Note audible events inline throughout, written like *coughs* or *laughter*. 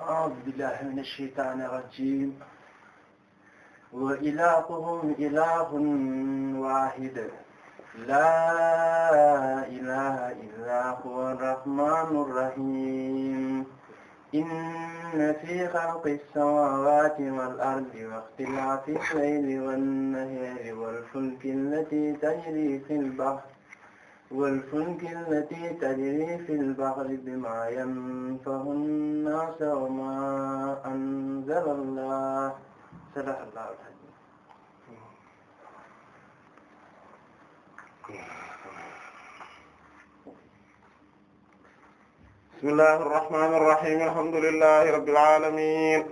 أعوذ بالله من الشيطان الرجيم وإلهكم إله واحد لا إله إلا هو الرحمن الرحيم إن في خلق السماوات والأرض واختلاف الليل والنهار والفلك التي تجري في البحر والفلك التي تجري في البحر بما ينفع الناس وما أنزل الله صدق الله العظيم بسم الله الرحمن الرحيم الحمد لله رب العالمين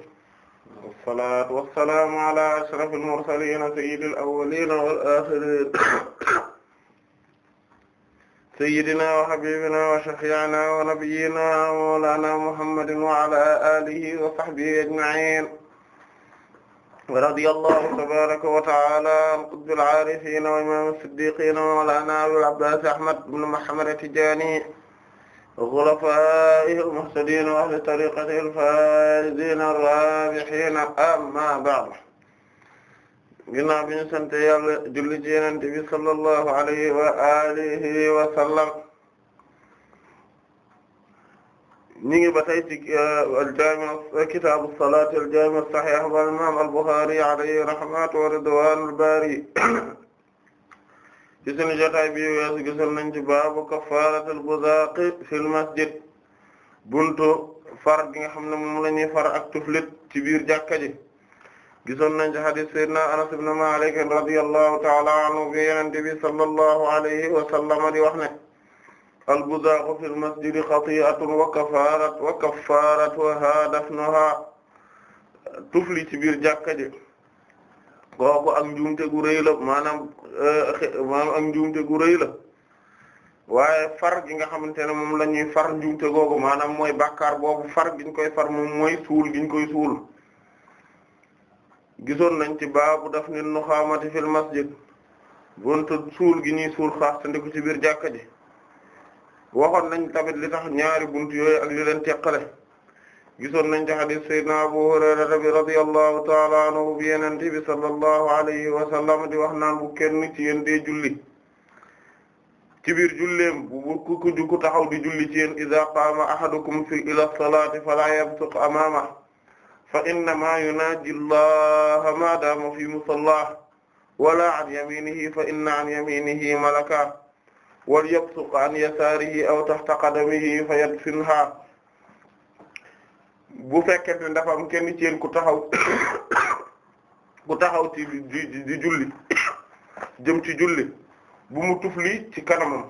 والصلاة والسلام على أشرف المرسلين سيد الأولين والآخرين sayyidina wa habibina wa shafi'ina wa nabiyyina wa mawlana muhammadin wa ala alihi wa sahbihi ajma'in radiyallahu tabaraka wa ta'ala an qutbil arifin wa imam as-siddiqin wa mawlana abul abbas ahmad ibn muhammad at-tijani khulafa'ihi al-muhtadin wa ahli tariqatihi al-faizin ar-rabihin amma ba'd ginnaaw bi ñu sante yàlla julli ci yenente bi sallallahu alayhi wa alihi wa sallam ñi ngi ba tey ci uh, al-jaami' uh, kitaabu salaat al-jaami' as-sahiih al-Buxaari alayhi rahmatu wa ridwaanul baari ci sunu jotaay bi weesu gisoon nañ ci baabu kafaaratul buzaaq fil masjid buntu far gi nga xam ne moom la far ak tuflit ci biir jàkka ji gisoon nañ ci hadis sayyidina Anas ibn Malik radiyallahu ta'ala anhu bi Yonent bi sallallahu alayhi wa di wax ne al-buzaaqu fil masjidi xati'atun wa kafaarat wa kaffaaratuha dafnuha tufli ci biir jàkka ji kooku ak njuumte gu rëy la eh, ak njuumte gu rëy la waaye far gi nga xamante ne moom la ñuy far njuumte googu maanaam mooy bàkkaar boobu far giñ koy far moom mooy suul giñ koy suul gisoon nañ ci baabu dafnil nuxaamati fil masjid buntu suul gi ñuy suul xaas te ndiku ci biir jàkka ji waxoon nañ tamit li tax ñaari buntu yooyu ak li leen teqale gisoon nañ ci hadith sayyidina Abu Hurayra bi radiyallahu ta'ala anhu bi Yonent bi sallallahu alayhi wa di wax naan bu kenn ci yéen dee julli ci biir julleem bu ku ku taxaw di julli ci yéen idha qaama ahadukum fi ila salati fala yabsuq fa innama yunaaji allaha maadaama fi musalla wala an yaminihi fa inna an yaminihi malaka walyabsuq an yasaarihi aw taxta qadamihi fa yadfinha bu fekkente ne dafa am kenn ci yéen ku taxaw *coughs* ku taxaw ci di julli jëm ci julli bu mu tufli ci kanamam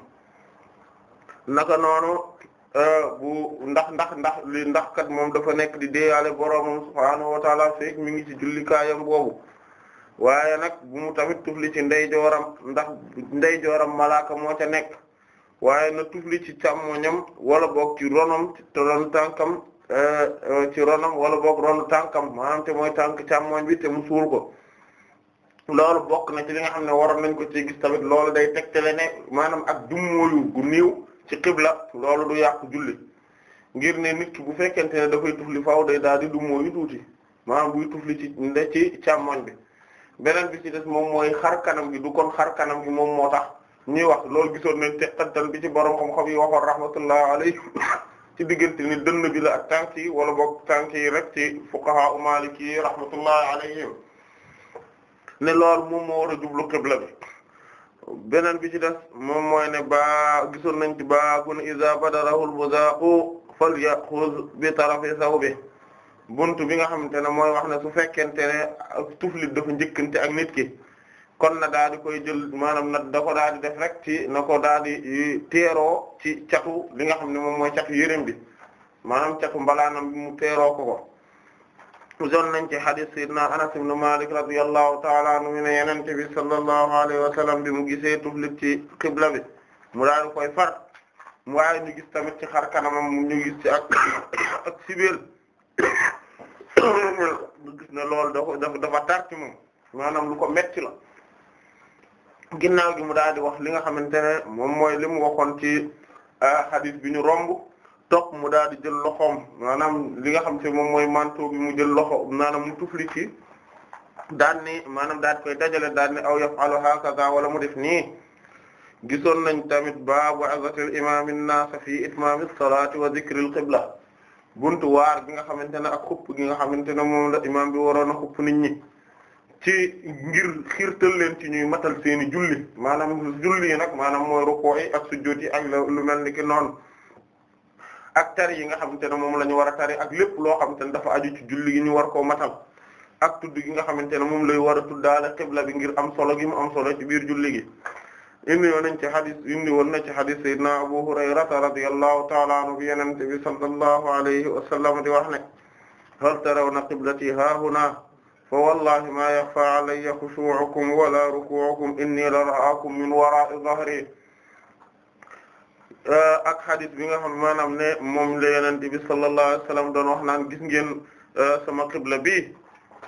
naka noonu Euh, bu ndax ndax ndax li ndax moom dafa nekk di deeyaale boroomam subhaanahu wa taala mi ngi ci jullikaayam boobu waaye nag bu mu tamit tufli ci ndeyjooram ndax ndeyjooram malaaka moo ca nekk waaye na tufli ci càmmoñam wala boog ci ronom ci ronu tànkam euh, euh, ci ronom wala boog ronu tànkam maanaam te mooy tànk càmmoñ bi te mu suul ko loolu bokk na ci li nga xam ne waroon nañ ko ci gis tamit loolu day tegtale ne maanaam ak dummóoyu gu niiw ci xibla loolu du yàq julli ngir ne nit ki bu fekkente ne dafay tufli faw day daal di du mooyu tuuti maam buy tufli ci nde ci càmmoñ bi beneen bi ci des moom mooy xar kanam gi du kon xar kanam gi moom moo tax ñuy wax loolu gisoon nañ teqantal bi ci borom xam-xam yi waxoon rahmatullah alayhi *coughs* ci diggante ni dënn la ak tànk yi wala boog tànk yi rek ci fuqaha u ne loolu moom moo war a jublu xibla bi beneen bi ci des moom mooy ne baa gisoon nañ ci baabun iza badarahu al-buzaaqu falyaxuz bi tarafi sawbi bunt bi nga xamante ne mooy wax ne su fekkente ne tuflit dafa njëkkante ak nit ki kon na daal di koy jël maanaam na da ko daal di def rek ci na ko daal di teeroo ci caqu li nga xam ne moom mooy catu yërëm bi maanaam catu mbalaanam bi mu teeroo koko usoon nañ ci hadis sayyidina Anas ibn Malik radiyallahu ta'ala anhu ne Yonent bi sallallahu alayhi wa sallam bi mu gisee tuflit ci xibla bi mu daal koy far waaye ñu gis tamit ci xar kanamam ñu gis ci ak *coughs* ak sibeel *coughs* gis na lool dafa dafa tar ci moom maanaam lu ko metti la ginnaaw gi mu daal di wax li nga xamante ne moom mooy li mu waxoon ci hadis ah, bi ñu romb toog mu daal di jël loxoom maanaam li nga xam te moom mooy manteau bi mu jël loxo maanaam mu tufli ci daan ni maanaam daal di koy dajale daan ni aw yafalu hakaza wala mu def nii gisoon nañ tamit baabu azatil imamin naasa fii itmami salaati wa zikril qibla buntu waar gi nga xamante ne ak xupp gi nga xamante ne moom la imam bi waroon a xupp nit ñi ci ngir xiirtal leen ci ñuy matal seeni julli maanaam julli yi nag maanaam mooy rukkoo yi ak sujjóot yi ak lu mel ni ki noonu ak tari yi nga xamante ne moom la ñu war a tari ak lépp loo xamante ne dafa aju ci julli gi ñu war koo matal ak tudd gi nga xamante ne moom lay war a tuddaale xibla bi ngir am solo gi mu am solo ci biir julli gi indi woon nañ ci xadis indi woon na ci xadis sayyidina Abu Hurayrata radiyallahu ta'ala anhu bi Yonent bi sallallahu alayhi wa sallam di wax ne hal tarawna qiblati haahuna fa wallahi ma yaxfa alayya xushu'ukum wala ruku'ukum inni la ra'akum min wara'i dhahri Euh, ak xadis bi nga xam maanaam ne moom la yonent bi sallallahu alayhi wasallam doon wax naan gis ngeen euh, sama xibla bi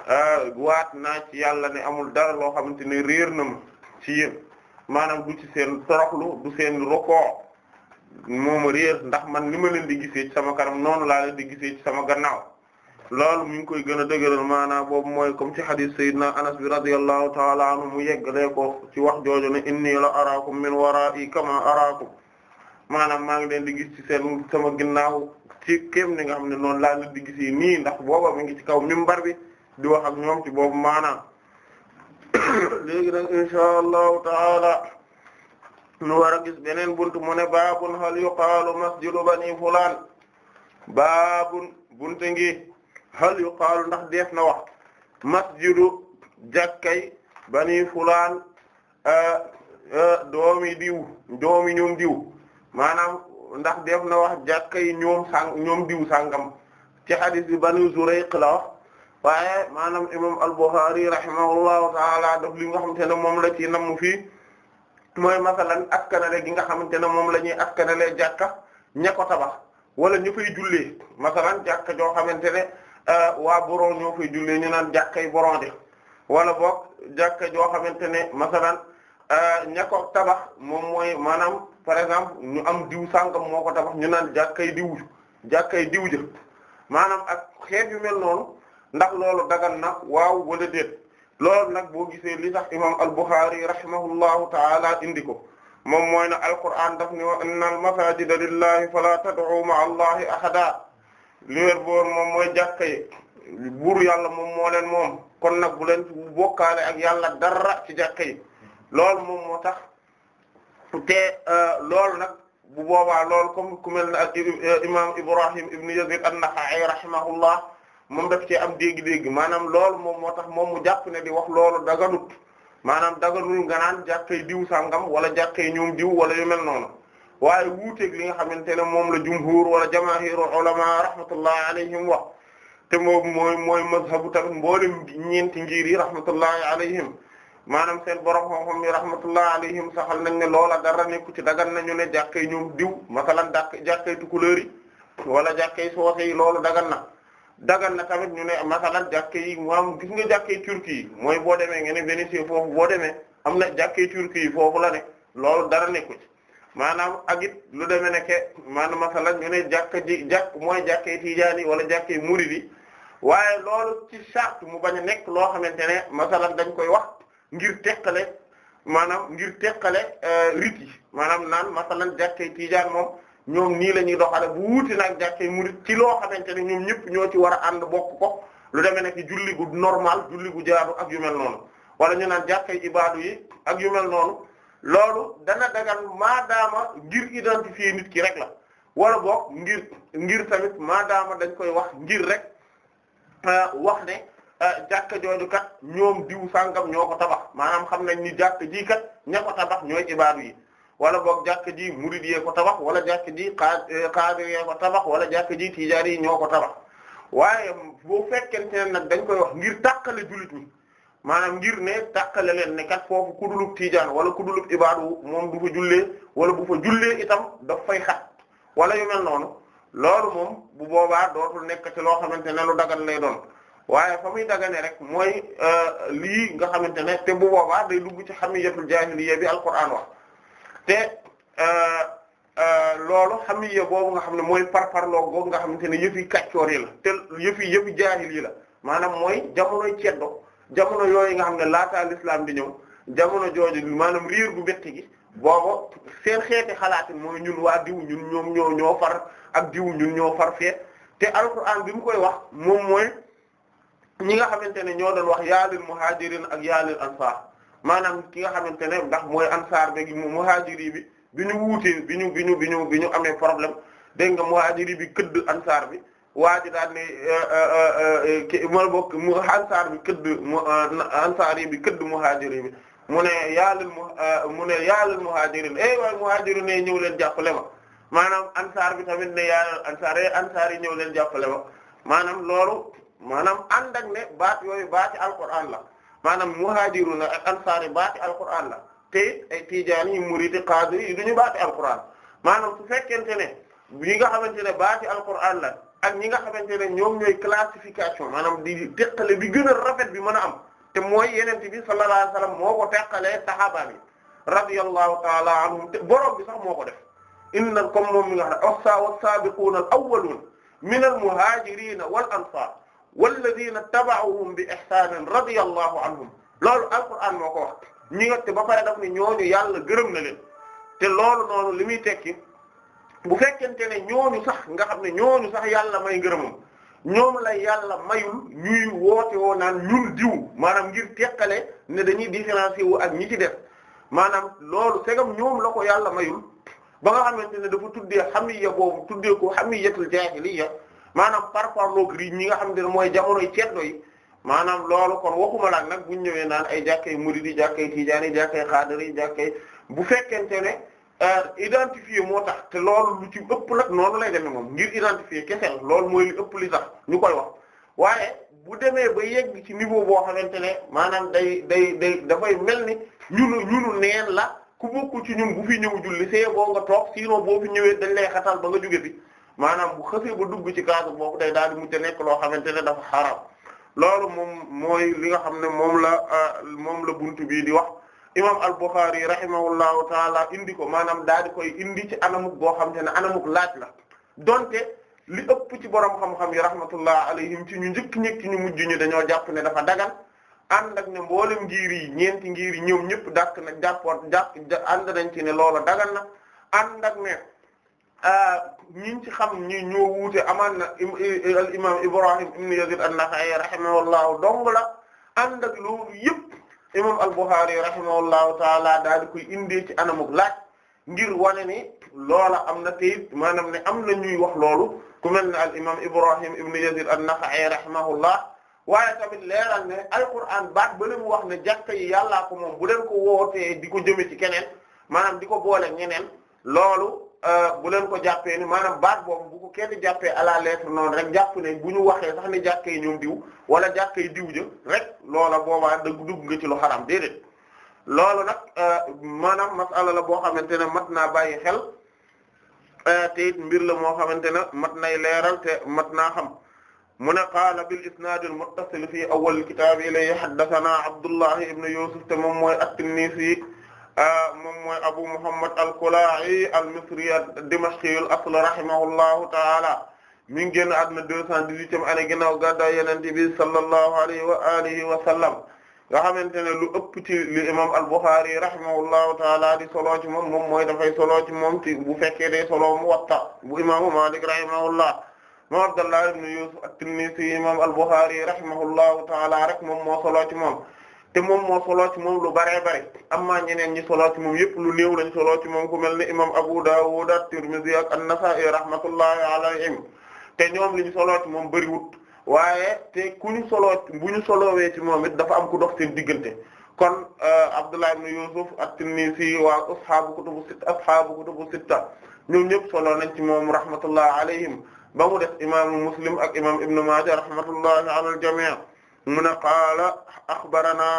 euh, waat naa ci yàlla ne amul dara loo xamante ne réer na ma ci yéen maanaam du ci seen toroxlu du seen rokoo mooma réer ndax man ni ma leen di gisee sama kanam noonu laa di gisee sama gannaaw loolu mi ngi koy gën a dëgëral maanaam boobu mooy comme ci hadis sayyidina anas bi radiyallahu ta'ala anhu mu yeggalee ko ci wax jooju ne inni la araakum min wara'i kama araakum maanaam maa ngi leen di gis ci seen sama ginnaaw ci kéem ni nga xam ne noonu laa leen di nii ndax booba mi ngi ci kaw minbar bi di wax ak ñoom ci boobu maanaam *coughs* léegi nag insha allahu taala nu war a gis beneen buntu mu ne baabun hal yuqaalu masjidu bani fulaan baabun buntu ngi hal yuqaalu ndax def na wax masjidu jàkkay bani fulaan eh, eh, doomi diw doomi ñoom diw maanaam ndax def na wax jàkka yi ñoom sang ñoom diw sangam ci hadith bi banu Zurayq la wax waaye maanaam imam al-Bukhari rahimahullahu taala daf li nga xamante ne moom la ci namm fii mooy masalan askanale gi nga xamante ne moom la ñuy askanale jàkka ña ko tabax wala ñu fay jullee masalan jàkka joo xamante ne euh, waa boron ñoo fay jullee ñu naan jàkkay boron de wala boog jàkka joo xamante ne masalan euh, ña tabax moom mooy maanaam par exemple ñu am diw sàngam moo ko tabax ñu naan jàkkay diw jàkkay diw jë maanaam ak xeet yu mel noonu ndax loolu dagan na waaw wala déet lool nag boo gisee li tax imam al-Bukhari rahimahullahu taala indi ko moom mooy ne alquran daf ni wa inna al tad'u ma'a allahi ahada liwér boor moom mooy jàkka yi buur yàlla moom moo leen moom kon nag bu leen bokkaale ak yàlla dara ci jàkka yi loolu tax te euh, loolu nag bu boobaa lool comme ku mel ne ak imam Ibrahim ibn Yazid an-Nakha'i rahimahullah moom daf cee am dégg-dégg maanaam lool moom moo tax moom mu jàpp ne di wax loolu daganut maanaam daganul nga naan jàkkee diw sàngam wala jàkkee ñoom diw wala yu mel noonu waaye wuuteeg li nga xamante ne moom la jumhur wala jamaahirul ulama rahmatullahi alayhim wax te moom mooy mooy mazhabu tamit mboolem ñeenti ngir yi rahmatullahi alayhim maanaam seen borom xam-xam yi rahmatullah alayhim saxal nañ ne loola dara nekku ci dagan ñu ne jàkkee ñoom diw masalan dàq jàkkee tukulóor yi wala jàkkee soose yi loolu dagan na dagan na tamit ñu ne masalan jàkkee yi maam gis nga jàkkee turki yi mooy boo demee nga ne Venise foofu boo demee am na jàkkee turki yi foofu la ne loolu dara nekku ci maanaam ak lu demee ne ke maanaam masalan ñu ne jàkk ji jàkk mooy jàkkee tijaan yi wala jàkkee murid yi waaye loolu ci charte mu bañ a nekk loo xamante ne masalan dañ koy wax ngir teqale maanaam ngir teqale euh, rite yi maanaam naan masalan jàkkee tijaan moom ñoom nii la ñuy doxale bu wuute nag mu murid ci loo xamante ne ñoom ñëpp ñoo ci war a ànd bokk ko lu demee nekk julli gu normal julli gu jaadu ak yu mel noonu wala ñu naan jàkkee ibaadu yi ak yu mel noonu loolu dana dagal maadaama ngir identifier nit ki rek la wala boog ngir ngir tamit maadaama dañ koy wax ngir rek euh, wax ne. Euh, jàkka jooju kat ñoom diw sàngam ñoo ko tabax maanaam xam nañ ni jàkka ji kat ña tabax ñooy ibaadu yi wala boog jàkka ji murid yee ko tabax wala jàkka ji qaadir euh, yee tabax wala jàkka ji tijaari yi ñoo ko tabax waaye boo fekkente ne nag dañ koy wax ngir tàkkale julit ñi maanaam ngir ne tàqale leen ne kat foofu ku dulub tijaan wala ku dulub ibaadu moom du fa jullee wala bu fa jullee itam daf fay xat wala yu noonu loolu moom bu boobaa dootul nekk ci loo xamante ne lu dagan lay doon. waaye fa muy dagane rek mooy euh, lii nga xamante ne te bu boobaa day dugg ci xamiyatul jaahiliyya bi alquran wax te euh, euh, loolu xamiyya boobu nga xam ne mooy parparloo boobu nga xamante ne yëfi kàccoor yi la te yëfi yëfi jaahil yi la maanaam mooy jamonoy ceddo jamono yooyu nga xam ne laataa l'islam di ñëw jamono jooju maanaam riir bu métti gi boobu seen xeeti xalaat mooy ñun waa diw ñun ñoom ñoo far ak diw ñun ñoo far fee te alquran bi mu koy wax moom mooy. ñi nga xamante ne ñoo doon wax yaa lil muhajirin ak yaa lil ansaar maanaam ki nga xamante ne ndax mooy ansaar beeg muhajiri bi bi ñu wuutee bi ñu bi ñu bi ñu ñu amee problème dégg nga muhajiri bi këdd ansaar bi waa ji daal ne euh, euh, euh, ma bokk mu ansaar bi këdd mu ansaar yi bi këdd muhajiri bi mu ne yaa lil mu ne yaa lil muhajirin eh waaye muhajirin ne ñëw leen jàppale ma maanaam ansaar bi tamit ne yaa lil ansaar eh ansaar yi ñëw leen jàppale ma maanaam loolu. maanaam ànd ak ne baat yooyu baati alquran la maanaam muhajiruna ak ansaari baati alquran la te ay tijaani yu muriti qaadiri yi du ñu baati alquran maanaam su fekkente ne yi nga xamante ne baati alquran la ak ñi nga xamante ne ñoom ñooy classification maanaam di teqale bi gën rafet bi mën a am te mooy yeneen bi sallallahu alayhi wa sallam moo ko teqalee saxaaba bi radiyallahu ta'ala anhum te borom bi sax moo ko def innal comme moom mi nga xa ne oxsa wa sabiquna al awwalun min al muhajirin wal ansar walladina taba'uhum bi ihsaanin radiyallahu anhum loolu alquran moo ko wax ñi ba pare daf ne ñooñu yàlla gërëm na leen te loolu noonu li muy tekki bu fekkente ne ñooñu sax nga xam ne ñooñu sax yàlla may ngërëmam ñoom la yàlla mayul ñuy woote woo naan ñun diw maanaam ngir teqale ne dañuy différencier wu ak ñi ci def maanaam loolu segam ñoom la ko yàlla mayul ba nga xam xamante ne dafa tuddee xamiya boobu tuddee ko xamiyatul jaahiliya maanaam par parloog ri ñi nga xam ne mooy jamonoy ceddo yi maanaam loolu kon waxuma laak nag buñ ñëwee naan ay jàkkay muridi jàkkay tijaani jàkkay xaadari jàkkay bu fekkente ne euh, identifié moo tax te loolu lu ci ëpp nag noonu lay demee moom ngir identifié kese la loolu mooy lu ëpp li tax ñu koy wax waaye bu demee ba yegg ci niveau boo xamante ne maanaam day day day dafay mel ni ñunu ñunu neen la ku bokkul ci ñun bu fi ñëw julli see boo nga toog sinon boo ñëwee dañ lay xatal ba nga jóge fi maanaam bu xësee ba dugg ci kaasu boobu day daal di mujj nekk loo xamante ne dafa xaraam loolu moom mooy li nga xam ne moom la euh, moom la buntu bii di wax imam al-Bukhari rahimahullahu taala indi ko maanaam daal di koy indi ci anamuk goo te ne anamuk laaj la donte li ëpp ci borom xam-xam yi rahmatullah alayhim ci ñu njëkk ñëkk ñu mujj ñu dañoo jàpp ne dafa dagan ànd ak ne mboolem ngir yi ñeenti ngir yi ñoom ñëpp dàkk na jàppoon jàpp ànd nañ ci ne loola dagan na ànd ak Euh, ñi ci xam ñi ñoo wuute amaan na al imam Ibrahim ibn Yazid an-Nakha'i rahimahullahu dong la ànd ak loolu yëpp imam al-Bukhari rahimahullahu taala daal di koy indee ci anamuk laaj ngir wane ni loola am na tayit maanaam ne am na ñuy wax loolu ku mel ne al imam Ibrahim ibn Yazid an-Nakha'i rahimahullah waaye tamit leeral ne alquran baat ba mu wax ne jàkka yi yàllaa ko moom bu leen ko wootee di ko jëme ci keneen maanaam di ko boole ñeneen loolu Euh, bu leen ko jàppee ni maanaam baat boobu bu ko kenn jàppee à la noonu rek jàpp ne bu ñu waxee sax ne jàkkee ñoom diw wala jàkkee diw jë rek loola boobaa dëgg dugg nga ci lu xaram déedéet loolu nag euh, maanaam masala boo xamante ne mat naa bàyyi xel euh, te it mbir la moo xamante ne mat nay leeral te mat naa xam mu ne qaala bil isnaad al muttasil fii awwal kitaab ilayhi haddathana Abdullah ibn Yusuf te moom mooy at-Tinnisi Ah, moom mooy Abu Muhammad al-Kalaa'i al-Misri ad-Dimashqi al-asl rahimahullahu ta'ala mi ngi génn àdduna deux cent dix-huitième année ginnaaw gàddaay Yonent bi sallallahu alayhi wa alihi wa nga xamante ne lu ëpp ci li imam al-Bukhari rahimahullahu ta'ala di solo ci moom moom mooy dafay solo ci moom bu fekkee day solo Muwatta bu imaamu Malik rahimahullah moom Abdallah ibn Yusuf at-Tinnisi imam al-Bukhari rahimahullahu ta'ala rek moom moo solo te moom moo soloo ci moom lu baree bare amma ñeneen ñi soloo ci moom yëpp lu néew lañ soloo ci moom ku mel ni imam Abu Dawud at-Tirmidhi ak an-Nasa'i rahmatullahi alayhim te ñoom li ñu soloo ci moom bëriwut waaye te ku ñu solo bu ñu solowee ci moom dafa am ku dox seen diggante kon euh, Abdullah ibn Yusuf at-Tinnisi waa ashaabu kutubu sitta ashaabu kutubu sitta ñoom ñëpp soloo nañ ci moom rahmatullahi alayhim ba mu def imaamu Muslim ak imam Ibn Maaja rahmatullahi ala al mu ne qaala axbarana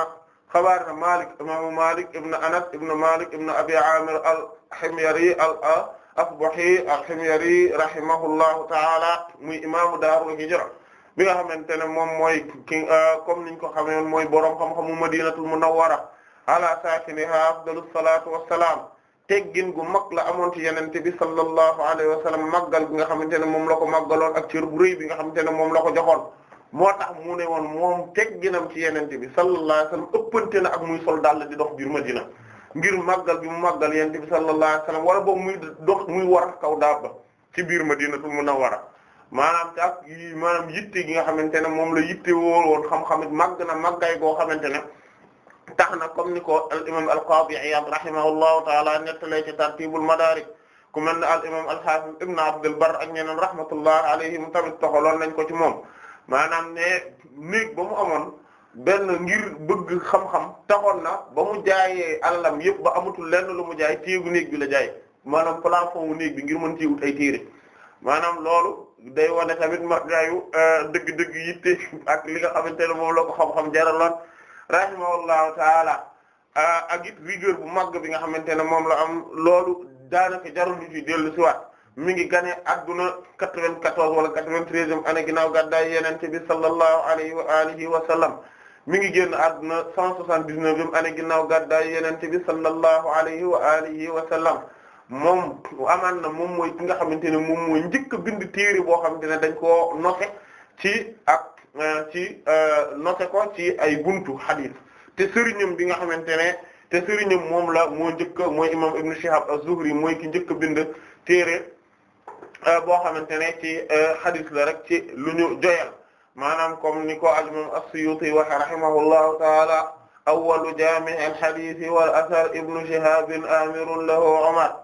xabaar na Malik imaamu Malik ibn Anas ibn Malik ibn Abi Amir al-Himyari al-Asbahi al-Himyari rahimahullahu ta'ala muy imaamu daarul hijra bi nga xamante ne moom mooy ki comme niñ ko xamee mooy boroom xam-xamu Madinatul Munawwara ala saakinihaa afdalus salaatu wassalaam teggin gu mag la amoon ci yenente bi sallallahu alayhi wa sallam màggal bi nga xamante ne moom la ko màggaloon ak cër bu rëy bi nga xamante ne moom la ko joxoon moo tax mu ne woon moom tegginam ci yenente bi sallallahu alayhi wasallam ëppante na ak muy sol dal di dox biir Madina ngir màggal bi mu màggal yenente bi sallallahu alayhi wasallam wala boobu muy dox muy war kaw daaba ci biir Madinatul Munawwara maanaam ci ak maanaam yitte gi nga xamante ne moom la yitte woo woon xam-xamit màgg na màggay goo xamante ne tax na comme ni ko al imam al Qadi Iyad rahimahullahu taala nettalee ci tartibul madarik ku mel ne al imam al hafiz ibn Abdul Barr ak ñeneen rahmatullah alayhim tamit toxaloon nañ ko ci moom maanaam ne néeg ba mu amoon benn ngir bëgg xam-xam taxoon na ba mu jaayee alalam yëpp ba amatul lenn lu mu jaay téegu néeg bi la jaay maanaam plafond wu néeg bi ngir mën ci wut ay téere maanaam loolu day wane tamit magaayu euh, dëgg-dëgg yitte *laughs* ak xamante ne moom la ko xam-xam jaraloon rahimahullahu taala euh, ak it bu màgg bi nga xamante ne moom la am loolu daanaka jarul ñu ci dellu siwaat mi ngi gane adduna 94 wala 93e année ginnaaw gàddaay Yonent bi sallallahu alayhi wa alihi wa sallam mi ngi génn adduna 179e année ginnaaw gàddaay Yonent bi sallallahu alayhi wa alihi wa sallam moom amaan na moom mooy ki nga xamante ne moom mooy njëkk bind téere boo xamante ne dañ ko noté ci ak euh, ci euh, noté ko ci ay buntu hadith te sëriñam bi nga xamante ne te sëriñam moom la moo njëkk mooy imam Ibn Shihab az-Zuhri mooy ki njëkk bind téere Euh, boo xamante ne ci hadith euh, la rek ci lu ñu joyal maanaam comme ni ko al-imam as-Suyuti wa rahimahullahu ta'ala awwalu jami' al-hadith wal athar ibnu Shihab amirun lahu Umar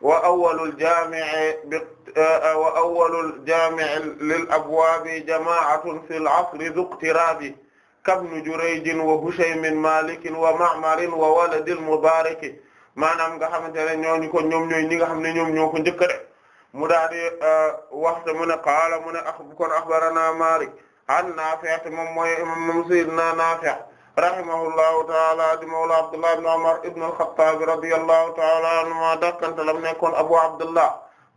wa awwalul jaami'i bi euh, wa awwalul jaami'i lil abwaabi jamaa'atun fil 'asri dhuu iqtiraabi kabnu Jurayjin wa Hushaymin Maalikin wa Ma'marin wa waladil Mubaarak maanaam nga xamante ne ñooñu ko ñoom ñooy ñi nga xam ne ñoom ñoo ko njëkk a def mu daal di euh, waxta mu ne qaala mu ne a kon axbarana Maalik an Naafi' te moom mooy moom sayyidina Naafi' rahimahullahu taala di mawla Abdullah ibn Umar ibn al-Khattab radiyallahu taala anhuma dakkantalam nekkoon Abu Abdullah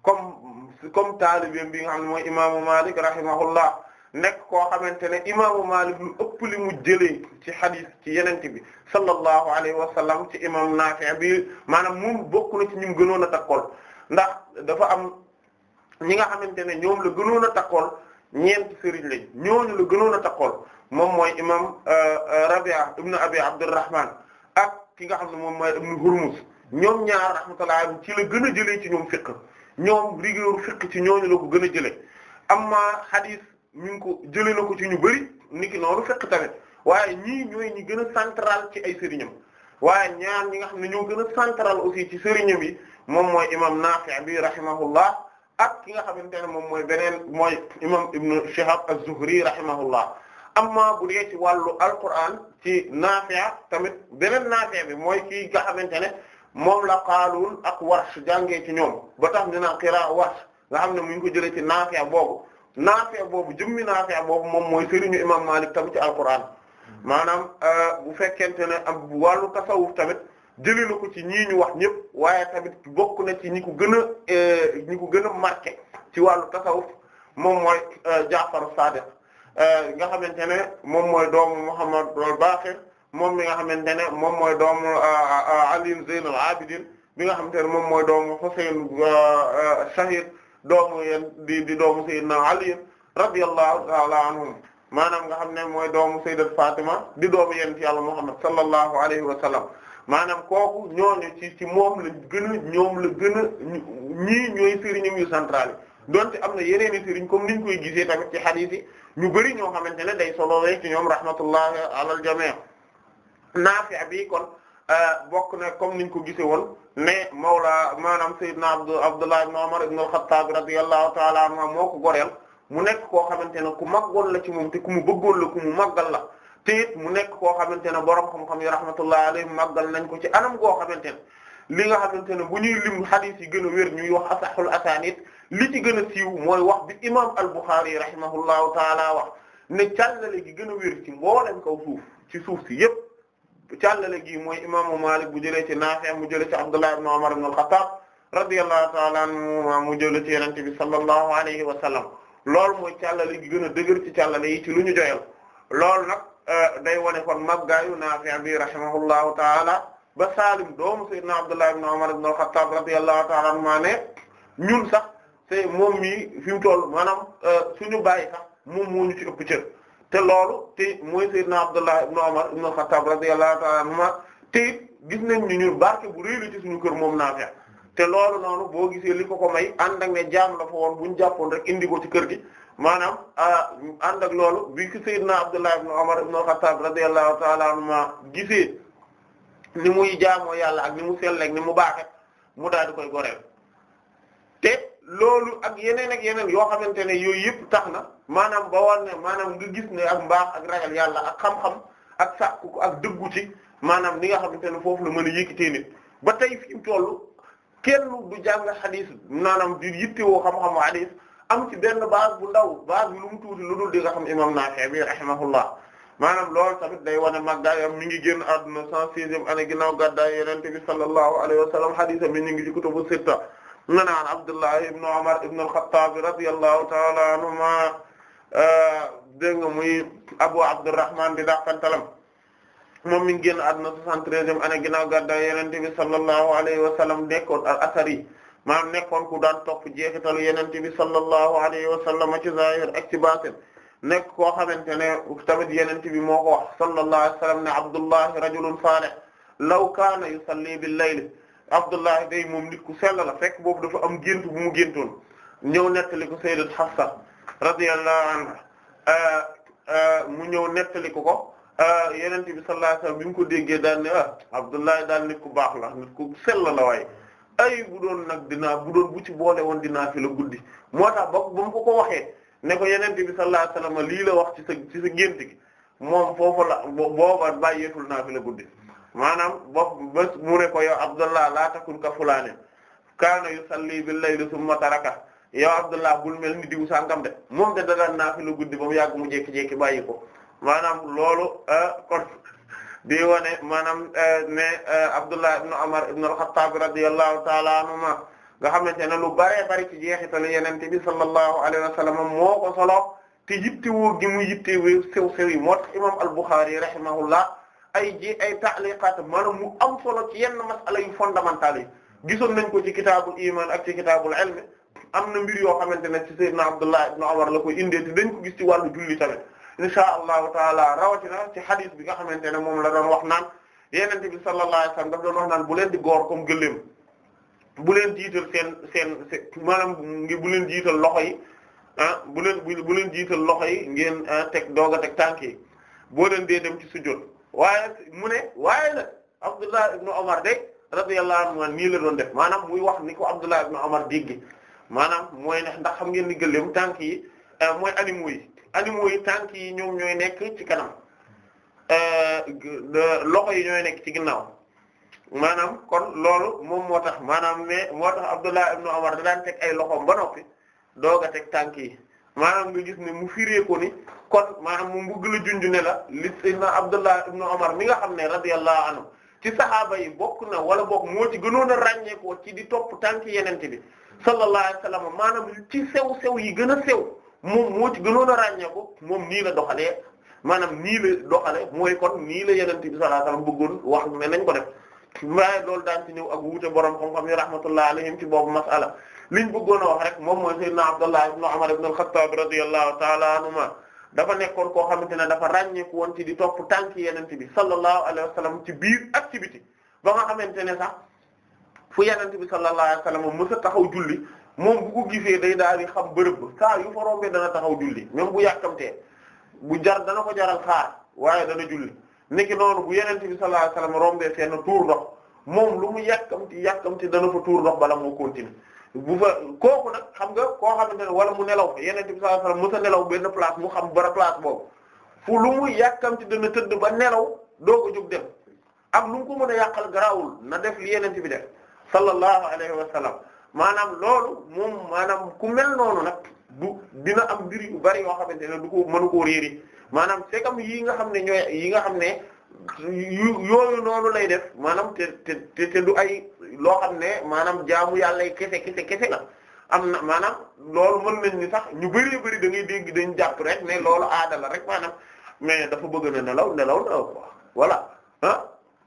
comme comme taalibe bi nga xam ne mooy imaamu Maalik rahimahullah nekk koo xamante ne imaamu Maalik lu ëpp li mu jëlee ci xadis ci ki bi sallallahu alayhi wa sallam ci imam Naafi' bi maanaam moom bokk ci ñi mu gënoon a takkool dafa am ñi nga xamante ne ñoom la gënoon a takkool ñeent sëriñ lañ ñooñu la gënoon a takkool moom mooy imam euh, euh, Rabi'a ibn Abi Abdurrahman ak ki nga xam ne moom mooy ibn Hurmuz ñoom ñaar rahmatullah ci la gën a jëlee ci ñoom fiqh ñoom rigueur fiqh ci ñooñu la ko gën a jëlee amma hadith ñu ngi ko jëlee na ko ci ñu bëri niki noonu fiqh tamit waaye ñii ñooy ñi gën a central ci ay sëriñam waaye ñaar ñi nga xam ne ñoo gën a central aussi ci sëriñam yi moom mooy imam Nafi' bi rahimahullah ak ki nga xamante ne moom mooy beneen mooy imam ibnu Shihab az-Zuhri rahimahullah amma bu dee ci wàllu Alqur'an ci Naafi' tamit beneen Naafi' bi mooy kii nga xamante ne moom la Qaaluun ak Warsh jàngee ci ñoom ba tax ñu naan qiraa Warsh nga xam ne mu ngi ko jëlee ci Naafi' boobu Naafi' boobu jëmmi Naafi' boobu moom mooy sëriñu imam Maalik tamit ci Alqur'an maanaam euh, bu fekkente ne am wàllu tasawuf tamit. jëlee ko ci ñii ñu wax ñëpp waaye tamit bokk na ci ñi ko gën a euh, ñi ko gën a marqué ci wàllu tasawuf moom mooy euh, Jaafar Sadiq euh, nga xamante ne moom mooy doomu Muhammad al-Baqir moom mi nga xamante ne moom mooy doomu Ali Zayn bi nga xamante ne moom mooy doomu Husayn Shahid doomu yeen di di doomu Sayyidina Ali radiyallahu ta'ala anhum maanaam nga xam ne mooy doomu Sayyidat Fatima di doomu yeen ci Yàlla Muhammad sallallahu alayhi wa sallam maanaam kooku ñooñu ci ci moom la gën a ñoom la gën a ñii ñooy sëriñam yu central yi donte am na yeneen i sëriñ comme niñ koy gisee tamit ci hadith yi ñu bëri ñoo xamante ne day solowee ci ñoom rahmatullah alal jamii Naafi' bi kon euh, bokk na comme niñ ko gisee woon ne Mawla maanaam Seydina Abd Abdullah ibn Umar ibn al-Khattab radiyallahu ta'ala anhu moo ko goreel mu nekk koo xamante ne ku màggoon la ci moom te ku mu bëggoon la ku mu màggal la. tiit mu nekk koo xamante ne borom xam-xam yi rahmatullahi màggal nañ ko ci anam goo xamante ne li nga xamante ne bu ñuy lim hadith yi gën a wér ñuy wax asahul asanid li ci gën a siiw mooy wax bi imam al-Bukhari rahimahullahu taala wax ne càllale gi gën a wér ci mboolem kaw suuf ci suuf si yépp càllale gi mooy imaamu Malik bu jëlee ci Naafi' mu jëlee ci Abdullah ibn Umar ibn al-Khattab radiyallahu ta'ala anhuma mu jëlee ci Yonent bi sallallahu alayhi wa sallam loolu mooy càllale gi gën a dëgër ci càllale yi ci lu ñu joyal loolu nag Euh, day wone kon maggaayu Naafi' bi rahimahullahu taala ba Salim doomu Seydina Abdullah ibn Umar ibn al-Khattab radiyallahu taala anhuma ne ñun sax te moom mii fi mu toll maanaam euh, suñu baay sax moom moo ñu ci ëpp cër te loolu te mooy Seydina Abdullah ibn Umar ibn al-Khattab radiyallahu taala anhuma te gis nañ ñu ñun barke bu réy ci suñu kër moom Naafi' te loolu noonu boo gisee li ko ko may ànd ak ne jaam la fa woon bu ñu jàppoon rek indi ko ci kër gi maanaam ah, ànd ak loolu bi ki Seydina Abdullah ibn Umar ibn Khattab radiyallahu ta'ala anhuma gisee ni muy jaamoo yàlla ak ni mu sell ak ni mu baaxe mu daal di koy goreel te loolu ak yeneen ak yeneen yoo xamante ne yooyu yëpp tax na maanaam ba war ne maanaam nga gis ne ak mbaax ak ragal yàlla ak xam-xam ak sàkku ak dëggu ci maanaam li nga xamante ne foofu la mën a yëkkatee ba tey fi mu kenn du jàng xadis maanaam di yittewoo xam-xamu xadis am ci benn base bu ndaw base bi lu mu tuuti lu dul di nga xam imam Naafi bi rahimahullah maanaam loolu tamit day wane maggaayam mi ngi génn àdduna cent sixième année ginnaaw gàddaay Yonent bi sallallahu alayhi wa sallam hadith mi ñu ngi ci kutubu sitta na naan Abdullah ibn Umar ibn al-Khattab radiyallahu ta'ala anhuma euh, dégg nga muy Abu Abdurrahman bi dàqantalam moom mi ngi génn àdduna soixante-treizième année ginnaaw gàddaay Yonent bi sallallahu alayhi wa sallam nekkoon al-Asari maanaam nekkoon ku daan topp jeexitalu yenente bi sallallahu alayhi wa sallam ci zahir ak ci baatin nekk koo xamante ne tamit yenente bi moo ko wax sallallahu alayhi wa sallam ne abdullahi rajulun salih law kaana yusalli bil layl abdullahi day moom nit ku sell la fekk boobu dafa am gént bu mu géntoon ñëw nettali ko sayyidat Hafsa radiyallahu anha euh, euh, mu ñëw nettali ko ko euh, yenente bi sallallahu alayhi wa bi mu ko déggee daan ne ah abdullahi daal nit ku baax la nit ku sell la waaye ay bu doon nag dinaa bu doon bu ci boole woon dinaa fi la guddi moo tax ba ba mu ko ko waxee ne ko yeneen bi sallallahu alayhi lii la wax ci sa ci sa gént gi moom foofu la booba bàyyeetul naa fi la guddi maanaam bopp bés mu ne ko yow Abdullah laa takun ka fulaane kaana yusalli bil layli summa taraka yow Abdullah bul mel ni diw sangam de moom de da daan naa fi guddi ba mu yàgg mu jékki-jékki bàyyi ko maanaam loolu ah, kon di wane maanaam eh, ne eh, Abdullah ibn Umar ibn al-Khattab radiyallahu ta'ala anhuma nga xamante ne lu bare bari ci jeexital yenente bi sallallahu alayhi wa sallam moo ko solo ti yittewoo gi mu yittewoo sew-sew yi moo tax imam al-Bukhari rahimahullah ay ji ay ta'liqat maanaam mu am solo ci yenn masala yu fondamentale yi gisoon nañ ko ci kitaabul iman ak ci kitaabul ilm am na mbir yoo xamante ne ci sayyidna Abdullah ibn Umar la ko indee te dañ ko gis ci wàllu julli tamit inshaa allahu taala rawatina ci hadith bi nga xamante ne moom la doon wax naan yonent bi sallallahu alayhi wax naan bu leen di góor comme gëléem bu leen jiital seen seen maanaam bu leen jiital loxo yi ah bu leen bu leen jiital loxo yi ngeen ah, teg doog a teg tànk yi boo leen dee dem ci sujjóot waaye mu ne waaye nag Abdullah ibn Omar de radiyallahu anhu nii la doon def maanaam muy wax ni ko Abdullah ibn Omar dégg maanaam mooy ne ndax xam ngeen ni gëléem tànk yi ah, mooy animaux yi animaux yi tànk yi ñoom ñooy nekk ci kanam euh, loxo yi ñooy nekk ci ginnaaw maanaam kon loolu moom moo tax maanaam mais moo tax Abdullah ibn Umar da daan teg ay loxoom ba noppi doog a teg tànk yi maanaam nga gis ne mu firee ko ni maanaam mu mbugg la ne la li sayyidina Abdullah ibn Umar mi nga xam ne radiyallahu anhu ci saxaaba yi bokk na wala bokk moo ci gënoon a ràññeekoo ci di topp tànk yenente bi sallallahu maanaam ci sew sew yi gën a sew moom moo ci gënoon a ràññeeku moom nii la doxalee maanaam nii la doxale mooy kon nii la yonent bi sallallahu alayhi wasallam bëggoon wax ne nañ ko def waaye loolu daan ci ñëw ak wuute borom xam-xam yi rahmatullah alayhim ci boobu masala liñ bëggoon a wax rek moom mooy sayyidna Abdullah ibn Umar ibn al-Khattab radiyallahu ta'ala anhuma dafa nekkoon koo xamante ne dafa ràññeeku woon ci di topp tànk yonent bi sallallahu alayhi wasallam ci biir activité boo nga xamante ne sax fu yonent bi sallallahu alayhi wasallam mësa taxaw julli moom bu ko gisee day daal di xam bërëb saa yu fa rombee dana taxaw julli même bu yàkkamtee bu jar dana ko jaral xaar waaye dana julli nekk noonu bu yenente bi sallallahu alayhi wasallam rombee fenn tuur ndox moom lu mu yàkkamti yàkkamti dana fa tuur ndox bala moo continuer bu fa kooku nag xam nga koo xamante ne wala mu nelaw yenente bi sallallahu alayhi wasallam mu sa benn place mu xam bara place boobu fu lu mu yàkkamti dana tëdd ba nelaw doo ko jóg dem ak lu ko mën a yàqal garaawul na def li yenente bi def sallallahu alayhi wasallam maanaam loolu moom maanaam ku mel noonu nag du dina am mbir yu bari yoo xamante ne du ko mënu koo réeri maanaam c'est comme yi nga xam ne ñooy yi nga xam ne yooyu noonu lay def maanaam te te te du ay loo xam ne maanaam jaamu yàlla kese kese kese la am na maanaam loolu mën nañ ni sax ñu bari bari da ngay dégg dañ jàpp rek mais loolu aada rek maanaam mais dafa bëgg na nelaw nelaw nelaw quoi voilà ah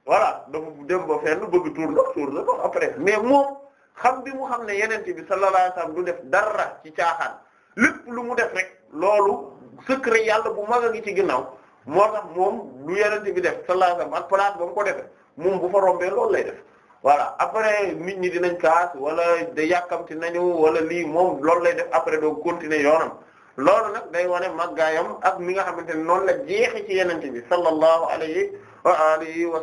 voilà dafa dem ba fenn bëgg tour ndox tour ndox après mais moom xam bi mu xam ne yenente bi sallallahu alayhi wasallam du def dara ci caaxaan lépp lu mu def rek loolu secret yàlla bu mag a ngi ci ginnaaw moo tax moom lu yenente bi def sallallahu alayhi wasallam ak place ba mu ko defe moom bu fa rombee loolu lay def voilà après nit ñi dinañ kaas wala da yàkkamti nañu wala lii moom loolu lay def après doo continuer yoonam loolu nag day wane màggaayam ak mi nga xamante ne noonu la jeexi ci yenente bi sallallahu alayhi wa alihi wa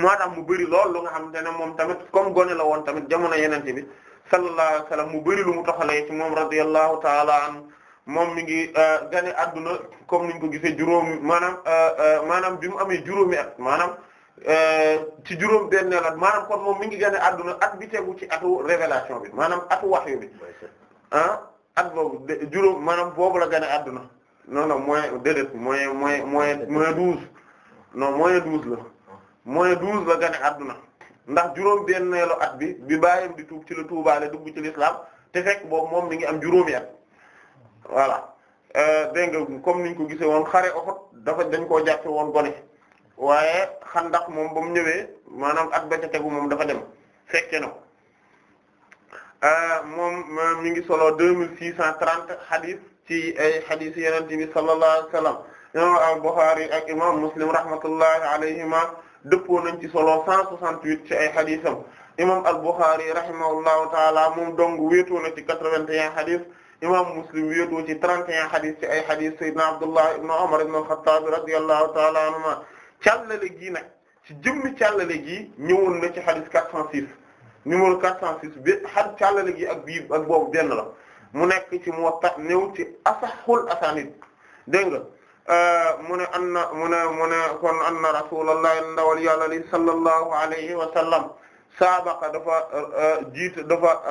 moo tax mu bëri lool lu nga xamante ne moom tamit comme gone la woon tamit jamono yenente bi sallallahu alayhi mu bëri lu mu toxalee ci moom radiyallahu taala an moom mi ngi euh, gane adduna comme niñ ko gisee juróomi maanaam euh, euh, maanaam bi mu amee juróomi at maanaam ci juróom benneel at maanaam kon moom mi ngi gane adduna at bi tegu ci atu révélation bi maanaam atu wahyu bi ah at boobu juróom maanaam boobu la gane adduna non non moins déedéet moins moins moins douze non moins la mooy douze la gane adduna ndax juróom benneelu at bi bi bàyyam di tuub ci la tuubaale dugg ci lislaam te fekk boobu moom mi ngi am juróomi at voilà euh, dégg nga comme niñ ko gisee woon xare Uhud dafa dañ koo jàppe woon gone waaye Xandaq moom ba mu ñëwee maanaam at ba ca tegu moom dafa dem fekke na euh, moom euh, mu ngi solo deux mille six cent trente hadith ci ay hadith yeneen bi sallallahu alayhi wa sallam imam al-Bukhari ak imam Muslim rahmatullahi alayhima dëppoo nañ ci solo 168 ci ay xadisam imam al-Bukhari rahimahullahu taala moom dong wéetoo na ci 81 xadis imam Muslim wéetoo ci 31 xadis ci ay xadis sayyidina Abdullah ibn Umar ibn al-Khattab radiyallahu taala anhuma càllale gi na ci jëmmi càllale gi ñëwoon na ci xadis 406 numéro 406 bi xad càllale gi ak bii ak boobu benn la mu nekk ci mu Muwatta ñëw ci asaxul asanid dégg nga mu ne an na mu ne mu ne kon an na rasulullah ndawal yàlla li sallallahu alayhi wa sallam saabaka dafa jiit dafa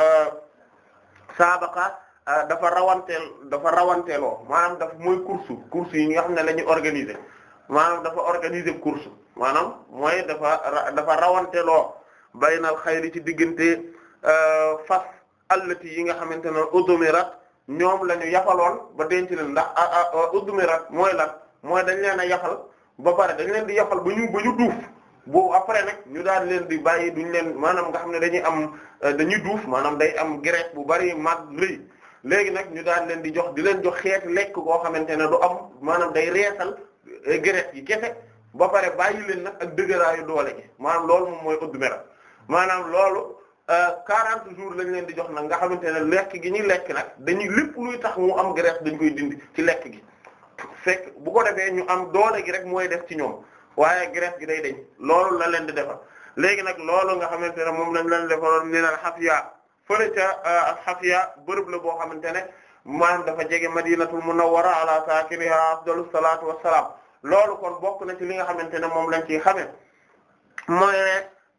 saabaka dafa rawanteel dafa rawanteeloo maanaam dafa mooy course course yi nga xam ne la organiser maanaam dafa organise course maanaam mooy dafa dafa rawanteeloo baynal xayri ci diggante fas allati yi nga xamante ne odomérat ñoom la ñu yafaloon ba denc leen ndax uddumirat mooy lan mooy dañ leen a yafal ba pare dañ leen di yafal ba ñu ba ñu duuf boobu après nag ñu daal leen di bàyyi duñ leen maanaam nga xam ne dañuy am euh, dañuy duuf maanaam day am graisse bu bari mag rëy léegi nag ñu daal leen di jox di leen jox xeet lekk koo xamante ne du am maanaam day reesal euh, graisse yi kese ba pare bàyyi leen nag ak dëgëraayu doole gi maanaam loolu moom mooy uddumirat maanaam loolu 40 jours lañ leen di jox na nga xamante ne lekk gi ñuy lekk nag dañu lépp luy tax mu am graisse dañ koy dindi ci lekk gi fekk bu ko defee ñu am doole gi rek mooy def ci ñoom waaye graisse gi day dañ loolu la leen di defar léegi nag loolu nga xamante ne moom lañ leen defaroon ne naan xafiya fële ca euh, ak xafiya bërëb la boo xamante ne maanaam dafa jege madinatul munawwara ala saakiniha afdalus salaatu wassalaam loolu kon bokk na ci li nga xamante ne moom lañ ciy xamee mooy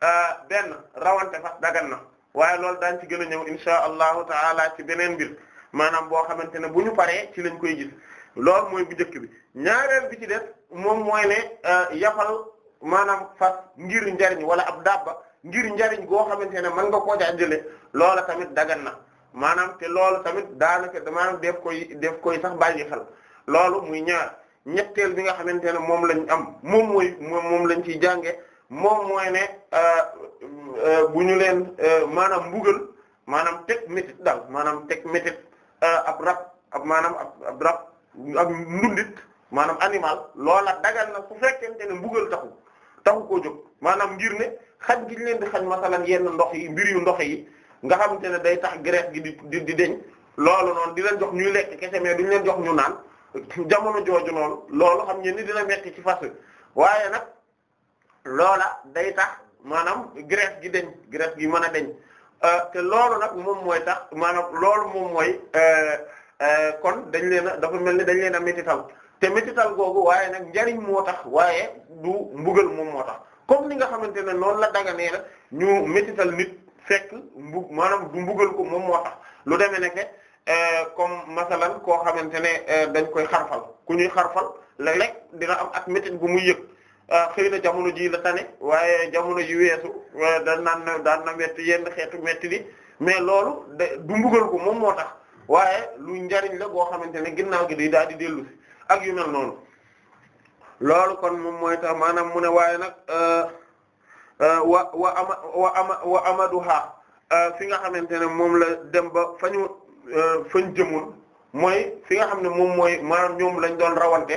Euh, benn rawante fas dagan na waaye loolu daañ ci gën a ñëw insha allahu taala ci beneen mbir maanaam boo xamante ne bu ñu paree ci lañ koy gis loolu mooy bu njëkk bi ñaareel bi ci def moom mooy ne euh, maanaam fas ngir njariñ wala ab dabba ngir njariñ goo xamante ne mën nga koo caa jëlee loola tamit dagan na maanaam te loolu tamit daanaka maanaam def koy def koy sax bàyyi xel loolu muy ñaar ñetteel bi nga xamante ne moom lañ am moom mooy moom lañ ciy jànge moom mooy ne euh, euh, bu ñu leen euh, maanaam mbugal maanaam teg métit daal maanaam teg métit ab rab ab maanaam ab rab ab ndundit maanaam animal loola dagal na su fekkente ne mbugal taxu taxu ko jóg maanaam ngir ne xaj gi ñu leen di xaj masalan yenn ndox mbir yu ndox yi nga xamante ne day tax graisse gi di di deñ loolu noonu di leen jox ñuy lekk kese mais duñ leen jox ñu naan *laughs* jamono jooju noonu loolu xam ngeen ni dina metti ci fas waaye nag loola day tax maanaam graisse gi deñ graisse gi mën a deñ euh, te loolu nag moom mooy tax maanaam loolu moom mooy euh, euh, kon dañ leen a dafa mel ni dañ leen a métital te métital googu waaye nag njariñ moo tax waaye du mbugal moom moo tax comme ni nga xamante ne noonu la daga nee ñu métital nit fekk mbug maanaam du mbugal ko moom moo tax lu demee ne comme masalan koo xamante ne dañ koy xarfal ku ñuy xarfal léeg dina am ak métit gu muy yëg Ah, xëy na jamono jii la tane waaye jamono ji weesu daan naan na daan na yenn xeetu métti li mais loolu da du mbugal ko moom moo tax waaye lu njariñ la boo xamante ne ginnaaw gi day daal di dellu si ak yu noonu loolu kon moom mooy tax maanaam mu ne waaye nag euh, euh, wa wa ama wa ama wa amaduha euh, fi nga xamante ne moom la dem ba fañu fañ jëmoon mooy fi nga xam ne moom mooy maanaam ñoom lañ doon rawante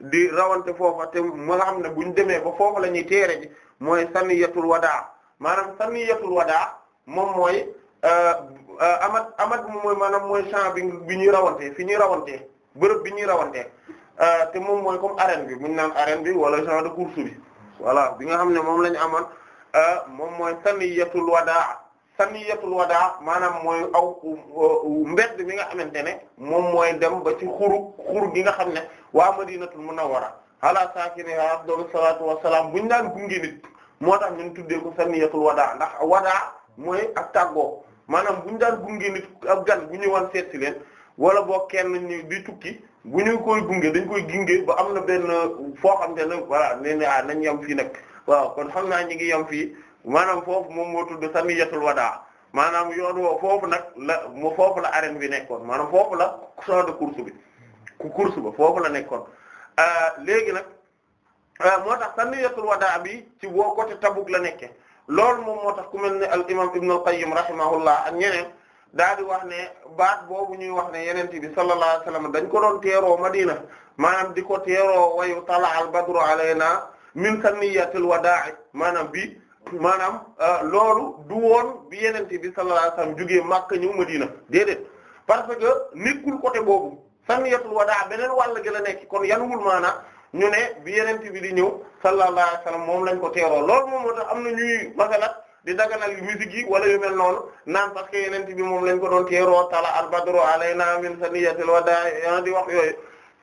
di rawante foofa te mu nga xam ne bu ñu demee ba foofa la ñuy teere ji mooy saniyatul wadaa maanaam saniyatul wadaa moom mooy euh, euh, amat amat mooy maanaam mooy champ bi bi ñuy rawante fi ñuy rawante bërëb bi ñuy rawante euh, te moom mooy comme arène bi bu ñu naan arène bi wala champ de course bi nga xam ne moom la amoon moom mooy saniyatul wadaa saniyatul wadaa maanaam mooy aw mbeex mbedd mi nga xamante ne moom mooy dem ba ci xuru xur gi nga xam ne. waa madinatul munawwara ala saakinihaa afdalu salaatu bu ñu daan gunge nit moo tax ñun tuddee ko saniyatul wadaa ndax wadaa mooy ak tàggoo maanaam buñ daan gunge nit ab gan bu ñuy wan seetsi leen wala boo kenn ñu di tukki bu ñu koy gunge dañ koy gunge ba am na benn foo xam te ne voilà nee na ah nañ yem fii nag waaw kon xam naa ñu ngi yem fii maanaam foofu moom moo tudd saniyatul wadaa maanaam yoon woo foofu nag la mo foofu la arène bi nekkoon maanaam foofu la soo de course bi ku course ba foofu la nekkoon euh, léegi nag euh, moo tax sanniyatul wadaa bi ci boo côté Tabuk la nekke loolu moom moo tax ku mel ne al imam Ibn al-Qayyim rahimahullah ak ñeneen daal di wax ne baat boobu ñuy wax ne yeneen bi sallallahu alayhi wasallam dañ ko doon teeroo Madina maanaam di ko teeroo wayu tala al badru alayna min sanniyatil wadaa maanaam bi maanaam euh, loolu du woon bi yenente bi sallallahu alayhi wasallam jógee Makka ñëw Madina déedéet parce que kul côté boobu samiyatul wadaa beneen wàll gi la nekk kon wul maana ñu ne bi yeneen bi di ñëw sallallahu alayhi moom lañ ko teeroo lool moom moo tax am na ñuy masalat di daganal musique yi wala yu mel noonu naan parce que yeneen bi moom lañ ko doon teeroo tala al badru alayna min saniyatil wadaa di wax yooyu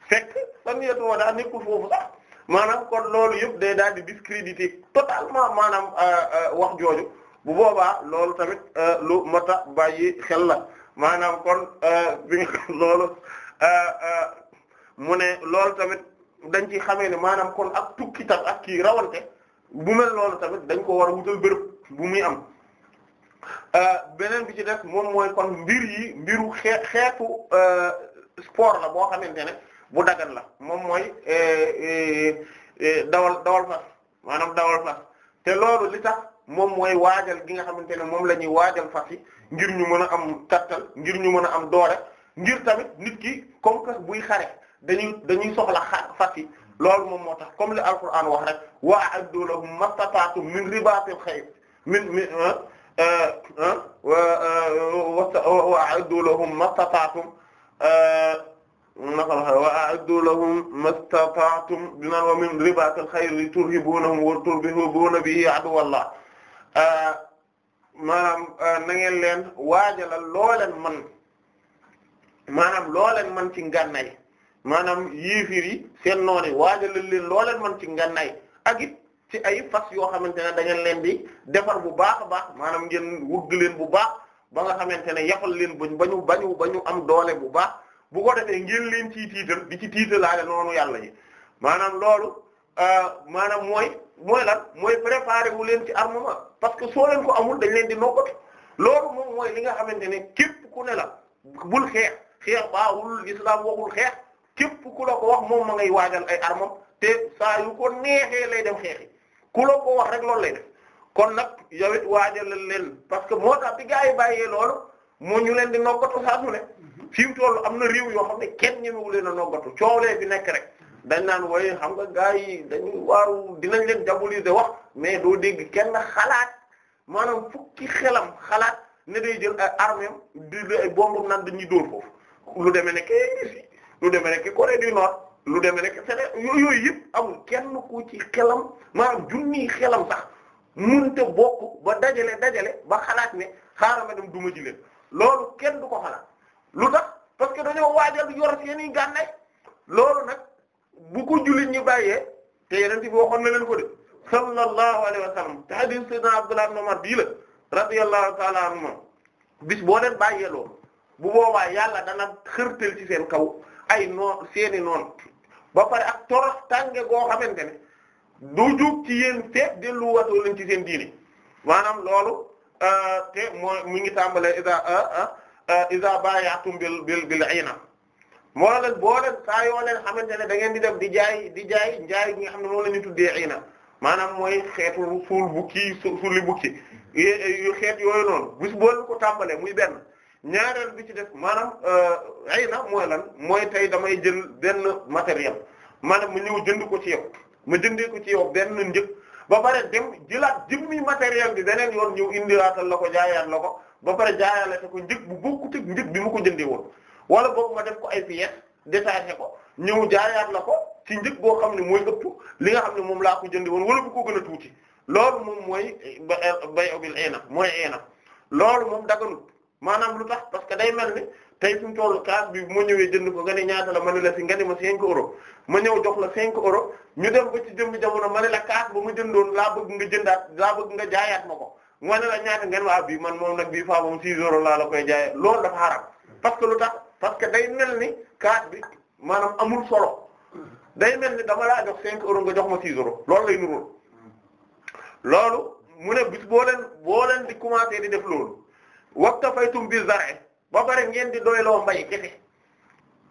fekk saniyatul wadaa nekkul foofu sax maanaam kon loolu yëpp day daal di discréditer totalement maanaam euh, euh, wax jooju bu booba loolu tamit euh, lu mata bàyyi xel la maanaam kon bi *laughs* Euh, euh, mu ne loolu tamit dañ ci xamee ne maanaam kon ak tukki tam ak kii loolu tamit dañ ko war a wutal bërëb bu muy am euh, beneen bi ci def moom mooy kon mbir yi mbiru xee xeetu sport la boo xamante ne bu dagan la moom mooy dawal dawal fas maanaam dawal fas te loolu li tax moom mooy waajal gi nga xamante ne moom la ñuy waajal fas ngir ñu mën a am kattan ngir ñu mën a am doore ngir tamit nit ki comme que buy xare dañuy dañuy soxla xar fas yi loolu moom moo tax comme li alquran wax rek wa a'addu lahum mastata'tum min ribatil khayr min min ah, ah, wa a'addu lahum mastata'tum ah, naka la wa a'addu lahum mastata'tum dinaan wa min ribatil khayr turhibunahum wa turhibuna bihi aduwallah maanaam na ngeen leen waajalal loo leen mën maanaam looleen man ci ngànnaay maanaam yéefir yi seen noonu waajalal leen looleen man ci ngànnaay ak ci ay fas yoo xamante ne dangeen leen di defar bu baax a baax maanaam ngeen wugg leen bu baax ba nga xamante ne yafal leen bañ bañu bañu bañu am doole bu baax bu ko defee ngeen leen ciy tiital di ci tiitalaale noonu yàlla yi maanaam loolu euh, maanaam mooy mooy lan mooy préparer wu leen ci armement parce que soo leen ko amul dañ leen di nokkatu loolu moom mooy nga xamante ne képp ku ne la bul xeex xeex baaxul l'islam waxul xeex képp ku la ko wax moom ma ngay waajal ay armam te saa yu ko neexee lay dem xeexi ku la ko wax rek lool lay def kon nag yow it waajal leen parce que moo tax bi gaa yi bàyyee lool moo ñu leen di noggatu saa su ne mhm. fi mu toll am na réew yoo xam ne kenn ñemewu leen a noggatu coowlee bi nekk rek dañ naan wooye xam nga gaa yi dañuy waaru dinañ leen diaboliser wax mais doo dégg kenn xalaat maanaam fukki xelam xalaat ne day jël ay armem di ay bombam naan dañuy dóor foofu lu demee nekk Russie lu demee nekk Corée du Nord lu demee nekk Sénégal yooyu yëpp amul kenn ku ci xelam maanaam junniy xelam sax mënut a bokk ba dajale dajale ba xalaat ne xaaral ma dem duma ji leen loolu kenn du ko xalaat lu tax parce que dañoo waajal yor seeni gànnaay loolu nag bu ko jullit ñi bàyyee te yeneen bi waxoon na leen ko de sallallahu alayhi wa sallam te hadith sayyidina Abdullah ibn Umar bii la radiyallahu ta'ala anhu bis boo leen bàyyee loolu bu boobaa yàlla dana xërtal ci seen kaw ay noon seeni noon ba pare ak torox tànge goo xamante ne du jug ci yéen feet dellu watoo leen ci seen diini maanaam loolu euh, te mooy mu ngi tàmbalee isa euh, euh, isa bayatum bil bil bil ayna moo leen boo leen saa yoo leen xamante ne da ngeen di def di jaay di jaay njaay bi nga xam ne moom la ñu tuddee ayna maanaam mooy xeetu suul bukki suuli bukki xeet yooyu noonu bis boo leen ko tàmbalee muy benn ñaareel bi ci def maanaam euh, ay na mooy lan mooy tey damay jël benn matériel maanaam mu ñëw jënd ko ci yow ma jëndee ko ci yow benn njëg ba pare dem jëlaat jëmmi matériel bi beneen yoon ñëw indiraatal la ko jaayaat la ko ba pare jaayaale te ko njëg bu bokkut teg njëg bi ma ko jëndee woon wala boobu ma def ko ay pièces détaché ko ñëw jaayaat la ko ci njëg boo xam ne mooy ëpp li nga xam ne moom laa ko jëndee woon wala bu ko gën a tuuti loolu moom mooy eh, eh, bay obil eena eh mooy eena loolu moom daganut maanaam lu tax parce que day mel ni tey fi mu toll bi moo ñëwee jënd ko nga ne ñaata la ma ne la si nga ne ma 5 euros ma ñëw jox la 5 euros ñu dem ba ci jëmbi jamono ma ne la kaas ba ma jëndoon laa bëgg nga jëndaat laa bëgg nga jaayaat ma ko ma ne la ñaata ngeen waa bii man moom nag bi faa moom 6 euros laa la koy jaayee loolu dafa xaram parce que lu tax parce que day mel ni kaas bi maanaam amul solo day mel ni dama laa jox 5 euros nga jox ma 6 euros loolu lay nurul loolu mu ne bis boo leen boo di commencer di def waktafaytum bi zar'i ba pare ngeen di doyloo mbay kese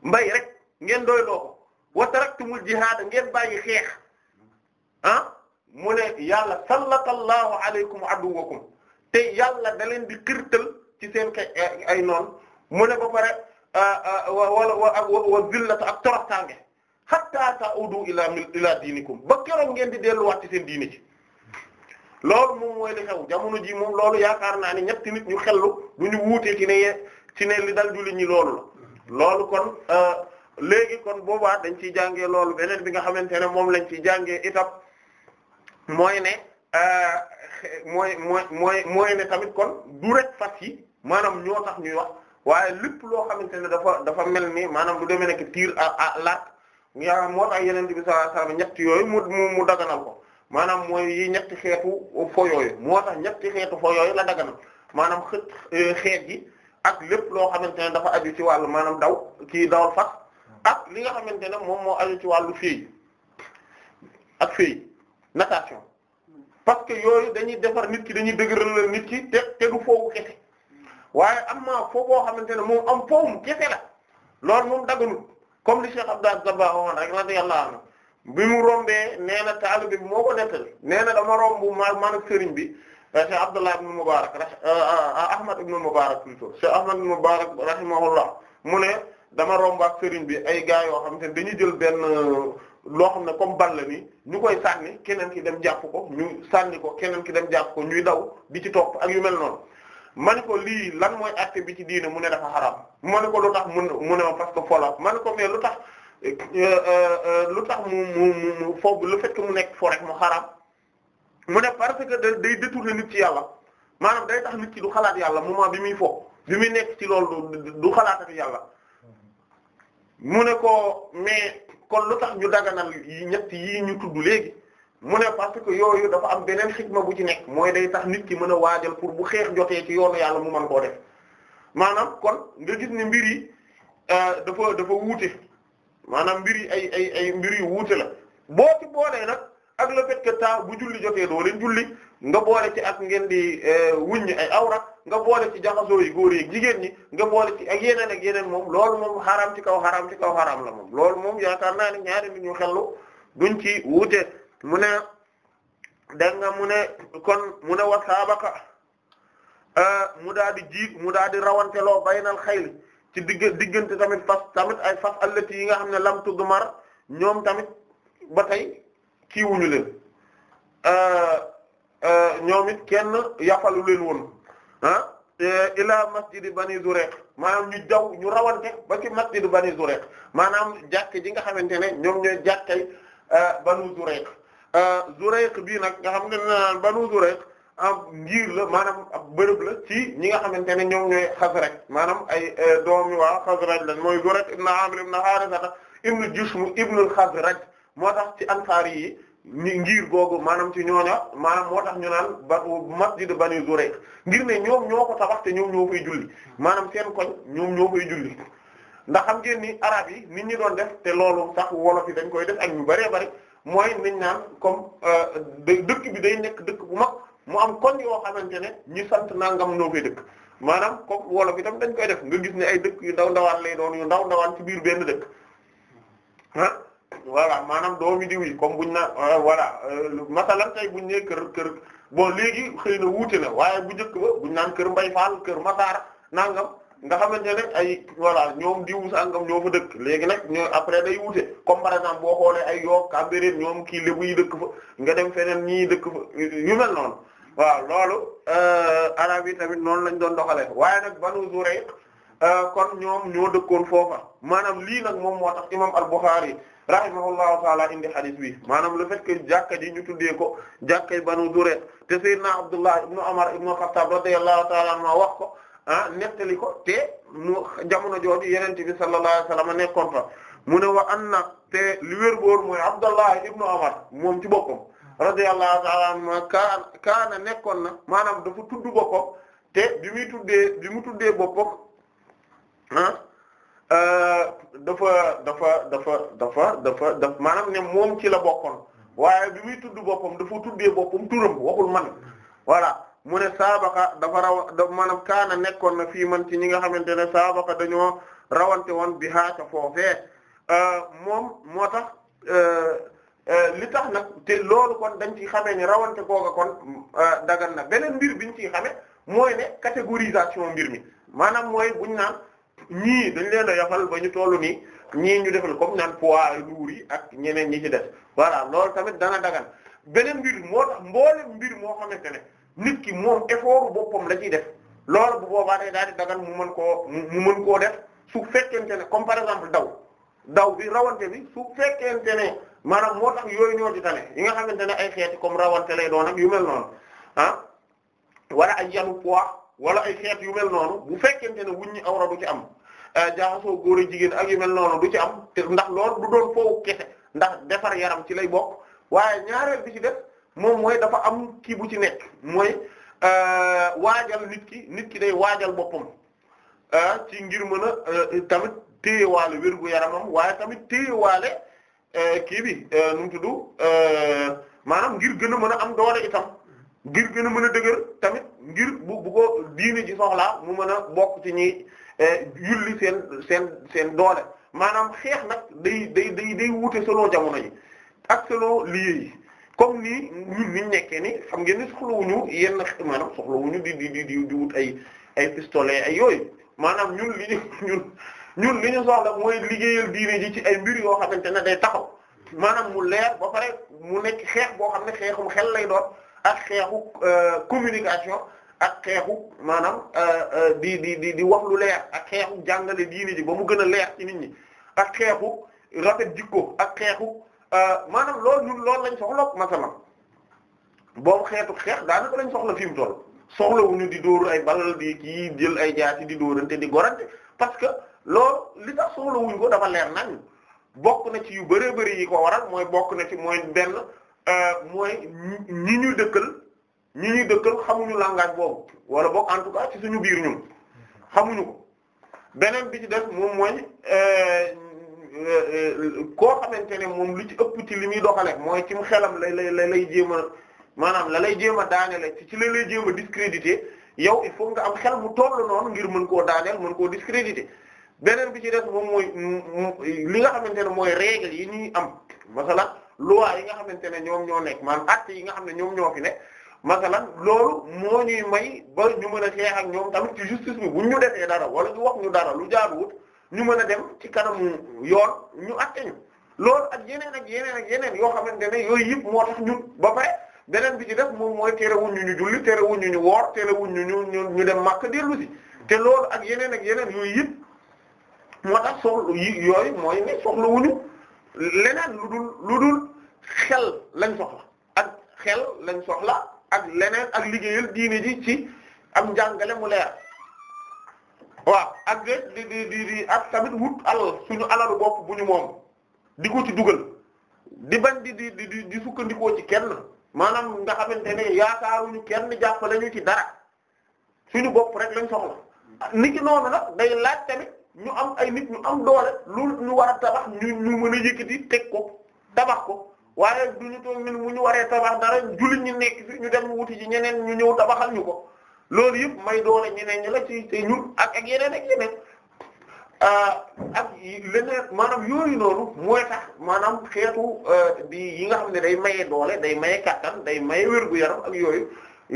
mbay rek ngeen doyloo ko wa taraktumul jihaad ngeen bàyyi xeex ah mu ne yàlla sallallahu alaykum aduwakum te yàlla da leen di xirtal ci seen kay eh, ay noonu mu ne ba pare ah, ah, wala wa ak wa zillata ak toroxtaange hatta ta'udu ila ila diinikum ba keroog ngeen di delluwaat ci seen diini ci loolu moom mooy li xew jamono ji moom loolu yaakaar naa ni ñetti nit ñu xelu du ñu wuutee ci ne ci ne li dal jullit ñi loolu la loolu kon euh, léegi kon boobaa dañ ciy jàngee loolu beneen bi nga xamante ne moom lañ ciy jàngee itam mooy ne euh, mooy mooy mooy mooy ne tamit kon du rek fas yi maanaam ñoo tax ñuy wax waaye lépp loo xamante ne dafa dafa mel ni maanaam lu demee nekk tiir à à l'arc yaa moo tax yeneen bi sallallahu alayhi wasallam ñett yooyu mu mu daganal ko maanaam mooy yi ñetti xeetu fo yooyu moo tax ñetti xeetu fo yooyu la daganal maanaam xët euh, xeet yi ak lépp loo xamante ne dafa aju ci wàllu maanaam daw kii dawal fas ak li nga xamante ne moom moo aju ci wàllu fii ak fii natation parce que yooyu dañuy defar nit ki dañuy dëgëral nit ki te te du foofu kese waaye am na foo boo xamante ne moom am foofu kese la loolu moom daganul comme li Cheikh Abdou Dabba waxoon rek radiyallahu anhu bi mu rombee nee na taalibe bi moo ko nettali nee na dama romb ma man ak sëriñ bi eh, Cheikh Abdullah ibn Mubarak eh, eh, Ahmad ibn Mubarak plutôt Cheikh Ahmad ibn Mubarak mu ne dama romb sëriñ bi ay gaa yoo xam te dañu jël benn loo xam ne comme balla ni ñu koy sànni keneen ki dem jàpp ko ñu sànni ko keneen ki dem jàpp ko ñuy daw bi ci topp ak yu mel noonu ma ne ko lii lan mooy acte bi ci diine mu ne dafa xaraam ma ne ko lu tax mu ne ma parce que ma ne ko mais lu tax Euh, euh, euh, lu tax mu mu mu foofu le fait que mu nekk foo rek mu xaraam mu ne parce que day détourner nit ci yàlla maanaam day tax nit ci du xalaat yàlla moment bi muy fo bi muy nekk ci loolu du xalaatati yàlla mu ne ko mais kon lu tax ñu daganal ñett yii ñu tudd léegi mu ne parce que yooyu dafa am beneen xikma bu ci nekk mooy day tax nit ci mën a waajal pour bu xeex jotee ci yoonu yàlla mu mën koo def maanaam kon nga gis ne mbir yi dafa dafa wuute maanaam mbir yi ay ay ay mbir yu wuute la boo ci boolee nag ak la fait que temps bu julli jotee doo leen julli nga boole ci ak ngeen di euh, wuññi ay awra nga boole ci jaxasoo yi góor yi jigéen ñi nga boole ci ak yeneen ak yeneen moom lool moom xaraam ci kaw xaraam ci kaw xaraam la moom loolu moom yaakaar naa ñaari nit ñu xellu duñ ci wuute mu ne dégg nga mu ne kon mu ne wasaabaka euh, mu daal di jiit mu daal di rawanteloo baynal xayli ci digg diggante tamit fas tamit ay fas allati yi nga xam ne lam mar ñoom tamit ba tey kiiwuñu leen euh, euh, ñoom it kenn yafalu leen woon ah ila masjidi bani Zurayq maanaam ñu jaw ñu rawante ba ci masjidi bani Zurayq maanaam jàkk ji nga xamante ne ñoom ñooy jàkkay euh, banu Zurayq Zurayq bii nag nga xam ne naan banu Zurayq ab ngir la maanaam ab bërëb ci ñi nga xamante ne ñoom ñooy Xasraj maanaam ay euh, doomi waa Xasraj lañ mooy Zurayh ibn Amr ibn Haarisa ibn Jushm ibn al-Xasraj moo tax ci ansaar yi ñi ngir googu maanaam ci ñooña maanaam moo tax ñu naan ba masjid Bani Zurayh ngir ne ñoom ñoo ko tabax te ñoom ñoo fay julli maanaam seen koñ ñoom ñoo fay julli ndax xam ngeen ni arab yi nit ñi doon def te loolu sax wolof yi dañ koy def ak ñu bëree bëri mooy nañ naan comme euh, dëkk bi day nekk dëkk bu mag mu am kon yoo xamante ne ñi sant nangam ñoo koy dëkk maanaam comme wolof itam dañ koy def nga gis ne ay dëkk yu ndaw ndawaan lay doon yu ndaw ndawaan ci biir benn dëkk ah voilà maanaam doomi diw yi comme buñ na euh, voilà euh, masalan tey buñ nee kër kër bon léegi xëy na wuute na waaye bu njëkk ba buñ naan kër Mbay Faal kër Masaar nangam nga xamante ne ay wala ñoom diw sangam ñoo fa dëkk léegi nag ñoo après day wuute comme par exemple boo xoolee ay yoo Cambérène ñoom kii lébu yi dëkk fa nga dem feneen ñii dëkk fa yu mel noonu waaw loolu euh, arab yi tamit noonu lañ doon doxale waaye nag banu Zurayq euh, kon ñoom ñoo dëkkoon foofa maanaam lii nag moom moo tax imam al-Bukhari rahimahullahu taala indi hadith bi maanaam le fait que jàkka ji ñu tuddee ko jàkkay banu Zurayq te Seydina Abdullah ibnu Umar ibnu Khattab radiyallahu taala anhu wax ko ah nettali ko te mu jamono jooju yonent bi sallallahu alayhi wasallam nekkoon fa mu ne wa anna te li boor mooy Abdullah ibnu Umar moom ci boppam radiyallahu ta'ala anhuma kaan kaana nekkoon na maanaam dafa tudd boppam te bi muy tuddee bi mu tuddee boppam ah euh, dafa dafa dafa dafa dafa maanaam ne moom la bokkoon waaye bi muy tudd boppam dafa tuddee boppam turam waxul man voilà mu ne saabaka dafa raw da maanaam kaana nekkoon na fii man ci ñi nga xamante ne saabaka dañoo rawante woon bi haata euh, moom moo tax euh, Euh, li tax nag te loolu kon dañ ci xamee ni rawante googa kon euh, dagan na beneen mbir biñ ciy xame mooy ne catégorisation mbir mi maanaam mooy buñ naan ñii dañ leen a yafal ba ñu tollu nii ñii ñu defal comme naan poids lourds yi ak ñeneen ñi ci def voilà loolu tamit dana dagan beneen mbir moo tax mbir moo xamante ne nit ki moom effort boppam la ciy def loolu bu boobaa day daal di dagan mu mën koo mu mën koo def su fekkente ne comme par exemple daw daw bi rawante bi su fekkente ne maanaam moo tax yooyu ñoo ci tane yi nga xamante ne ay xeeti comme rawante lay doon ak yu mel noonu ah wala ay yanu poids wala ay xeet yu mel noonu bu fekkente ne wuññi awra du ci am eh, jaaxasoo góor jigéen ak yu noonu du ci am te ndax loolu du doon foofu kese ndax defar yaram ci lay bokk waaye ñaareel bi ci def moom mooy dafa am kii bu ci nekk mooy eh, waajal nit ki nit ki day waajal boppam eh, ci ngir mën a tamit téyewaale wér gu yaramam waaye tamit téyewaale. Eh, kii bi eh, nu mu tudd eh, maanaam ngir gën a mën a am doole itam ngir gën a mën a dëgër tamit ngir bu bu ko diine ji soxlaa mu mën a bokk ci ñi yulli seen seen doole maanaam xeex nag day day day day wute selon jamono ji ak selon lieu yi comme nii ñun niñ nekkee ni xam ngeen ni soxlawuñu yenn maanaam soxlawuñu di di di wut ay ay pistolet ay yooyu maanaam ñun li ñun ñun li ñu soxla mooy liggéeyal diine ji ci ay mbir yoo xamante ne day taxaw maanaam mu leer ba pare mu nekk xeex boo xam ne xeexum xel lay doon ak xeexu euh, communication ak xeexu maanaam euh, euh, di di di di wax lu leer ak xeexu jàngale diine ji ba mu gën a leer ci nit ñi ak xeexu rafet jikko ak xeexu maanaam loolu ñun loolu lañ soxla masalan boobu xeetu xeex daa daanaka lañ soxla fi mu toll soxlawuñu di dóor ay bal di kii jël ay jaasi di dóorante di gorante parce que. loolu li tax soxla wuñ ko dafa leer nañ bokk na ci yu bëree bëri yi ko waral mooy bokk na ci mooy benn euh, mooy ñi ñu dëkkal ñu ñuy dëkkal xamuñu làngaat boobu wala bokk en tout cas ci suñu biir ñun xamuñu ko beneen bi ci def moom mooy euh, euh, koo xamante ne moom lu ci ëpp ci li muy doxale mooy ci mu xelam lay lay lay lay jéem maanaam la lay jéem a daanele ci la lay jéem a discrédité yow il faut nga am xel bu toll noonu ngir mën koo daaneel mën koo discrédité beneen bi ci des moom mooy li nga xamante ne mooy règle yi ñuy am masala loi yi nga xamante ne ñoom ñoo nekk maanaam acte yi nga xam ne ñoom ñoo ne masalan loolu moo ñuy may ba ñu mën a xeex ak ñoom tamit ci justice bi bu ñu defee dara wala ñu wax ñu dara lu jaaduwut ñu mën a dem ci kanamu yoon ñu àtte ñu loolu ak yeneen ak yeneen ak yeneen yoo xamante ne yooyu yëpp moo tax ñun ba pare beneen bi ci def moom mooy terewuñ ñu ñu julli wuñ ñu ñu woor terewuñ ñu ñu ñu dem màkk dellu si te loolu ak yeneen ak yeneen yooyu yëpp moo tax soxla yi yooyu mooy ne soxla wuñu leneen lu dul lu dul xel lañ soxla ak xel lañ soxla ak leneen ak liggéeyal diine ji ci am njàngale mu leer waaw ak di di di di ak tamit wut alal suñu alalu bopp bu ñu moom di ko ci dugal di bañ di di di di sukkandikoo ci kenn maanaam nga xamante ne yaakaaruñu kenn jàppale ñu ci dara suñu bopp rek lañ soxla niki noonu nag day laaj tamit ñu am ay nit ñu am doole loolu ñu war a tabax ñu ñu mën a yëkkati teg ko tabax ko waaye du ñu toog ñun mu ñu waree tabax dara jullit ñu nekk fi ñu dem wuti ji ñeneen ñu ñëw tabaxal ñu ko loolu yëpp may doole ñeneen ñi la ci te ñun ak ak yeneen ak yeneen ak leneen maanaam yooyu noonu mooy tax maanaam xeetu euh, di yi nga xam ne day maye doole day maye kattan day maye wér gu yaram ak yooyu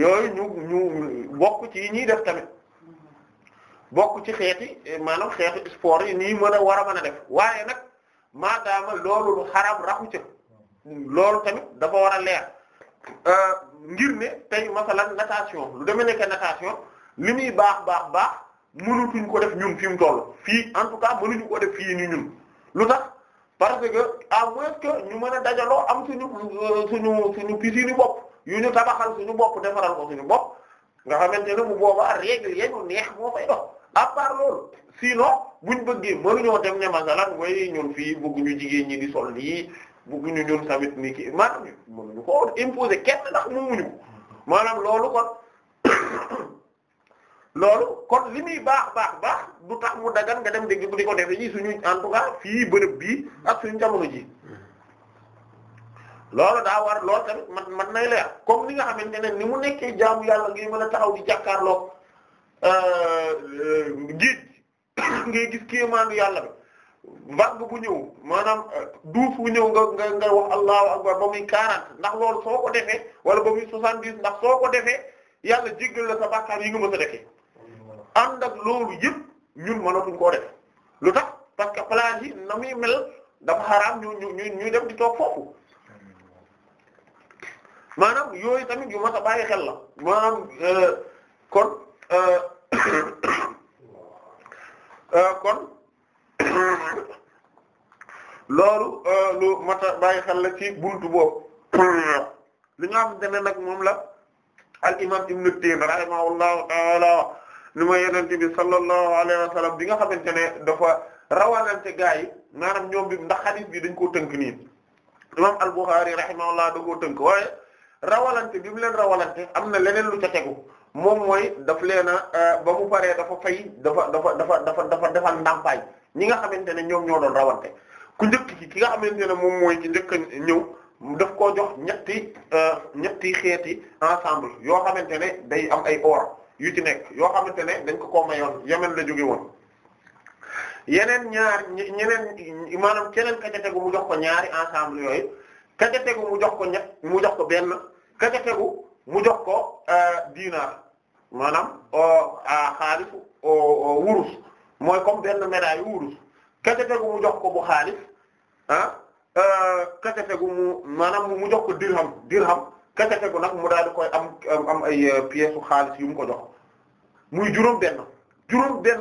yooyu ñu ñu bokk ci yi ñuy def tamit. bokk ci xeeti maanaam xeeti sport yi nii mën a war a mën a def waaye nag maadaama loolu lu xarab raxu ca loolu tamit dafa war a leer euh, ngir ne tey masalan natation lu demee nekk natation li muy baax baax baax mënutuñ ko def ñun fi mu toll fii en tout cas mënuñu ko def fii ni ñun lu tax parce que à moins que ñu mën a dajaloo am suñu euh, suñu suñu piscine bopp yu ñu tabaxal suñu bopp defaral ko suñu bopp nga xamante ne bu boobaa règle ya ñu neex moo fay dox à part loolu sinon buñ bëggee mënuñoo dem ne masalan way ñun fii bëgguñu jigéen ñi di sol lii bëgguñu ñun tamit ni ki maanaam mënuñu ko imposer kenn ndax mu muñu maanaam loolu kon *coughs* loolu kon li muy baax baax baax du tax mu dagan nga dem dégg bu di ko defee ji suñu en tout fii bërëb bii ak suñu jamono ji loolu daa war loolu tamit man man nay leer comme ni nga xamante ne ni mu nekkee jaamu yàlla ngay mën a taxaw di jàkkaarloo Euh, euh, géej *coughs* ngay gis kéemaanu yàlla bi mbagg bu ñëw maanaam euh, duuf bu ñëw nga nga nga wax allahu akbar ba muy quarante ndax loolu soo ko defee wala ba muy soixante-dix ndax soo ko defee yàlla jéggal la sa bàkkaar yi nga mën a defee ànd ak loolu yëpp ñun mënatuñ koo def lu tax parce que plage yi na muy mel dafa xaraam ñu ñu ñu dem di toog foofu maanaam yooyu tamit yu mat a bàyyi xel la maanaam kon. Euh, *coughs* euh, kon *coughs* loolu euh, lu mata bàyyi xel la ci buntu boobu *coughs* li nga xamante ne nag moom la al imam ibnu Tiin rahimahullahu taala ni ma yenente bi sallallahu alayhi wa sallam bi nga xamante ne dafa rawanante gaa yi maanaam ñoom bi ndax xadiis bi dañ koo tënk nii imam al Bukhari rahimahullah da koo tënk waaye rawalante bi mu leen rawalante am na leneen lu ca tegu moom mooy daf leen a euh, ba mu paree dafa fay dafa dafa dafa dafa dafa dafa ndàmpaay ñi nga xamante ne ñoom ñoo doon rawante ku njëkk ki ki nga xamante ne moom mooy ki njëkk a ñëw daf koo jox ñetti euh, ñetti xeeti ensemble yoo xamante ne day am ay or yu ci nekk yoo xamante ne dañ ko koo mayoon Yemen la jóge woon yeneen ñaar ñeneen maanaam keneen ka ca mu jox ko ñaari ensemble yooyu ka ca tegu mu jox ko ñett mu jox ko benn ka ca mu jox ko euh, dinaar maanaam xaalis wurus mooy comme benn médaille wurus kese tegu mu jox ko bu xaalis ah euh, kese tegu mu maanaam mu jox ko dirham dirham kese tegu nag mu daal di koy am am ay euh, pièces xaalis yu mu ko jox muy juróom benn juróom benn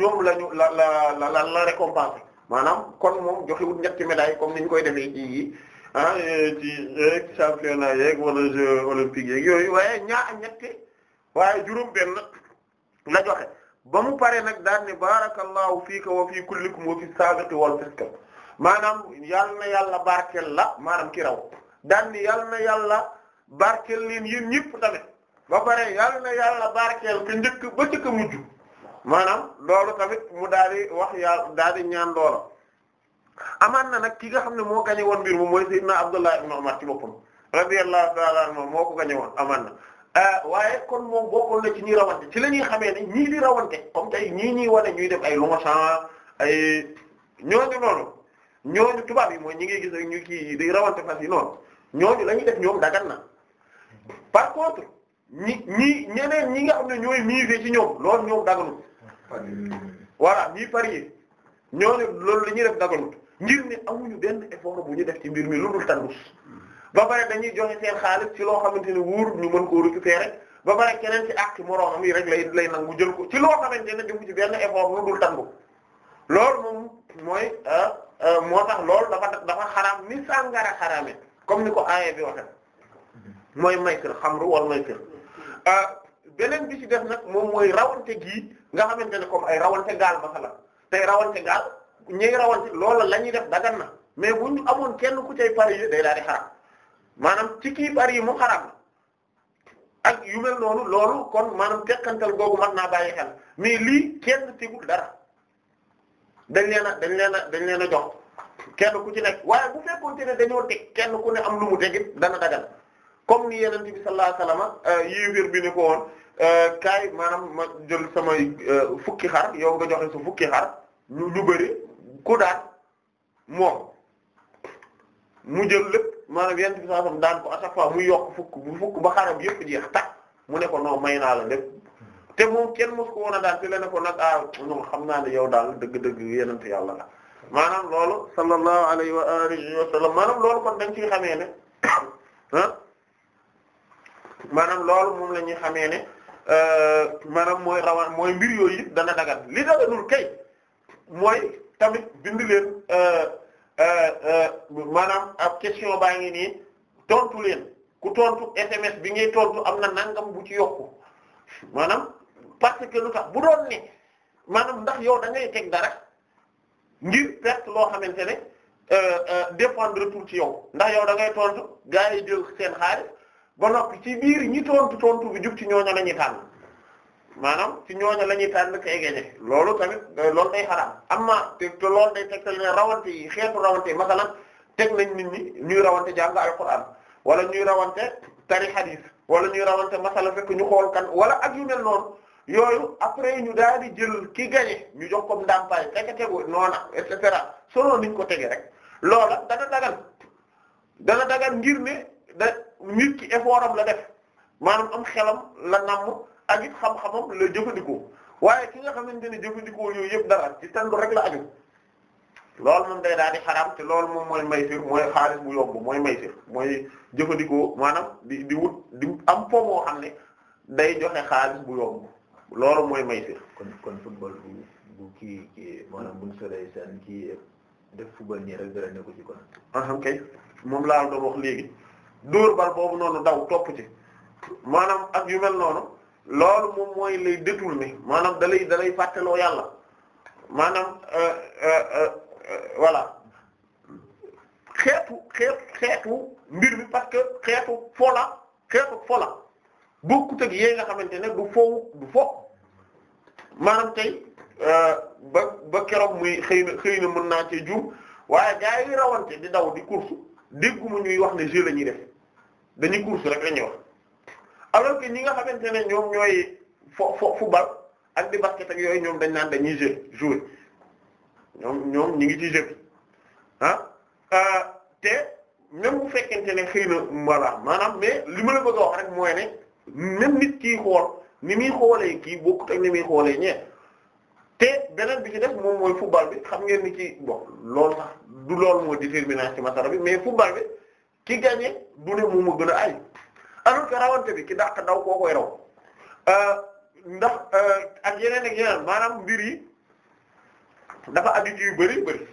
ñoom lañu la la la la récompense maanaam kon moom joxewut ñetti médaille comme ni ñu koy defee ji ah ci eh, yeeg eh, championnat yeeg wala jeux olympiques yeeg yooyu waaye ñaar ñetti waaye juróom benn la joxe ba mu pare nag daan ne barakallahu fiika wa fii kullikum wa fi sabiqi wal fiska maanaam yal na yàlla barkel la maanaam ki raw daan ni yal na yàlla barkel leen yéen ñëpp tamit ba pare yal na yàlla barkel ka njëkk ba njëkk a mujj maanaam loolu tamit mu daal wax yàlla daal di ñaan amaan na nag ki nga xam ne moo gañe woon mbir moom mooy Seydina Abdullah ibn Umar ci boppam radiyallahu ta'ala anhu moo ko gañe woon amaan na euh, waaye kon moom bokkoon na ci ñi rawante ci la ñuy xamee ne ñii di rawante comme tey ñii ñuy wane ñuy def ay Longchamp ay ñooñu noonu ñooñu tubaab yi mooy ñi ngi gis rek ñu kii di rawante fas yi noonu ñooñu la ñuy def ñoom dagan na ni contre ñi ñi ñeneen ñi nga xam ne ñooy miser ci ñoom loolu ñoom daganut voilà ñii parier ñooñu loolu li ñuy def daganut ngir ne amuñu benn effort bu ñu def ci mbir mi lu dul tandus ba pare dañuy joxe seen xaalis ci loo xamante ne wóorul ñu mën koo récupérer ba pare keneen ci àq moroomam yi rek lay lay nangu jël ko ci loo xamante ne defu ci benn effort lu dul tandu loolu moom mooy euh, euh, moo tax loolu dafa dafa xaraam ni sàngara xaraame comme ni ko aaya bi waxe mooy maysir xamru wal maysir euh, beneen bi ci def nag moom mooy rawante gii nga xamante ne comme ay rawante gaal masala tey rawante gaal ñuy rawanti loola la ñuy def dagan na mais bu ñu amoon kenn ku cay pari day daal di maanaam ci kii pari yi mu xaraam ak yu mel noonu loolu kon maanaam tekkantal googu man naa bàyyi xel mais lii kenn tegul dara dañ leen a dañ leen a dañ leen a jox kenn ku ci nekk waaye bu fekkoonte ne dañoo teg kenn ku ne am lu mu tegit dana dagal comme ni yeneen bi sallallahu alayhi wa sallam euh, yéeféer bi ni ko woon euh, kaay maanaam ma jël samay euh, fukki xar yow nga joxe su fukki xar ñu lu bëri ku daan moom mu jël lépp maanaam yent bi saasam daan ko à chaque mu yokk fukk bu fukk ba xarab yëpp jeex tak mu ne ko may naa la lépp te moom kenn mos ko daal a te leen ne ko nag ah non xam naa ne yow daal dëgg-dëgg yenente yàlla la maanaam loolu sallallahu alayhi wa alihi wa maanaam loolu dañ ciy xamee ne *coughs* ah, loolu moom lañuy ñuy xamee ne euh, maanaam mooy rawan mooy mbir yooyu dana dagat li daganul kay mooy tamit bind leen euh, euh, euh, maanaam ab question baa ngi nii tontu leen ku tontu SMS bi ngay tontu am na nangam bu ci yokku maanaam parce que lu tax bu doon ne maanaam ndax yow dangay teg dara ngir perte loo xamante ne dépendre tout ci yow ndax yow da ngay tontu gaa yi jël seen xaalis ba noppi ci biir ñi tontu tontu bi jub ci ñooñu la ñuy tànn. maanaam ci ñooñu la ñuy tànn kay gañe loolu tamit loolu day xaraam amma te te loolu day tegtal ne rawante yi xeetu rawante yi masalan teg nañ nit ñi ñuy rawante jàng alquran wala ñuy rawante tari hadith wala ñuy rawante masala fekk ñu xool kan wala ak yu mel noonu yooyu après ñu daal di jël ki gañe ñu jox ko ndàmpaay fekk tegu noona et cetera solo niñ ko tege rek loola dana dagan dana dagan ngir ne da nit ki effort am la def maanaam am xelam la namm. ak it xam-xamam la jëfandikoo waaye ki nga xamante ne jëfandikoo yooyu yëpp dara ci tàndu rek la aju loolu moom day daal di xaraam te loolu moom mooy maysir mooy xaalis bu yomb mooy maysir mooy jëfandikoo maanaam di di wut di am po moo xam ne day joxe xaalis bu yomb loolu mooy maysir. kon kon football bu kii kii maanaam bu ñu solee seen kii def football nii rek dara nekku ci kon. ah kay moom laa doon wax léegi dóor bal boobu noonu daw topp ci maanaam ak yu mel noonu. loolu moom mooy lay ni maanaam dalay dalay fàttaloo yàlla maanaam euh, euh, euh, voilà xeetu xeetu xeetu mbir mi parce que xeetu fola xeetu fola bokkut ak yee nga xamante ne du foowu du fo maanaam tey ba ba keroog muy xëy na xëy na mën naa cee jur waaye gars yi rawante di daw di course dégguma ñuy wax ne jeu la ñuy def dañuy course rek la ñuy wax alors que ñi nga xamante ne ñoom ñooy fo fo football ak di basket ak yooyu ñoom dañ naan dañuy jël jouer ñoom ñoom ñu ngi ci jeu ah, ah te même bu fekkente ne xëy na voilà maanaam mais li ma la bëgg a wax rek mooy ne même nit kii xool ni muy xoolee kii bokkut ak ni muy xoolee ñeent te beneen bi ci def moom mooy football bi xam ngeen ni ci bon loolu sax du loolu moo déterminant ci masara bi mais football bi ki gagné du ne moom a gën a ay alors que rawante bi ki dàq daw koo koy raw euh, ndax euh, ak yeneen ak yeneen maanaam mbir yi dafa habitude yu bëri bëri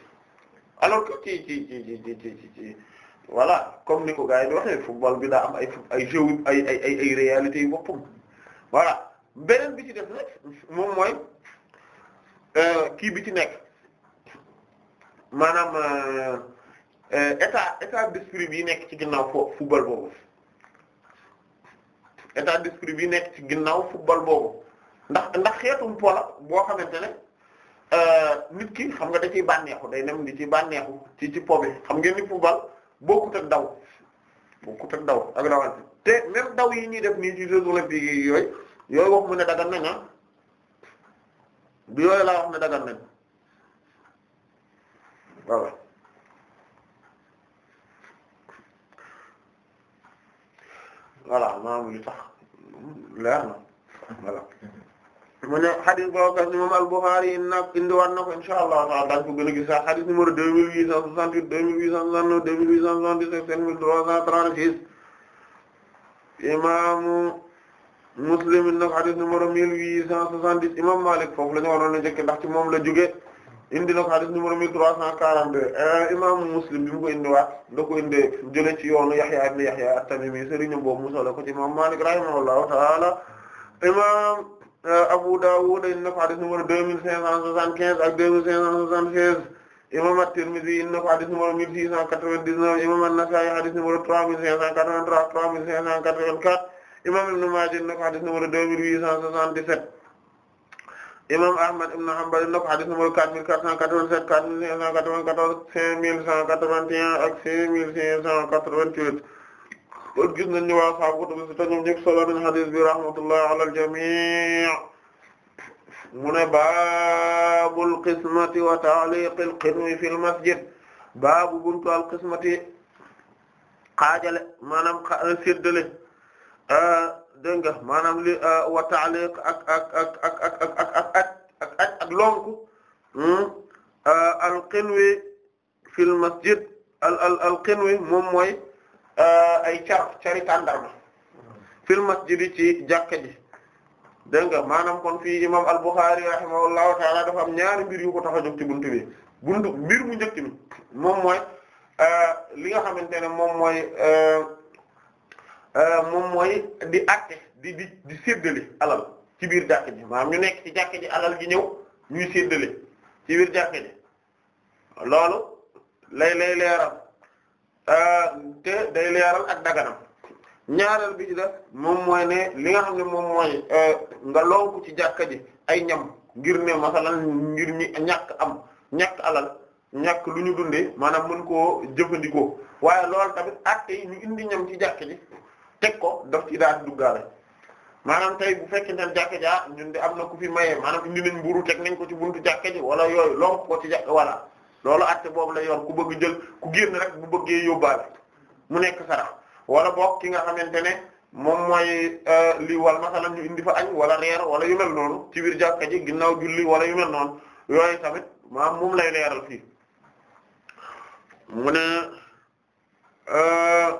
alors que ci ci ci ci ci ci voilà comme ni ko football bi daa am ay ay ay ay ay ay réalités yu boppam voilà beneen bi ci def nag euh, kii bi ci nekk maanaam état état d'esprit bi nekk ci ginnaaw fo football boobu. état d'esprit bi nekk ci ginnaaw football boobu ndax ndax xeetum pola boo xamante ne euh, nit ki xam nga da ciy bànneexu day nem di ci bànneexu ci ci po xam ngeen ni football bokkut ak daw bokkut ak daw ak te même daw yi ñuy def nii ci Jeux olympiques yi yooyu yooyu wax mu ne dagan nañ ah du yooyu laa wax ne dagan nañ voilà maanaam li tax leer na voilà mu ne xadis boobu kat moom al-Bukhari yi nag indiwaat na ko inshaa Allahu taala daañu ko gën a gis sax xadis numéro deux mille huit cent soixante-huit deux mille huit cent soixante-neuf deux mille huit cent soixante-dix-sept sept mille trois cent trente-six imaamu Muslim nag xadis numéro mille huit cent soixante-dix imam Malik foofu la ñu waroon a njëkk ndax ci moom la jóge indi na ko hadith numéro mille trois cent quarante-deux euh, imaamu Muslim bi mu ko indiwaat da ko indi jële ci yoonu Yahya ibn Yahya at-Tamimi sëriñam boobu mu solo ko ci imam Malik rahimahullahu ta'ala imam euh, Abu Dawud indi na ko hadith numéro deux mille cinq cent soixante-quinze ak deux mille cinq cent soixante-seize imam at-Tirmidhi indi na ko hadith numéro mille six cent quatre-vingt-dix-neuf imam an-Nasa'i hadith numéro trois mille cinq cent quatre-vingt-trois trois mille cinq cent quatre-vingt-quatre imam Ibn Majah indi na ko hadith numéro deux mille huit cent soixante-dix-sept imam Ahmad ibn Hanbal dina ko hadith numéro 4487 4594 5181 ak 5588 kon gis nañ ni waa sahaabu kutubu sitta ñoom ñëpp solo nañ hadith bi rahmatullah ala al-jami' mu ne baabul qismati wa ta'liq al-qidmi fil masjid baabu buntu al-qismati xaajale maanaam séddale dégg nga maanaam li wa taaliq ak ak ak ak ak ak ak ak ak masjid al al al moom mooy ay car cari tàndarma fil masjid yi ci jàkka ji dégg nga maanaam kon fi imam al Bukhari rahimahullahu taala dafa am ñaari mbir yu ko tax a buntu bi buntu mbir mu njëkk mi moom mooy li nga xamante ne moom mooy Euh, moom mooy di àtte di di di séddale alal ci biir jàkk ji maanaam ñu nekk ci jàkk ji alal ji ñëw ñuy séddale ci biir jàkk loolu lay lay leeral euh, te day leeral ak daganam ñaareel bi ci moom mooy ne li nga xam ne moom mooy euh, nga lonku ci jàkka ji ay ñam ngir ne masalan ngir ñi ñàkk am ñàkk alal ñàkk lu ñu dundee maanaam mën koo jëfandikoo waaye loolu tamit acte yi ñu indi ñam ci jàkka teg ko daf ci daal di duggaale maanaam tey bu fekkente ne jàkka ja ñun de am na ku fi maye maanaam indi nañ mburu teg nañ ko ci buntu jàkka ji wala yooyu lonk ko ci jàkka loolu àtte boobu la yor ku bëgg jël ku génn rek bu bëggee yóbbaale mu nekk sarax wala boo ki nga xamante ne moom mooy euh, lii wal masalan ñu indi fa añ wala reer wala yu mel noonu ci biir jàkka ji ginnaaw julli wala yu mel noonu yooyu tamit maam moom lay leeral fii mu ne. Euh,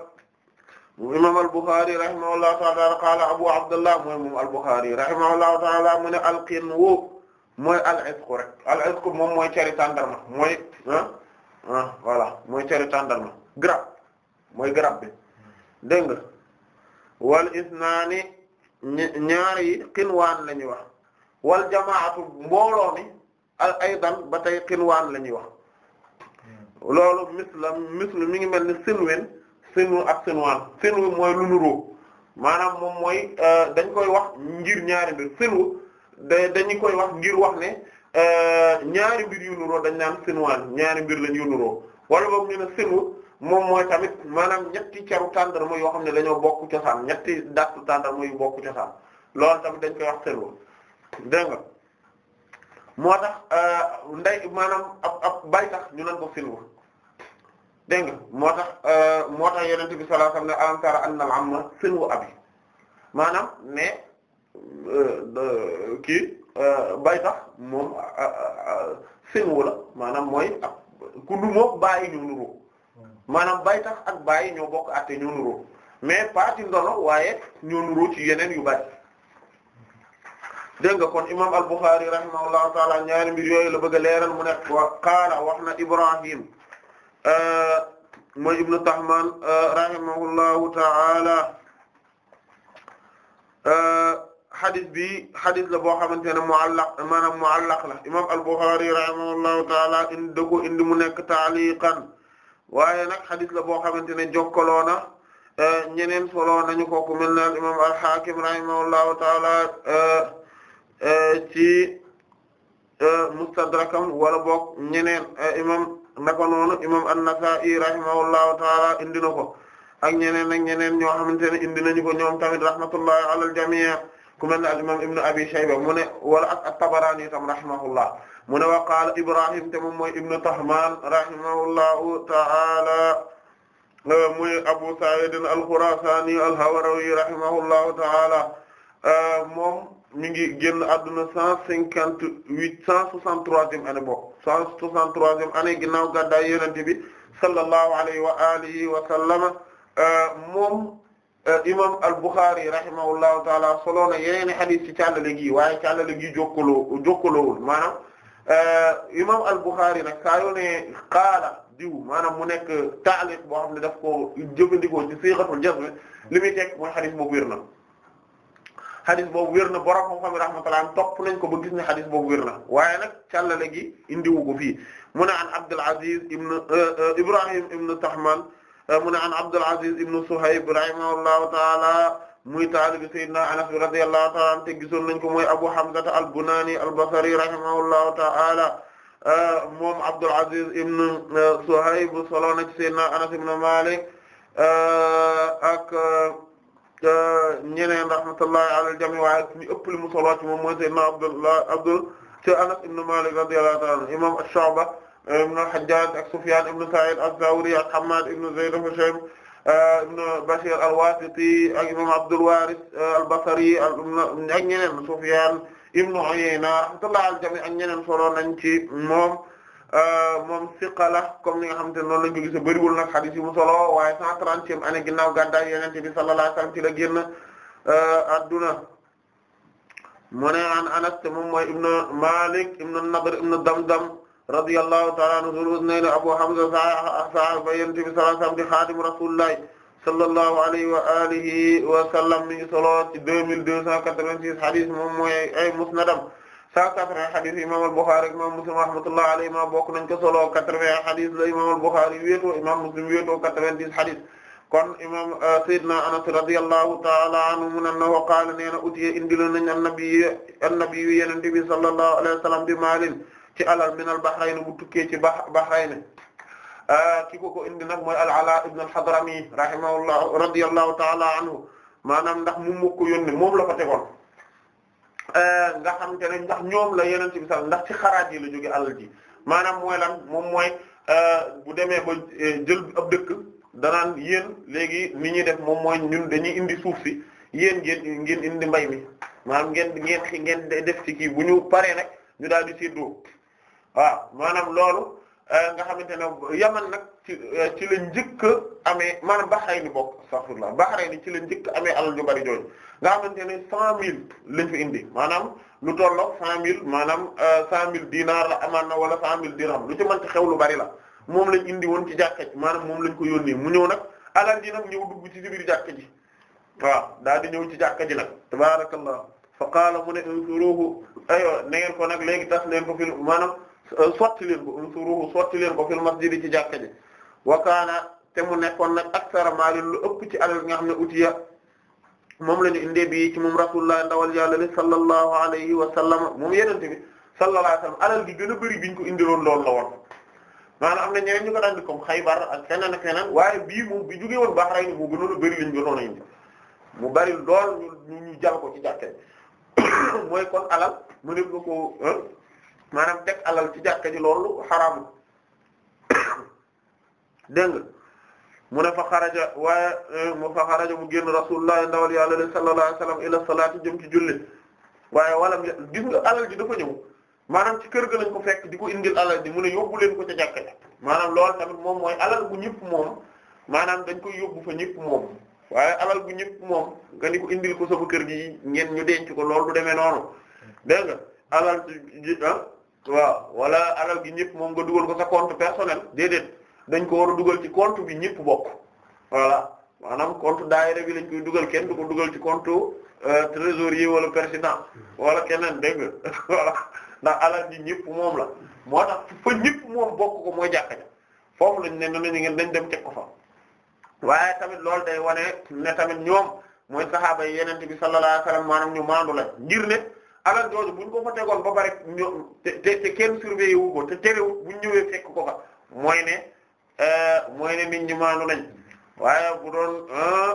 imam al-Bukhari rahimahullahu ta'ala qala Abu Abdullah mooy moom al-Bukhari rahimahullahu ta'ala mu ne al-qinwu mooy al-isq rek al-isq moom mooy cari tàndarma mooy ah ah voilà mooy cari tàndarma garab mooy garab bi dégg nga wal isnaani ñaar yi qinwaan la ñuy wax wal jamaatu mbooloo mi al aydan ba tey qinwaan la ñuy wax hmm. loolu mislam mislu mi ngi mel ni silwin sinu ak sinuwaan sinu mooy lu nuroo maanaam moom mooy euh, dañ koy wax ngir ñaari mbir sinu da dañu koy wax ngir wax ne euh, ñaari mbir yu nuroo dañ naan sinuwaan ñaari mbir lañ yu nuroo wala boog ñu ne sinu moom mooy tamit maanaam ñetti caru tàndarma yoo xam ne dañoo bokk cosaan ñetti dattu tàndarma yu bokk cosaan loolu tamit dañ koy wax sinu dégg moo tax euh, nday maanaam ab ab bay tax ñu nan ko sinu dégg nga moo tax euh, moo tax yeneen bi sallallahu alayhi wa sallam ne alam tara anna al-amma sinwu abi maanaam ne euh, kii euh, bay tax moom sinwu la maanaam mooy ak ku du mook bàyyi ñoo nuroo maanaam bay tax ak bàyyi ñoo bokk atte ñoo nuroo mais pas ci waaye ñoo ci yeneen yu bari dégg nga kon imam al-Bukhari rahimahullahu taala ñaari mbir yooyu la bëgg a leeral mu ne wa qaala wax na Ibrahim Euh, mooy ibnu Tahman euh, rahimahullahu ta'ala euh, hadith bi hadith la boo xamante ne muallaq maanaam muallaq la imam al-Bukhari rahimahullahu ta'ala indi da indi mu nekk taaliqan waaye nag hadith la boo xamante ne jokkaloo na ñeneen solo nañu ko ku mel ne al imam al-Hakim rahimahullahu ta'ala ci mustadrakam wala boog ñeneen imam naka noonu imam an-Nasa'i rahimahullahu taala indi na ko ak ñeneen ak ñeneen ñoo xamante ne indi nañu ko ñoom tamit rahmatullahi ala al-jami' ku mel ne al imam ibnu abi shayba mu ne wala ak at-Tabarani tam rahimahullah mu ne wa qaala Ibrahim te moom mooy ibnu Tahman rahimahullahu taala muy Abu Sa'id al-Khurasani al-Hawrawi rahimahullahu taala moom mi ngi génn àdduna cent cinquante huit cent soixante troisième année bokk 163e année ginnaaw gàddaay yonent bi sallallahu alayhi wa alihi wa sallama moom imam al-Bukhari rahimahullahu taala solo na yeneen hadith ci càllale gi waaye càllale gi jokkaloo jokkaloowul maanaam imam al-Bukhari nag saa yoo ne qaala diw maanaam mu nekk taaliq boo xam ne daf ko jëfandikoo ci siixatul jazm li muy teg mooy hadith boobu wér na xadis boobu wér na borom xam-xam yi rahmatullah topp nañ ko ba gis ne xadis boobu wér na waaye nag càllale gi indiwu ko fii mu ne an Abdul Aziz ibn euh, euh, Ibrahim ibn Tahman euh, mu ne an Abdul Aziz ibn Suhayb rahimahullahu taala muy taalibi Seydina Anas radiyallahu taala an te gisoon nañ ko mooy Abu Hamza al-Bunani al-Basri rahimahullahu taala moom Abdul Aziz ibn Suhayb solo na ci Seydina Anas ibn Malik ak ñeneen rahmatullahi alal jami waaye ñu ëpp li mu solo ci moom mooy sayyidna Abdullah Abdul ci Anas ibn Malik radiyallahu ta'ala anhu imam Ash-Shu'ba ibn al-Hajjaj ak Sufyan ibn Sa'id az-Zawri ak Hammad ibn Zayd ibn Hushaym euh, ibn Bashir al-Wasiti ak imam Abdul Waris euh, al-Basri ak ñeneen Sufyan ibn Uyayna rahmatullahi alal jami ak ñeneen solo nañ ci moom Euh, moom siqala comme ni nga xamante ne noonu lañu ko gis bëriwul nag xadis yi mu solo waaye cent trentième année ginnaaw gàddaay yonent bi sallallahu alayhi wasallam ci la génn adduna euh, mu ne an Anas te moom mooy ibnu Malik ibnu Nadr ibnu Damdam radiyallahu ta'ala anhu zulwusnayn Abu Hamza sahaba yonent bi sallallahu alayhi wasallam di xaadim rasulullah sallallahu alayhi wa alihi wa sallam mi ngi solo ci deux mille deux cent quatre-vingt-six xadis moom mooy ay musnadam cent quatre-vingts hadith imam al-Bukhari imam Muslim rahmatullahi alayhi ma bokk nañ ko solo quatre-vingts hadith la imam al-Bukhari wéetoo imam Muslim wéetoo quatre-vingt-dix hadith kon imam euh, Seydina Anas radiyallahu ta'ala anhu mu nan na wa qaala nee na utiye indilo nañ annabiy annabiyu yenente bi sallallahu alayhi wa sallam bi maalin ci alal min al-Bahrayn bu tukkee ci ba Bahrayn euh, ki ko ko indi nag mooy al-Ala ibn al-Hadrami rahimahullah radiyallahu ta'ala anhu maanaam ndax mu mukk yónni moom la fa tegoon Euh, nga xamante ne ndax ñoom la yeneen ci misaal ndax ci xaraaj yi la jóge alal ji maanaam mooy lan moom mooy euh, bu demee ba euh, jël ab dëkk danaan yéen léegi ni ñuy def moom mooy ñun dañuy indi suuf si yéen ngeen ngeen indi mbay mi maanaam ngeen ngeen ngeen def ci kii bu ñu paree nag ñu daal di séddoo waaw maanaam loolu nga xamante ne yaman nag ci ci la njëkk amee maanaam Bahrain bokk astaghfirullah Bahrain ci la njëkk amee alal ju bari jooju nga xamante ne cent mille lañ fi indi maanaam lu tolloog cent mille maanaam euh, cent mille dinaar la amaan na wala cent mille dirham lu ci mën ci xew lu bari la moom lañ indi woon ci jàkka ji maanaam moom lañ ko yónnee mu ñëw nag alal ji nag ñëw dugg ci biir jàkka ji waaw daal di ñëw ci jàkka ji nag tabarakallah fa qaala mu ne unsuruhu aywa na ngeen ko nag léegi tas leen ko fil maanaam euh, sotti leen ko unsuruhu sotti leen ko fil masjid ci jàkka ji wa kaana te mu nekkoon nag aksara maalin lu ëpp ci alal nga xam ne utiya moom la ñu indee bii ci moom rasulullah ndawal yàlla li sallallahu alayhi wa sallam moom yenente bi sallallahu alayhi wa sallam alal gi gën a bëri biñ ko indiloon loolu la woon maanaam am na ñeneen ñu ko daan di comme Xaybar ak feneen ak feneen waaye bii moom bi jugee woon baax rek moo gënoon a bëri liñ gënoon a indi mu bari lool ñu ñu jal ko ci jàkke *coughs* mooy kon alal mu ne nga ko maanaam teg alal ci jàkke ji loolu xaraam *coughs* dégg mu ne fa xaraja waaye eh, mu fa xaraja mu génn rasulullah ndawal yàlla li sallallahu alayhi wasallam ila salaati jëm ci julli waaye walam gis nga alal ji dafa ñëw maanaam ci kër ga lañ ko fekk di ko indil alal ji mun ne yóbbu leen ko ca jàkka ja maanaam loolu tamit moom mooy alal bu ñëpp moom maanaam dañ koy yóbbu fa ñëpp moom waaye alal bu ñëpp moom ga ni ko indil ko sama kër gi ñeen ñu denc ko loolu du demee noonu dégg nga alal ji ah waaw wala alal gi ñëpp moom ga dugal ko sa compte personnel déedéet dañ ko war a dugal ci compte bi ñëpp bokk voilà maanaam compte daayira bi lañ koy dugal kenn du ko dugal ci compte yi euh, wala président wala keneen dégg nga *laughs* voilà ndax alal ji ñëpp moom la moo tax fa ñëpp moom bokk mooy jàkka foofu lañ ne nañu ngeen dañ dem teg ko fa waaye tamit loolu day wane ne tamit ñoom mooy saxaaba yeneen yenente bi sallallahu alayhi wasallam maanaam ñu maandu la ngir ne alal jooju buñ ko fa tegoon ba pare ñoom te te kenn surveillé wu ko te terewul buñ ñëwee fekk ko fa mooy ne Eh, mooy ne nit ñi maanu nañ waaye bu doon eh,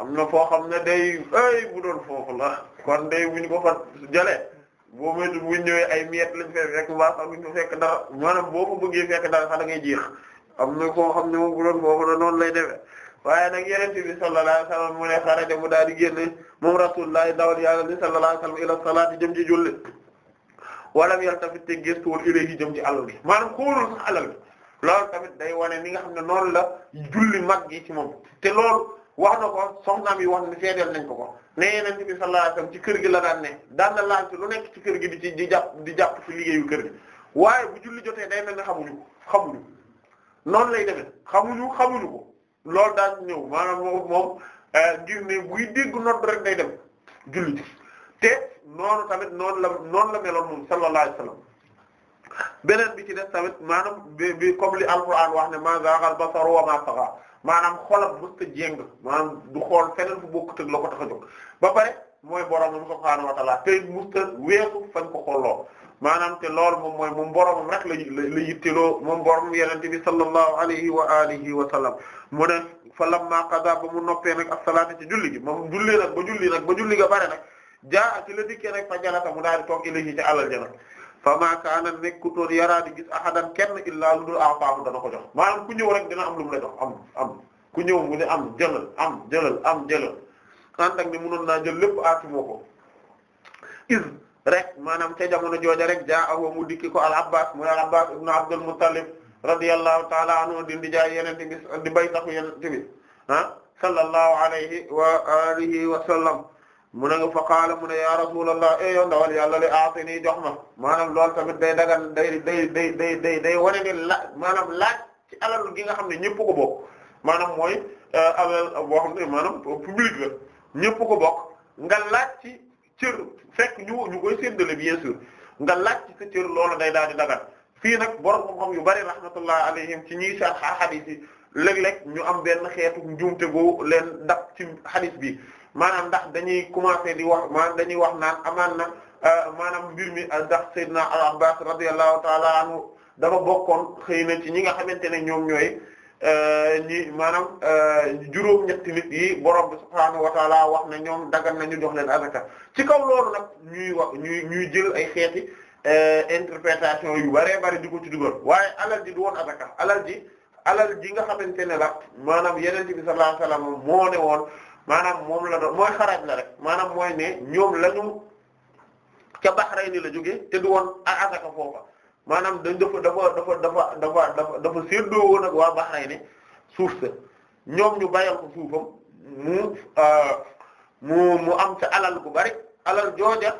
am na foo xam ne day ay eh, bu doon foofu la kon day buñ ko fa jëlee boo moytu buñ ñëwee ay miette lañ fay fekk mbaa sax buñ ko fekk dara maanaam boo ko bëggee fekk dara sax da ngay jeex am na koo xam ne moom bu doon foofu la noonu lay defee waaye nag yonent bi sallallahu alayhi wa sallam mu ne xaraja mu daal di génne moom rasulullah dawal yàlla ni sallallahu alayhi wa sallam ila salaati jëm ci julli walam yaltafit te gestuwul ilayhi jëm ci alal bi maanaam xoolul sax alal loolu tamit day wane ni nga xam ne noonu la julli mag gi ci moom te loolu wax na ko soxnaam yi wax ne seedeel nañ ko ko ne Yonent bi sallallahu alayhi ci kër gi la daan ne daan na laaj lu nekk ci kër gi di ci di jàpp di jàpp ci liggéeyu kër gi waaye bu julli jotee day mel ne xamuñu xamuñu noonu lay demee xamuñu xamuñu ko loolu daal ñëw maanaam moom moom euh, ngir ne buy dégg nodd rek day dem julli te noonu tamit noonu la noonu la meloon moom sallallahu alayhi beneen bi ci def tamit maanaam bi comme li alquran wax ne ma xal basaru wa ma taxa maanaam xolam mësta jéng maanaam du xool feneen fu bokk tëg la ko tax ba pare mooy boromam subhaanahu wa ta'ala tey mësta weesu fañ ko xolloo maanaam te loolu moom mooy moom boromam rek la la yittiloo moom boromam yenente bi sallallahu alayhi wa alihi wa sallam mu ne fa lamma qada ba mu noppee nag as-salaata ci julli gi moom julli nag ba julli nag ba julli ga bare nag la dikkee nag fa jalata mu daal di toog ilayhi ci fama kaana nekkutoon yaraa di gis ahadan kenn illaa dul a'taahu dana ko jox maanaam ku ñëw rek dina am lu mu la jox am am ku ñëw mu ne am jëlal am jëlal am jëlal en tant que mënoon naa jël lépp aatimoo ko is rek maanaam ca jamono jooja rek jaa awo mu dikki ko al abbas mu al abbas ibn abdul muttalib radiyallahu ta'ala anhu di jaay yenente bi di bay saxu yenente bi ah sallallahu wa alihi wa sallam mun na fa qaala mu ne ya rasulallah e eh yow ndawal yàlla li aati nii jox ma maanaam lool tamit day dagan day day day day day day wane ni la maanaam laaj ci alal gi nga xam ne ñëpp ko bokk maanaam mooy eh, alal boo xam ne maanaam public ñëpp ko bokk nga laaj ci cër fekk ñu ñu koy séddale bien sûr nga laaj ci sa cër day daal di dagan fii nag borom xam-xam yu bari rahmatullah alayhim ci ñiy sarxa hadith yi léeg ñu am benn xeetu njuumte gu leen dab ci hadith bi maanaam ndax dañuy commencé di wax maanaam dañuy wax naan amaan na euh, maanaam mbir mi euh, ndax Seydina al-Abbas radiyallahu ta'ala anhu dafa bokkoon xëy na ci ñi nga xamante ne ñoom ñooy euh, ñi maanaam juróom-ñetti nit yi borom bi subhaanahu wa ta'ala wax na ñoom dagan nañu jox leen azaka ci kaw loolu nag ñuy wax ñuy ñuy jël ay xeeti interprétation yu bëree bëri di ko ci dugal waaye alal ji du woon azaka alal ji alal ji nga xamante ne la maanaam yeneen bi sallallahu alayhi wasallam moo woon maanaam moom la doon mooy xaraaj la rek maanaam mooy ne ñoom lañu ca Bahrayn la jóge te du woon asaka foofa maanaam dañ dafa dafa dafa dafa dafa dafa dafa séddoo woon ak waa Bahrayn suuf sa ñoom ñu bayal ko suufam euh, mu mu am ca alal bu bari alal jooja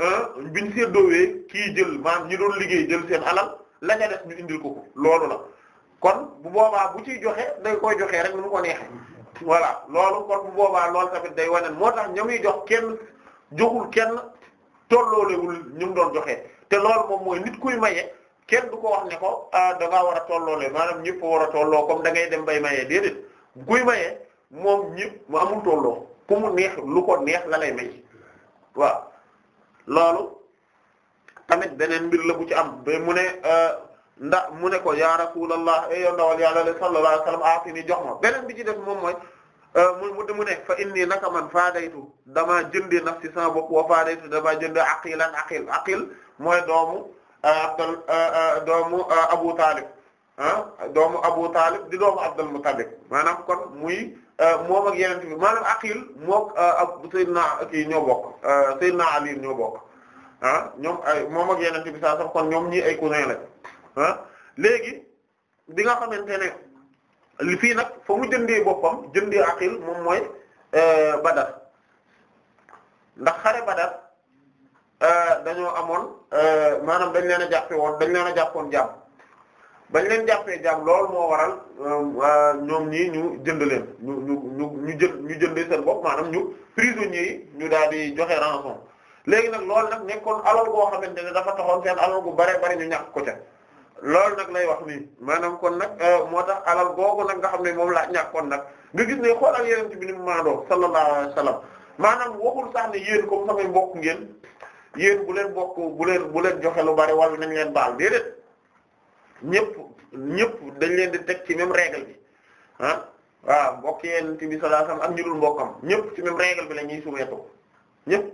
euh, biñ séddoowee kii jël maanaam ñi doon liggéey jël seen alal la nga ñu indil ko loolu la kon bu boobaa bu ciy joxe day koy joxe rek nu mu ko neexee voilà loolu kon bu boobaa loolu tamit day wane moo tax ña jox kenn joxul kenn tolloolewul ñu doon joxe te loolu moom mooy nit kuy maye kenn du ko wax ne ko ah da ngaa war a tolloole maanaam ñëpp war a tolloo comme da dem bay maye déedéet kuy moom ñëpp mu amul tolloo ku mu neex lu ko neex la lay may waaw loolu tamit beneen mbir la bu ci am ba mu ne. Euh, ndax mu ne ko ya rasulallah e eh, yow ndawal yàlla la sallallahu alayhi wasallam aati ni jox ma beneen bi ci def moom mooy euh, mu mu ne fa inni naka man faadaytu damaa jëndi nafsi sama bopp wa faadaytu damaa jëndi aqilan aqil aqil mooy doomu euh, abdal euh, doomu Abu Talib ah doomu Abu Talib di doomu Abdul Muttalib maanaam kon muy moom ak yeneen bi maanaam aqil mook ak Seydina kii ñoo bokk Seydina Ali ñoo bokk ah ñoom ay moom ak yeneen bi saa sax kon ñoom ñii ay cousin la ah léegi bi nga xamante ne fii nag fa mu jëndee boppam jëndee aqil moom mooy euh, Badar ndax xare Badar euh, dañoo amoon euh, maanaam dañ leen a jàppe woon dañ leen a jàppoon jàmm bañ leen jàppee jàmm lool moo waral ñoom ñii ñu jënd leen ñu ñu ñu ñu jënd ñu jëndee seen bopp maanaam ñu prisonniers yi ñu daal di joxe rançon léegi nag loolu nag nekkoon alal goo xamante ne dafa taxoon seen alal gu bare bari ñu ñàkk ko ca. loolu nag lay wax nii maanaam kon nag euh, moo tax alal googu nag nga xam ne moom laa ñàkkoon nag nga gis ne xoolal yeneen ci bi ni mu maandoo sallallahu alayhi wa sallam maanaam waxul sax ne yéen comme ngeen yéen bu leen bokk bu bu leen joxe lu bari wala nañ leen baal déedéet ñëpp ñëpp dañ leen di teg ci même règle bi ah mbokk yeneen ci bi sallallahu ak ñu dul mbokkam ñëpp ci même règle bi la ñuy soumettre ñëpp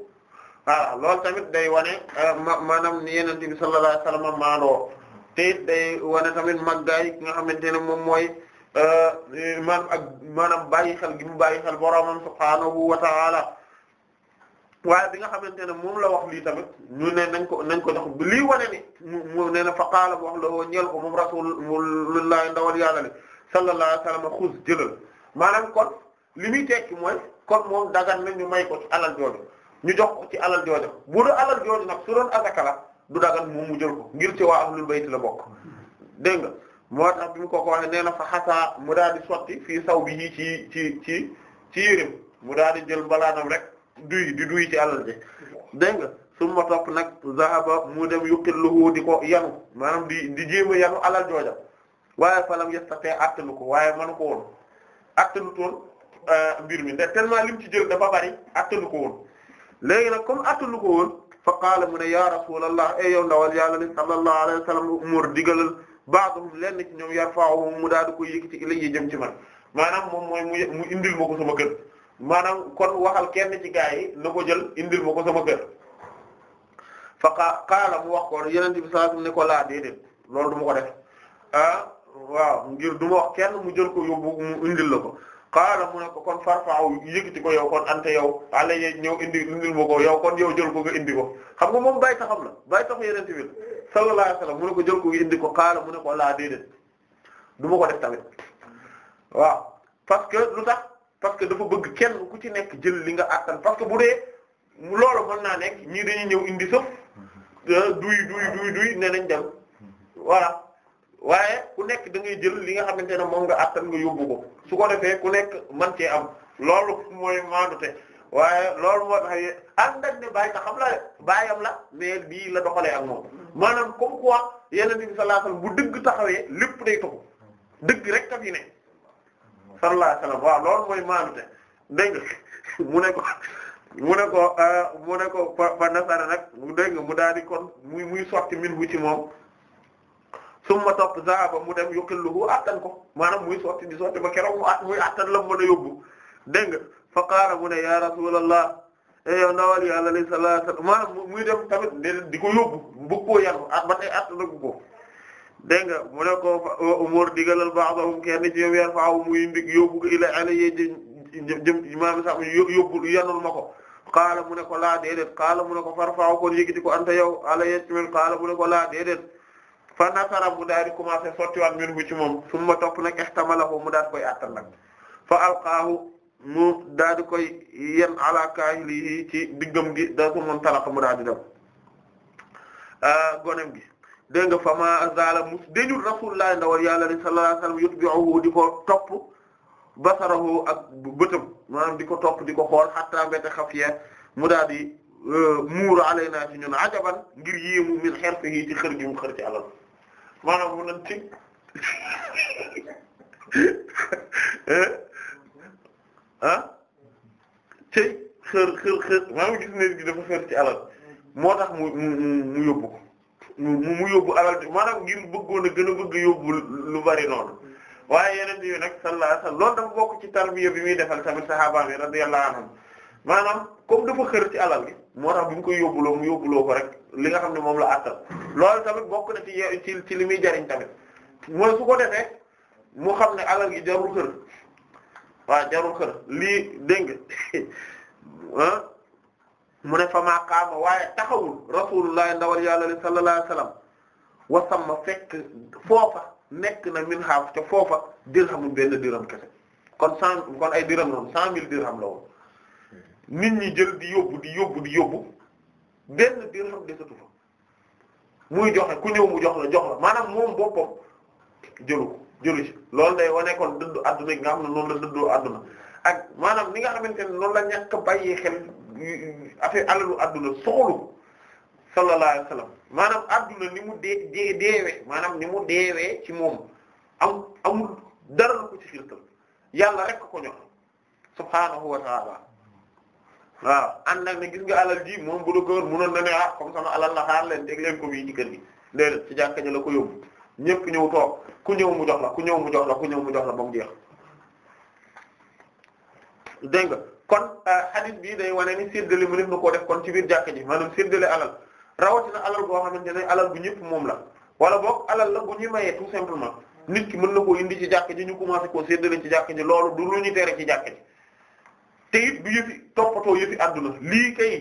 voilà loolu tamit day wane euh, maanaam yeneen ci bi sallallahu alayhi maandoo. te wane tamit màggaay ki nga xamante ne moom mooy euh, maanaam ak maanaam bàyyi xel gi mu bàyyi xel boromam subhaanahu wa ta'ala waaye bi nga xamante ne moom la wax lii tamit ñu ne nañ ko nañ ko jox lii wane ni mu na fa qaala wax la woo ñeel ko moom rasulullah ndawal yàlla li sallallahu alayhi wa sallam xus jëlal maanaam kon li muy tekki mooy kon moom dagan na ñu may ko ci alal jooju ñu jox ko ci alal jooju bu doon alal jooju nag su doon azaka du dagal moom mu jël ko ngir ci waa ahlul bayt la bokk dégg nga moo tax bi mu ko ko waxee fa xasaa mu daal di sotti fii saw bi yii ci ci ci ci mu daal di jël mbalaanam rek duy di duy ci alal ji dégg nga su ma topp nag zahaba mu dem yuqilluhu di ko yanu maanaam di di jéem a yanu alal jooja waaye falam te attanu ko waaye manu ko woon attanu toon euh, mbir mi ndax tellement lim ci jël dafa bari attanu ko woon léegi na comme attanu ko woon fa qaala mu ne ya rasulallah e yow ndawal yàlla li sallallahu alayhi wa sallam umur digalal ba'dhum lenn ci ñoom yarfa'uhum mu daal di koy yëkkati ilayhi jëm ci man maanaam moom mooy mu mu indil moo ko sama kër maanaam kon waxal kenn ci gaa yi na ko jël indil moo ko sama kër fa qaala mu wax ko yeneen bi sallallahu ni ko laa déedéet loolu du ma ko def ah waaw ngir du ma kenn mu jël ko yóbbu mu indil la ko qaala mu ne ko kon farfaaw yëkkati ko yow kon ante yow ala ye ñëw indi indil ma ko yow kon yow jël ko nga indi ko xam nga moom bay taxam la bay tax yeneen tamit sallallahu mu ne ko jël ko nga indi ko kaala mu ne ko laa déedéet du ma ko def tamit waaw parce que lu tax parce que dafa bëgg kenn ku ci nekk jël li nga attan parce que bu dee mu loolu mën naa nekk ñii dañuy ñëw indi sëf duy duy duy duy ne nañ dem voilà waaye ku nekk da ngay jël li nga xamante ne moom nga attan nga yóbbu ko su ko defee ku nekk man cee am loolu mooy maandute waaye loolu moo xam la bàyyam la bii la doxalee ak moom maanaam comme quoi yeneen bi sallallahu bu dëgg taxawee lépp day taxu dëgg rek ka fi ne sallallahu alayhi wasallam mooy maandute dégg nga mu ne ko mu ne ko euh, mu ne ko fa nasara nag mu dégg nga mu daal di kon muy muy sotti min bu ci moom summa topp zaaba mu dem yuqilluhu attan ko maanaam muy sotti di sotti ba keroog mu muy attan la mu mën a yóbbu nga fa qaala mu ne ya rasulallah yow ndawal yàlla alayhi salaatu maanaam muy dem tamit di ko yóbbu bëgg koo yàgg ah, ba tey attanagu ko dégg nga mu ne ko umur digalal ba'dahum kenn ci yow yar faaw muy ndig ila ala ye jëm ma ko qaala mu ne ko laa déedéet qaala mu ne ko farfaaw yi yëgiti ko anta yow ala yasmin qaala mu ko laa déedéet fa nasara mu daal di commencé sottiwaat min hu ci moom summa topp nag ixtamalahu mu daal di koy attal nag fa alqaahu mu daal di koy yen ala kaahilihi ci diggam gi da summan talaka mu daal di dem ah, gonem gi dégg nga fa ma zala mus dañul rasulullah ndawal yàlla ni sallallahu alayhi wasallam yutbi'uhu di ko topp basarahu ak bëtam maanaam di ko topp di ko xool hatta mbéta xafiya mu daal di euh, muuru alay naa ci ñun ajaban ngir yéemu min xerfihi ci xër gi mu xër ci alal maanaam mu nan ci ah ci xër xër xër maanaam gis ne dafa xër ci alal moo tax mu mu mu yóbbu mu mu yóbbu alal bi maanaam ngir bëggoon a gën a bëgg yóbbu lu bari noonu waaye yeneen yi nag sallallahu alayhi wasallam loolu dafa bokk ci tarbiya bi muy defal tamit sahaaba bi radiyallahu anhum maanaam comme dafa xër ci alal gi moo tax bi mu koy yóbbuloo mu yóbbuloo ko rek li nga xam ne moom la attal loolu tamit bokk na ci ci ci li muy jariñ tamit mooy su ko defee mu xam ne alal gi jarul kër waaw jarul kër lii dégg nga *laughs* mu ne famaa qaama waaye taxawul rasulullah ndawal yàlla li sallallahu alayhi wasallam wasamma fekk foofa nekk na min xaaf ca foofa dirhamu benn dirham kese kon cent kon ay dirham noonu cent mille dirham la woon hmm. nit ñi jël di yóbbu di yóbbu di yóbbu benn dirham desatu fa muy joxe ku ñëw mu jox la jox la maanaam moom boppam jëlu ko jëlu ci loolu day wane kon dëddu adduna yi nga xam ne noonu la dëddoo adduna ak maanaam ni nga xamante ne noonu la ñàkk bàyyi xel affaire alalu adduna soxalu ko sallallahu alayhi wasallam maanaam adduna ni mu dee dee deewee maanaam ni mu deewee ci moom am amul dara la ko ci xirtal yàlla rek ko ñor subhaanahu wa ta'ala waaw ànd nag ne gis nga alal ji moom bu la góor mënoon na ne ah comme sama alal la xaar leen dégg leen ko bii ci gi léegi ci jàkka ñu la ko yóbbu ñëpp ñëw toog ku ñëw mu jox la ku ñëw mu jox la ku ñëw mu jox la ba mu jeex dégg nga kon euh, hadith bii day wane ni séddale mu nekk na koo def kon ci biir jàkka ji maanaam séddale alal na alal boo xamante ne alal bu ñëpp moom la wala boog alal la bu ñuy mayee tout simplement nit ki mën na koo indi ci jàkka ji ñu commencé koo séddale ci jàkka ji loolu du lu ñu tere ci jàkka ji. te it du yëfi toppatoo yëfi adduna lii kay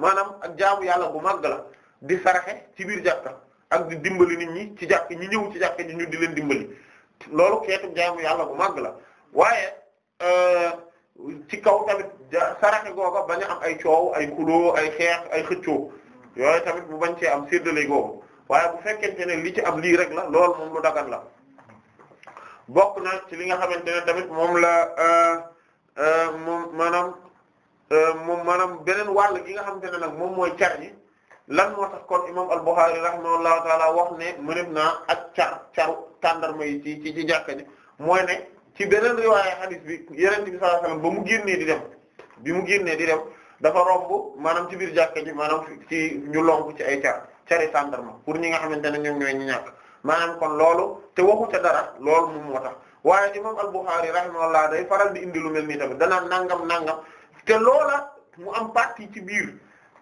maanaam ak jaamu yàlla bu màgg la di saraxe ci biir jàkka ak di dimbali nit ñi ci jàkk ñi ñëw ci jàkk ñi ñu di leen dimbali loolu xeetu jaamu yàlla bu màgg la waaye euh, ci kaw tamit saraxe googa bañ am ay coow ay xuloo ay xeex ay xëccoo yooyu tamit bu bañ cee am séddale googu waaye bu fekkente ne li ci am lii rek la loolu moom lu dagan la bokk na ci li nga xamante ne tamit moom la euh, Euh, moom maanaam euh, moom maanaam beneen wàll gi nga xamante ne nag moom mooy car yi lan moo tax kon imam al-Bukhari rahimahullahu taala wax ne mëneb naa ak car caru tàndarma yi ci ci jàkka ji mooy ne ci beneen riwaaya hadith bi yeneen bi sallallahu alayhi ba mu génnee di dem bi mu génnee di dem dafa romb maanaam ci biir jàkka ji maanaam ci ñu lonk ci ay car cari tàndarma pour ñi nga xamante ne ñoom ñooy ñu ñàkk maanaam kon loolu te waxu ca dara loolu moom moo tax waaye imam al-Bukhari rahimahullah day faral di indi lu mel nii tamit danaan nangam nangam te loola mu am partie ci biir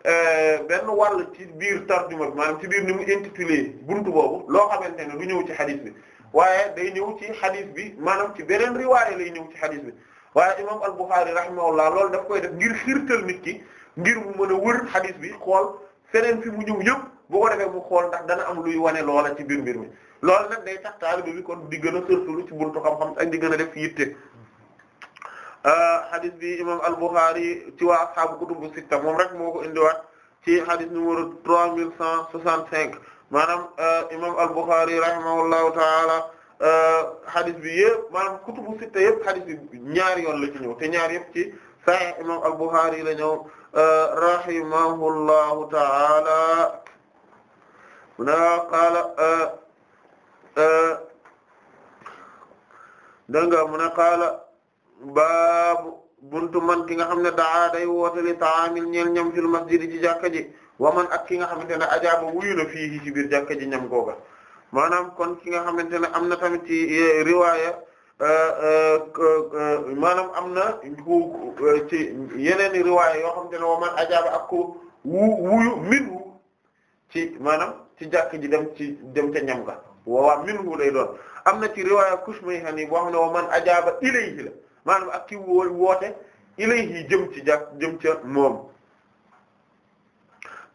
euh, benn wàll ci biir tarjuma bi maanaam ci biir ni mu intitulé buntu boobu loo xamante ne du ñëw ci hadith bi waaye day ñëw ci hadith bi maanaam ci beneen riwaaya lay ñëw ci hadith bi waaye imam al-Bukhari rahimahullah loolu daf koy def ngir xiirtal nit ki ngir mu mën a wër hadith bi xool feneen fi mu ñëw yëpp boo ko defee mu xool ndax dana am luy wane loola ci biir mbir mi loolu nag day tax taalibe bi kon di gën a sërtulu ci buntu xam-xam ak di gën a def yitte euh, hadis bi imam al-Bukhari ci waa ashaabu kutubu sitta moom rek moo ko indiwaat ci hadis numéro trois mille cent soixante-cinq maanaam euh, imam al-Bukhari rahimahullahu taala euh, hadis bi yëpp maanaam kutubu sitta yëpp hadis bi ñaari yoon la ci ñëw te ñaar yëpp ci Sahih imam al-Bukhari la ñëw rahimahullahu taala mun qaala dégg nga mun kaala baabu buntu man ki nga xam ne daa day woote li taamil ñeel ñam fil masjid ci jàkka ji wa man ak ki nga xamante ne ajaaba wuyu na fii ci biir jàkka ji ñam googa maanaam kon ki nga xamante ne am na tamit ci e, riwaaya e, e, maanaam am na ku ci yeneen riwaaya yoo xam ne wa man ajaaba ak ku wu wuyu minhu ci maanaam. ci jàkk ji dem ci dem ca ñam ga waawaa minhu am na ci riwaaya Kushmayhani boo xam ne man ajaaba ilayhi la maanaam ak ki wooy woote ilayhi jëm ci jàkk jëm ca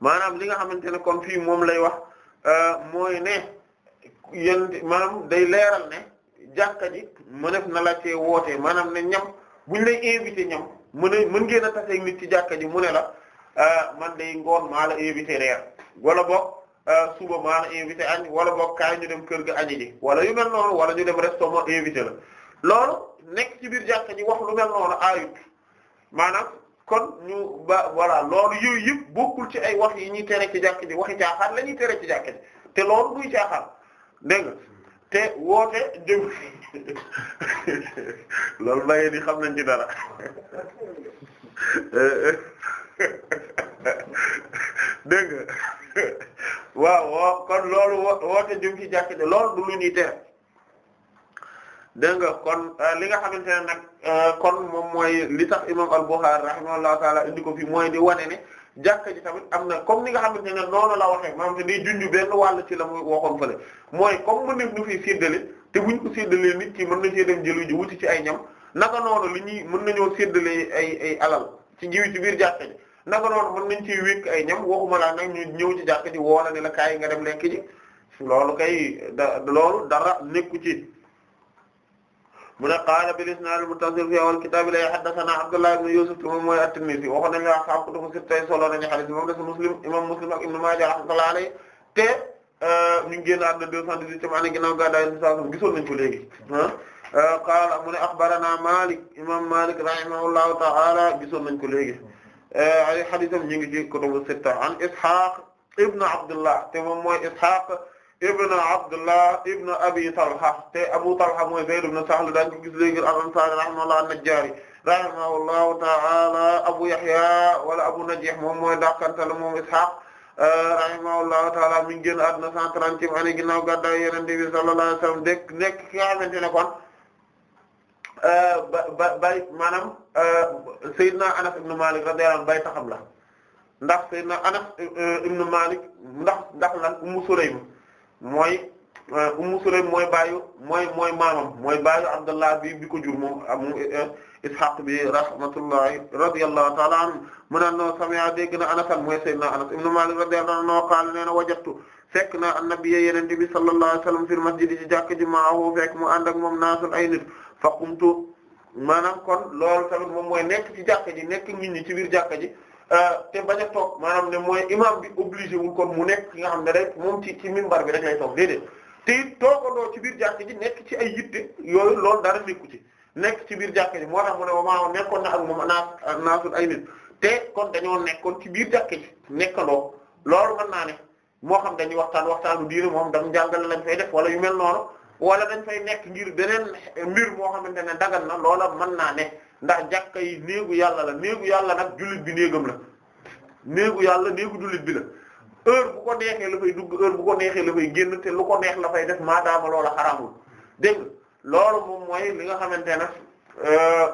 maanaam li nga xamante ne kon fii moom lay wax euh, mooy ne yéen maanaam day leeral ne jàkka ji mënef na la maanaam ne ñam buñ lay invité ñam mën mën ngeen a ci jàkka ji mu ne la euh, man day ngoon maa la reer wala boog Euh, suba maa la invité añ wala boog kaay ñu dem kër ga añi ji wala yu mel noonu wala ñu dem restaurant ma invité la loolu nekk ci biir jàkka ji wax lu mel noonu ayut maanaam kon ñu ba voilà loolu yooyu yëpp bokkul ci ay wax yi ñuy tere ci jàkka ji waxi caaxaan la ñuy tere ci jàkka ji te loolu duy caaxaan dégg nga te woote jëm *laughs* loolu da ngeen xam nañ ci dara. *laughs* dégg nga waaw kon loolu woote jum ci jàkk de loolu du lu ñuy tere dégg kon euh, li nga xamante ne nag euh, kon moom mooy li tax imam al-Bukhari rahimahullahu taala indi ko fi mooy di wane ne jàkka ji tamit am na comme ni nga xamante ne noonu la waxee maanaam te day junj benn wàll ci la mu waxoon fële mooy comme mën nañ ñu fiy séddale te buñ ko séddalee nit ki mën na cee dem jëlu ji wuti ci ay ñam naka noonu li ñuy mën nañoo séddalee ay ay alal ci jiw ci biir jàkka ji naka noonu mën nañ ciy wékk ay ñam waxuma laa nag ñu ñëw ci jàkk ji woo la ne la kaay nga dem lekk ji loolu kay da loolu dara nekku ci mu ne qaala bil isnaad al muttasil fi awal kitaab la haddathana Abdullah ibn Yusuf te moom mooy at-Tinnisi waxoon nañu la xam ko dafa si moom des Muslim imam Muslim ak Ibn Maaja rahmatullahi alayhi te euh, ñu ngi génn àdduna deux cent dix-huitième année ginnaaw gàddaay Yonent bi sallallahu alayhi wasallam gisoon nañu ko léegi ah. euh, qaala mu ne akhbarana Maalik imam Maalik rahimahullahu ta'ala gisoon nañu ko léegi Eh, ay haditham ñu ngi ci kutubu sitta an Ishaq ibn Abdullah te moom mooy Ishaq ibn Abdullah ibn Abi Talha te Abu Talha mooy Zayd ibn Sahl daañu ko gis léegi al-Ansari rahimahullah an-Najjari rahimahullahu ta'ala Abu Yahya wala Abu Najih moom mooy dàqantal moom Ishaq eh, rahimahullahu ta'ala mi ngi génn àdduna 130 ani ginnaaw gàddaay Yonent bi sallallahu alayhi wasallam dëkk nekk ki nga xamante ne kon. ba bay maanaam euh, Seydina Anas ibn Malik radiyallahu anhu bay taxam la ndax Seydina Anas euh, ibn Malik ndax ndax lan Ummu Sulaym mooy euh, Ummu Sulaym mooy baayu mooy mooy maamam mooy baayu Abdallah bi bi ko jur moom am Ishaq bi rahmatullahi radiyallahu ta'ala anhu mu naan noo sami'a dégg na Anas mooy Seydina Anas ibn Malik radiyallahu anhu noo qaala nee na wajattu fekk na annabiyya yenente bi sallallahu alayhi wasallam fil masjid ci jàkk ji maahu fekk mu ànd ak moom naasul ay nit fa tu maanaam kon loolu tamit moom mooy nekk ci jàkka ji nekk nit ñi ci biir jàkka ji euh, te bañ a toog maanaam ne mooy imam bi obligé wul kon mu nekk ki nga xam ne rek moom ci ci minbar bi rek lay toog déedéet te it toogandoo ci biir jàkka ji nekk ci ay yitte yooyu lool dara nekku ci nekk ci biir jàkka ji moo tax mu ne maa nekkoon na ak moom a naa naasul ay nit te kon dañoo nekkoon ci biir jàkka ji nekkandoo loolu mën naa ne moo xam dañuy waxtaan waxtaanu diine moo xam dam njàngale lañ fay def wala yu mel noonu wala dañ fay nekk ngir beneen mbir moo xamante ne dagan na loola mën naa ne ndax jàkka yi néegu yàlla la néegu yàlla nag jullit bi néegam la néegu yàlla néegu jullit bi la heure bu ko neexee la fay dugg heure bu ko neexee la fay génn te lu ko neex la fay def maadaama loola xaraamul dégg loolu moom mooy li nga xamante ne euh,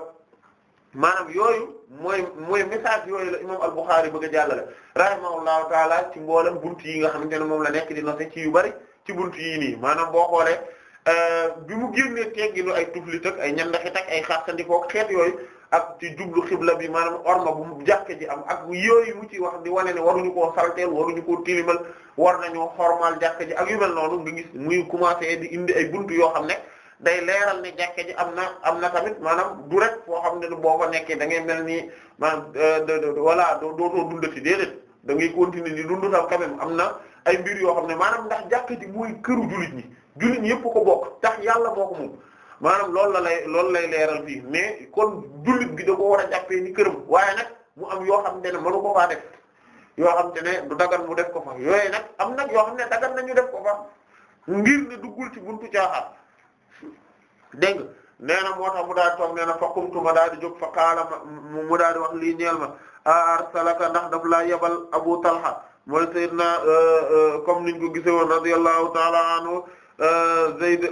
maanaam yooyu mooy mooy message yooyu la imam al-Bukhari bëgg a jàllale rahimahullahu taala ci mboolem buntu yi nga xamante ne moom la nekk di noté ci yu bari ci buntu yii nii boo xoolee Euh, bi mu génnee tegginu ay tuflit ak ay ñandaxit ak ay xaartandikoo xeet yooyu ak ci jublu xibla bi maanaam orma bu mu jàkke ji am ak yooyu mu ci wax di wane ne waruñu koo salteel waruñu koo tilimal war nañoo xormaal jàkke ji ak yu mel noonu nga gis muy commencé di indi ay buntu yoo xam ne day leeral ne jàkke ji am na am na tamit maanaam du rek foo xam ne boo fa nekkee da ngay mel ni maanaam euh, voilà dootoo dundati déedéet da ngay continuer di dund tam quand même am na ay mbir yoo xam ne maanaam ndax jàkke ji mooy këru jullit ñi jullit ñi yëpp ko bokk tax yàlla moo ko moom maanaam loolu la lay loolu lay leeral fii mais kon jullit gi da ko war a jàppee ni këram waaye nag mu am yoo xam te ne mënu ko faa def yoo xam te ne du dagan mu def ko fa am nag yoo xam ne dagan nañu def ko fa ngir ne duggul ci buntu caaxaan dégg nee na moo tax mu daal toog nee na faqumtu ma daal di jóg fa qaala mu daal di wax lii ñeel ma arsalaka ndax daf laa yebal Abu Talha mooy sayyidna euh, euh, comme niñ ko gisee woon radiyallahu ta'ala Zayd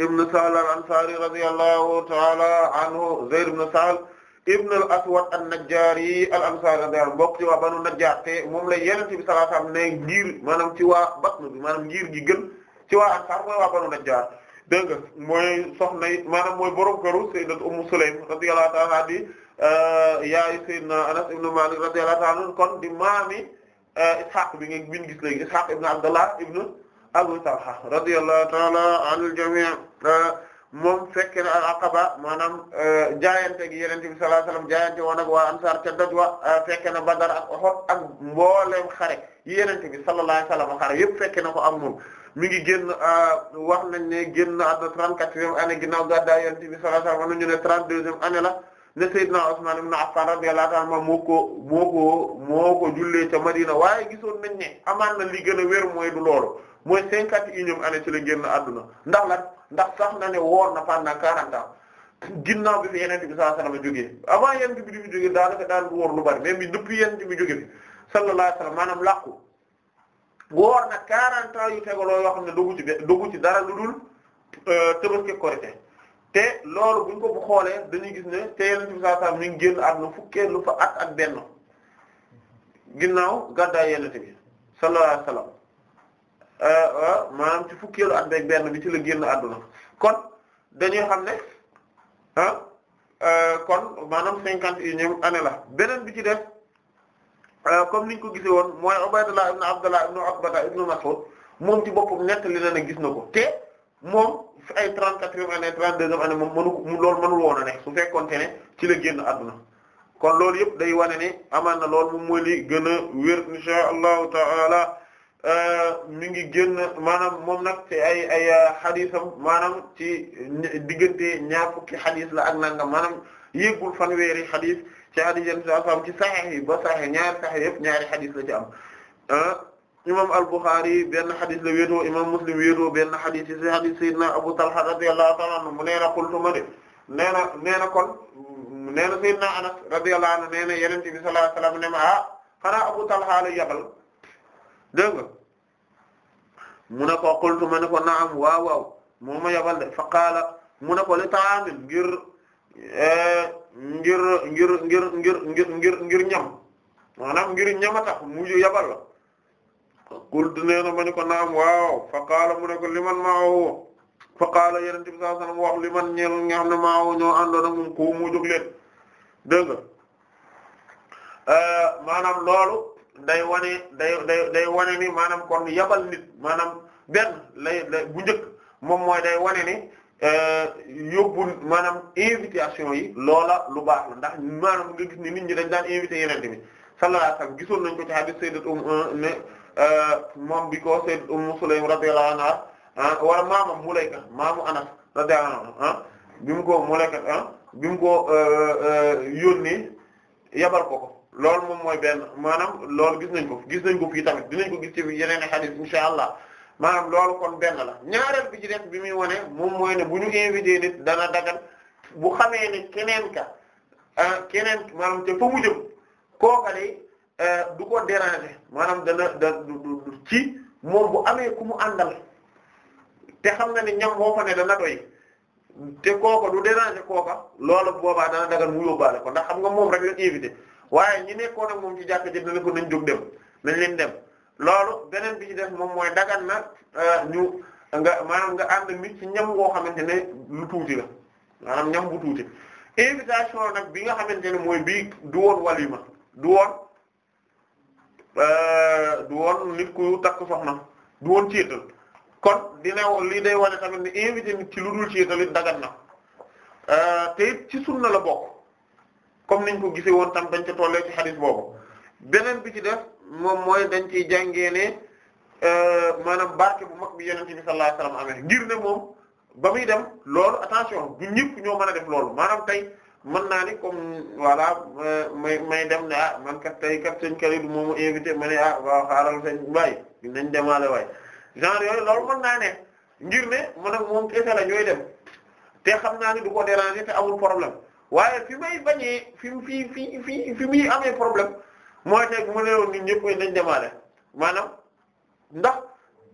ibn Sahl al-Ansari radiyallahu ta'ala anhu Zayd ibn Sahl ibn al najjari al-Ansari radiyallahu bokk Banu Najjar te moom la Yonent bi sallallahu alayhi wasallam ne ngir maanaam ci waa batn bi ngir gi gën ci waa Ansar mooy waa Banu Najjar dégg nga mooy soxna yi maanaam mooy borom këru Sayyidatu Ummu Sulaym radiyallahu ta'ala anha di euh, yaayu Sayyidina Anas ibn Malik radiyallahu ta'ala anhu euh, Ishaq bi nga bin Ishaq ibn Abdullah ibn Abu Talha radiyallahu ta'ala anil jami' moom fekk na al Aqaba maanaam euh, jaayante gi Yonent bi sallallahu alayhi wasallam jaayante woon ak waa Ansaar ca Dajwa euh, fekk na Badar ak Uhud ak mbooleem xare yi Yonent bi sallallahu alayhi wasallam xare yëpp fekk na ko ak moom mi ngi génn euh, wax nañ ne génn na àdduna 34e année ginnaaw na Yonent bi sallallahu alayhi wasallam ñu ne 32e année la. ne Seydina Usman a Affan radiyallahu anhu moo ko moo ko moo ko jullee ca Madina waaye gisoon nañ ne amaan na li gën a wér mooy du loolu mooy cinquante et unième année ci la génn àdduna ndax la ndax sax na ne woor na pendant quarante ans ginnaaw bi yeneen bi sallallahu alayhi wasallam jógee avant yenn bi di fi jógee daanaka woor lu bari mais bi depuis yenn bi jógee bi sallallahu alayhi wasallam maanaam làqu woor na quarante ans yu tegaloo yoo xam ne dogu ci dogu ci dara lu dul euh, Tabaski Korité te loolu buñ ko bu xoolee dañuy gis ne te yenente bi sallallahu alayhi wasallam ngi génn àdduna fukkee lu fa at ak benn ginnaaw gàddaay yenente bi sallallahu alayhi wasallam euh, euh, maanaam ci fukkeelu at beeg benn bi ci la génn àdduna kon dañuy xam ne ah euh, kon maanaam cinquante et unième année la beneen bi ci def comme niñ ko gisee woon mooy Ubaydullah ibn Abdullah ibn Uqbata ibn Mas'ud moom ci boppam nettali na ne gis na ko te moom fi ay trente quatrième année trente deuxième année moom mënu ko loolu mënul woon a ne su fekkonte ne ci la génn àdduna kon loolu yëpp day wane ni amaan na lool moom mooy li gën a wér insha allahu taala euh, mu ngi génn maanaam moom nag ci ay ay euh, xadisam maanaam ci diggante ñaar fukki xadis la ak nangam maanaam yéegul fanweeri xadis ci xadis yenn saa saam ci saxiix yi ba saxiix ñaari saxiix yëpp ñaari xadis la ci am euh, imam al-Bukhari benn xadis la wéetoo imam Muslim wéetoo benn xadis yi si xadis Seydina Abu Talha radiyallahu ta'ala anhu mu nee na qultu ma de nee na nee na kon nee na Seydina Anas radiyallahu anhu nee na Yonent bi sallallahu alayhi wasallam ne ma ah xanaa Abu Talha la yabal dégg nga mu ne ko qultu ma ne ko naam waaw waaw moo ma yabal de fa qaala mu ne ko li ta'amin ngir e, ngir ngir ngir ngir ngir ngir ngir ñam maanaam ngir ñamata mu yabal la qultu nee na ma ni ko naam waaw fa qaala mu ne liman maahu fa qaala yenente bi sallallahu alayhi wasallam wax liman ñeel xam ne maahu ñoo àndoon ak moom ko mu jóg leen dégg nga euh, loolu day wane day day day wane ni maanaam kon yabal nit maanaam benn lay lay bu njëkk moom mooy day wane ni euh, yóbbu maanaam invitation yi loola lu baax la ndax maanaam nga gis ni nit ñi dañ daan invité yenente bi sallallahu alayhi gisoon nañ ko ci hadith sayyidat um ne Euh, moom bi ko seet Ummu Sulaym radiyallahu anha ah, wala maamam Mulayka maamu Anas radiyallahu anhu ah, bi mu ko Mulayka ah, bi mu ko euh, euh, yónnee yabal ko ko loolu moom mooy benn maanaam loolu gis nañ ko gis nañ ko fii tamit dinañ ko gis ci yeneen hadith insha Allah maanaam loolu kon benn la ñaareel bi ci def bi muy wane moom mooy ne bu ñu invité nit dana dagan bu xamee ne keneen ka ah keneen maanaam mu jëm kooka de Euh, du ko déranger maanaam dana da ci moom bu amee ku mu àndal te xam nga ne ñam boo fa ne dana doy te kooka du déranger kooka loolu boobaa dana dagan mu yóbbaale ko ndax xam nga moom rek lañ éviter waaye ñi nekkoon ak moom ci jàkk ji dana ko nañ jóg dem nañ leen dem loolu beneen bi ci def moom mooy dagan na euh, ñu nga maanaam nga ànd mi ci ñam ngoo xamante ne lu tuuti la maanaam ñam bu tuuti invitation nag bi nga xamante ne mooy bii du woon walima du woon Euh, du woon nit ku takk soxna du woon ciital kon dina lii day wane tamit ni invité nit ci lu dul ciital it dagat na euh, te it ci sunna la bokk comme niñ ko gisee woon tam dañ ca tollee ci xadis boobu beneen bi ci def moom mooy dañ ciy jàngee ne euh, maanaam barke bu mag bi yonent bi sallallahu alayhi wasallam amee ngir ne moom ba muy dem loolu attention du ñëpp ñoo mën a def loolu maanaam tey mën naa ne comme voilà may may dem ne ah man kat tey kat sëñ Khalil moom mu invité ma ne ah waaw xaaral sëñ Baye nañ demale waay genre yooyu loolu mën naa ne ngir ne man ak moom kese la ñooy dem te xam naa ne du ko déranger te amul problème waaye fi may bañee fi fi fi fi fi muy amee problème mooy tey bu ma nee woon nit ñëpp nañ demaale maanaam ndax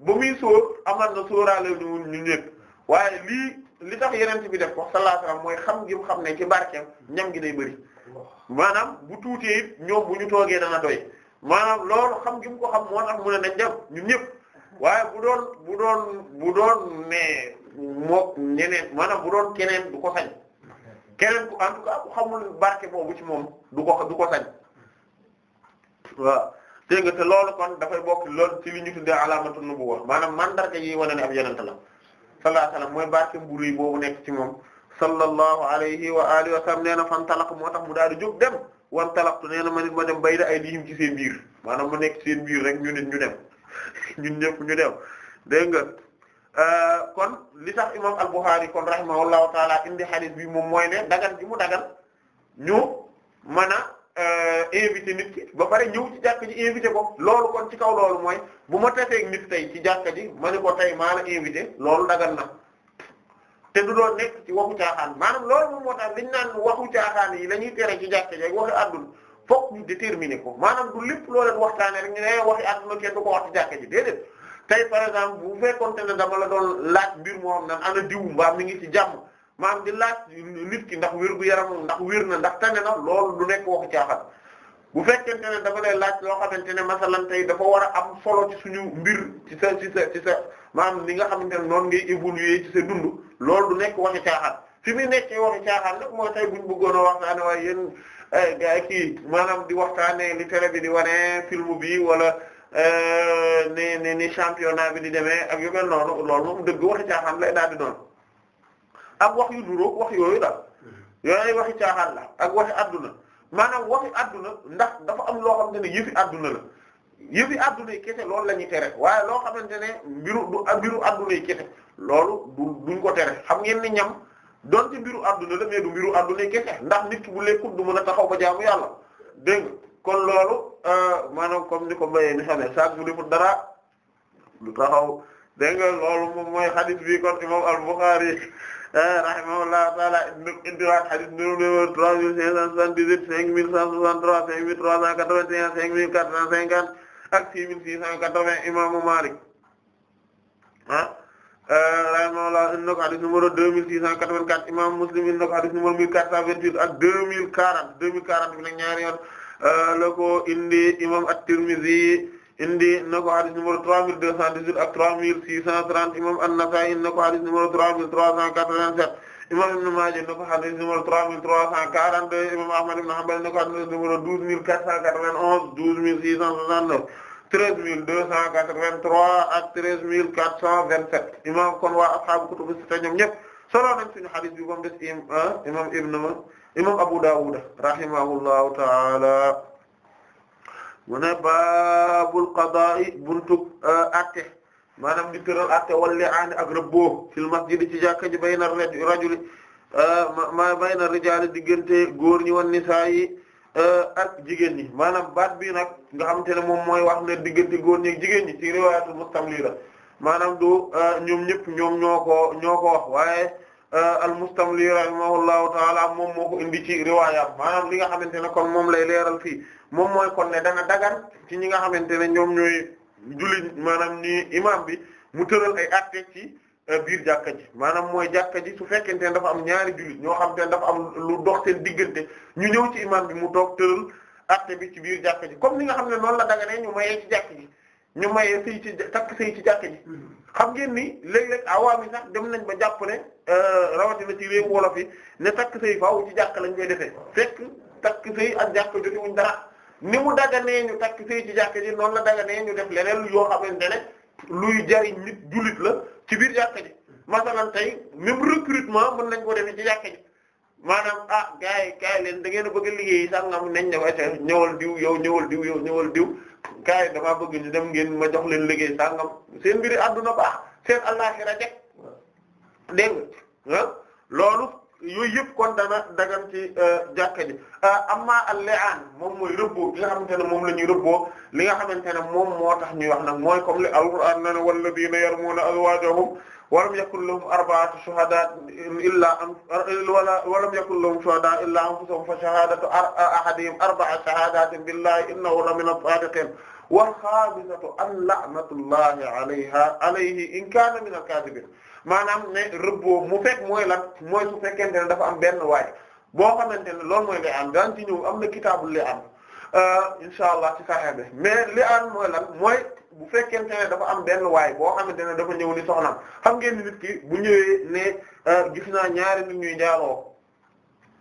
ba muy sóor amaat na sóoraale ñu ñëpp waaye lii. li tax yeneen bi def ko sallallahu mooy xam mu xam ne ci barke ñam gi day bëri maanaam bu tuutee it ñoom bu ñu toogee dana doy maanaam loolu xam ngim ko xam moo tax mu ne nañ dem ñun ñëpp waaye bu doon bu doon bu doon ne moo ñeneen maanaam bu doon keneen du ko sañ keneen ku en tout cas ku xamul barke boobu ci moom du ko du ko sañ waaw dégg nga te loolu kon dafay bokk loolu ci li ñu tuddee alamatu nubuwwa maanaam mandarga yi wane ne ab yenente la sallallahu mooy barke mburu yi boobu nekk ci moom sallallahu alayhi wa alihi wa sallam nee na fan talaq moo tax mu daal di jóg dem wan talaqtu nee na ma nit ma dem bay da ay lihim ci seen biir maanaam ma nekk ci seen biir rek ñu nit ñu dem *laughs* ñun ñëpp ñu dem dégg nga euh, kon li tax imam al-Bukhari kon rahimahullahu taala indi hadith bi moom mooy ne dagan gi mu dagan ñu mën Euh, invité nit ki ba pare ñëw ci jàkk ji invité ko loolu kon ci kaw loolu mooy bu ma taseeg nit tey ci jàkk ji ma ne ko tey maa la invité loolu dagan na te du doon nekk ci waxu caaxaan maanaam loolu moom moo tax liñ naan waxu caaxaan yi la ñuy tere ci jàkk ji ak waxi àdduna fokk ñu déterminer ko maanaam du lépp loo leen waxtaanee rek ñu ne waxi àdduna kenn du ko wax ci jàkk ji déedéet tey par exemple bu fekkonte ne dama la doon laaj mbir moo xam ne ana diw mbaa mi ngi ci jàmm maam di laaj nit ki ndax wér gu yaram ndax wiir na ndax tane na lool du nekk waxu caaxaan bu fekkente ne dafa lay laaj loo xamante ne masalan tey dafa war a am solo ci suñu mbir ci sa ci sa ci sa maanaam li nga xamante ne noonu ngay évoluer ci sa dund lool du nekk waxi caaxaan fi muy nekkee waxi caaxaan nag mooy tey buñ bëggoon a waxtaane waaye yéen eh, gaa kii maanaam di waxtaanee li télé bi di wane film bi wala eh, ni ni ni championnat bi di demee ak yu mel noonu loolu moom dëgg waxi caaxaan lay daal di doon. ak wax yu duróog wax yooyu daal mm-hmm. yooyu waxi caaxaan la ak waxi àdduna maanaam waxi àdduna ndax dafa am loo xamante ne yëfi adduna la yëfi adduna yi kese loolu la tere waaye loo xamante ne mbiru du mbiru adduna yi kese loolu du duñ ko tere xam ngeen ni ñam donte mbiru adduna la mais du mbiru adduna yi kese ndax nit ki bu lekkut du mën a taxaw ba jaamu yàlla dégg nga kon loolu euh, maanaam comme ni ko mbayee ni xamee saak bu defut dara du taxaw dégg nga loolu moom mooy hadith bi kon imam al-Bukhari Eh, rahimahullahu taala indiwaat hadith numéro 3578 5163 5381 5450 ak 6680 imaamu Malik ah eh, rahimahullah indi na ko hadith numéro 2684 imaamu Muslim indi na ko hadith numéro 1428 ak 2040 2040 bi nag ñaari yoon eh, la ko indi imam At-Tirmidhi indi na ko hadith numéro 3218 ak 3630 imam An-Nasa'i indi na ko hadith numéro 3387 imam Ibn Majah indi na ko hadith numéro 3342 imam Ahmad ibn Hanbal indi na ko hadith numéro 12491 12669 13283 ak 13427 imam kon waa ashaabu kutubu sitta ñoom ñëpp solo nañ suñu hadith bi ba mu des ah, imam ibn imam Abu Dawud rahimahullahu ta'ala mu ne baabul qadaa'i buntub euh, atte maanaam di tëral atte walli aani ak rëbboo fil masjidi ci jàkka ji bayna rajuli euh, ma bayna rijaali diggante góor ñi wan nisaa yi euh, ak jigéen ñi maanaam baat bi nag nga am te moom mooy wax ne diggante góor ñi ak jigéen ñi ci riwaayatul mustamli la maanaam du ñoom ñëpp ñoom ñoo ko ñoo ko waaye Euh, al-Mustamli rahimahullahu ta'ala moom moo ko indi ci riwaayam maanaam li nga xamante ne kon moom lay leeral fii moom mooy kon ne dana dagan ci ñi nga xamante ne ñoom ñooy julli maanaam ni imam bi mu tëral ay atte ci euh, biir jàkka ji maanaam mooy jàkka ji su fekkente ne dafa am ñaari jullit ñoo xamante ne dafa am lu dox seen diggante ñu ñëw ci imam bi mu toog tëral atte bi ci biir jàkka ji comme ni nga xam ne noonu la daganee ñu mayee ci jàkka ji ñu maye sëy ci takk sëy ci jàkk ji mm-hmm. xam ngeen ni léeg-léeg awaam yi sax dem nañ ba jàpp ne euh, rawatina ci réew wolof yi ne takk sëy faaw ci jàkk lañ koy defee fekk takk sëy ak jàkk joti wuñ dara ni mu daganee ñu takk sëy ci jàkk ji noonu la daganee ñu def leneen yoo xamante ne luy jariñ nit jullit la ci biir jàkk ji mm-hmm. masalan tey même recrutement mën nañ ko defee ci jàkk ji maanaam ah gars yi gars yi leen da ngeen a bëgg a liggéey sàngam nañ ne wacca ñëwal diw yow ñëwal diw yow ñëwal diw gars yi damaa bëgg ñu dem ngeen ma jox leen liggéey sàngam seen mbiri àdduna baax seen àllaxira jekk dégg ah, loolu yooyu yëpp kon dana dagan ci euh, jàkka ji euh, amma al-li'an moom mooy rëbboo li nga xamante ne moom la ñuy rëbboo li nga xamante ne moom moo tax ñuy wax nag mooy comme li alquran na ne walladina yarmuna azwajahum walam yakun lahum arba'atu shuhada illa an wala walam yakun lahum shuhada illa anfusuhum fa shahadatu ahadihim arba'a shahadatin billahi innahu la min as-sadiqin wal khamisatu an la'natullahi alayha alayhi in kana min al-kadhibin maanaam ne rëbboo mu fekk mooy lan mooy su fekkente ne dafa am benn waay boo xamante ne loolu mooy lay am daan ci ñëw am na kitaabul lay am Euh, insha allah ci saxee bi mais li aan mooy lan mooy bu fekkee ne dafa am benn waay boo xamante ne dafa ñëw ni soxnaam xam ngeen ni nit ki bu ñëwee ne euh, gis naa ñaari nit ñuy njaaloo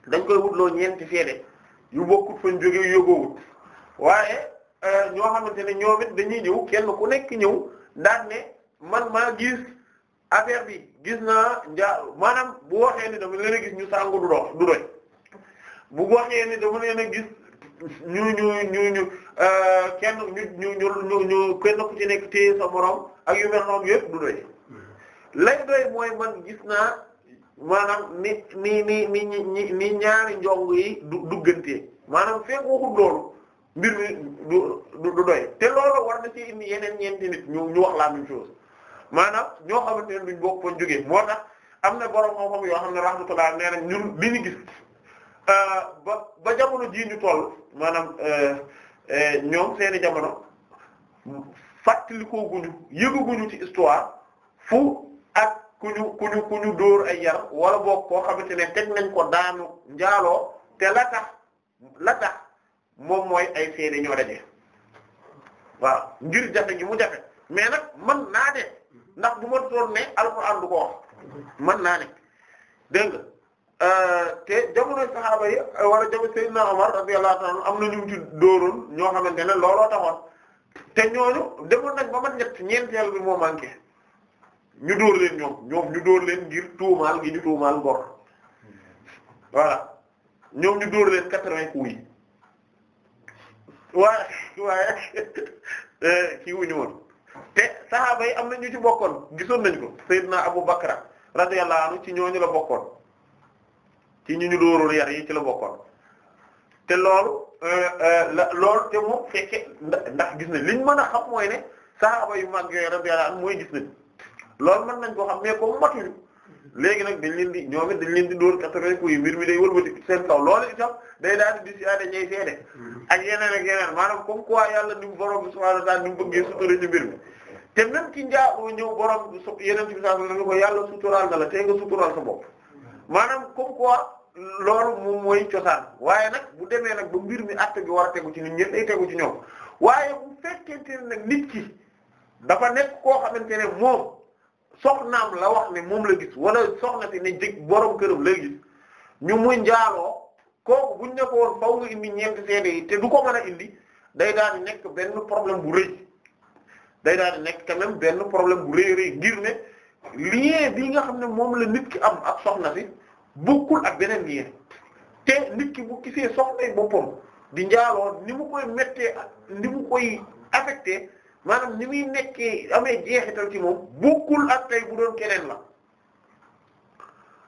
dañ koy wutloo ñeenti seede yu bokkut fañ jóge yógoowut waaye euh, ñoo xamante ne ñoo it dañuy ñëw kenn ku nekk ñëw daan ne man maa gis affaire bi gis naa njaa maanaam bu waxee ni dama leen a gis ñu sangu du dox du doy bu waxee ni dama leen a gis Euh, ñu ñu ñu ñu kenn ñu ñu ñu sa morom ak yu mel noonu yëpp du doy mm-hmm. lay doy mooy man gis naa maanaam ni ni ni ni ni ñaari njong yi du duggante maanaam feek waxul loolu mbir mi du du doy te loolu war na ci indi yeneen ñeenti nit ñu ñu wax la même chose maanaam ñoo xamante ne duñ bokk fan jógee moo tax am na boro xam-xam yoo xam ne rahmatullah nee na ñun li ñu gis. Euh, ba ba jamono jii ñu toll maanaam euh, euh, ñoom seeni jamono fàttalikoguñu yëgaguñu ci histoire fu ak ku ñu ku ñu dóor ay yar wala boog koo xamante ne teg nañ ko daanu njaaloo te la tax la tax moom mooy ay seede ñoo daje waaw ngir jafe gi mu jafe mais nag man naa de ndax bu ma doon ne alxuraan du ko man naa ne dégg nga te jamono saxaaba yi wala jamono Seydina Omar radiyallahu anhu am na ñu mu ci dóoroon ñoo xamante ne looloo taxoon te ñooñu demoon nañ ba mat ñett ñeenteel bi moo manqué ñu dóor leen ñoom ñoom ñu dóor leen ngir tuumaal gi ñu tuumaal ngor voilà ñoom ñu dóor leen quatre-vingts coups yi waaye waaye *laughs* eh, kii wuñu woon te saxaaba am na ñu ci bokkoon gisoon nañ ko Seydina Abu Bakra radiyallahu anhu ci ñooñu la bokkoon. ci ñu ñu dóoroon yar yi ci la bokkoon te loolu euh, euh, la loolu te moom fekke ndax gis nañ liñ mën a xam mooy ne sahaaba yu mag yooyu radiyallahu anhu mooy gis nañ loolu mën nañ koo xam mais comme matuñu léegi nag dañ leen di ñoom it dañ leen di dóor quatre-vingts coups yi mbir mi day wëlbati seen kaw loolu itam day daal di disiade ñay seede ak yeneen ak yeneen maanaam comme quoi yàlla ni mu borom bi subhaanahu wa ta'aala ni mu bëggee te même ki njaaxoo ñëw borom su yeneen bi sa na ko yàlla suturaal na la te nga suturaal sa bopp maanaam comme quoi loolu moom mooy cosaan waaye nag bu demee nag ba mbir mi àtte bi war a tegu ci nit ñëpp day tegu ci ñoom waaye bu fekkente ne nag nit ki dafa nekk koo xamante ne moom soxnaam la wax ne moom la gis wala soxna si ne jëkk borom këram la gis ñu muy njaaloo kooku buñ ne ko woon faw nga indi ñeenti seede yi te du ko mën a indi day daal di nekk benn problème bu rëy day daal nekk quand même benn problème bu rëy rëy ngir ne lien bi nga xam ne moom la nit ki am a soxna si bokkul ak beneen yéene te nit ki bu gisee soxna boppam di njaaloo ni mu koy méttee ni mu koy affecté maanaam ni muy nekkee amee jeexital ci moom bokkul ak tey bu doon keneen la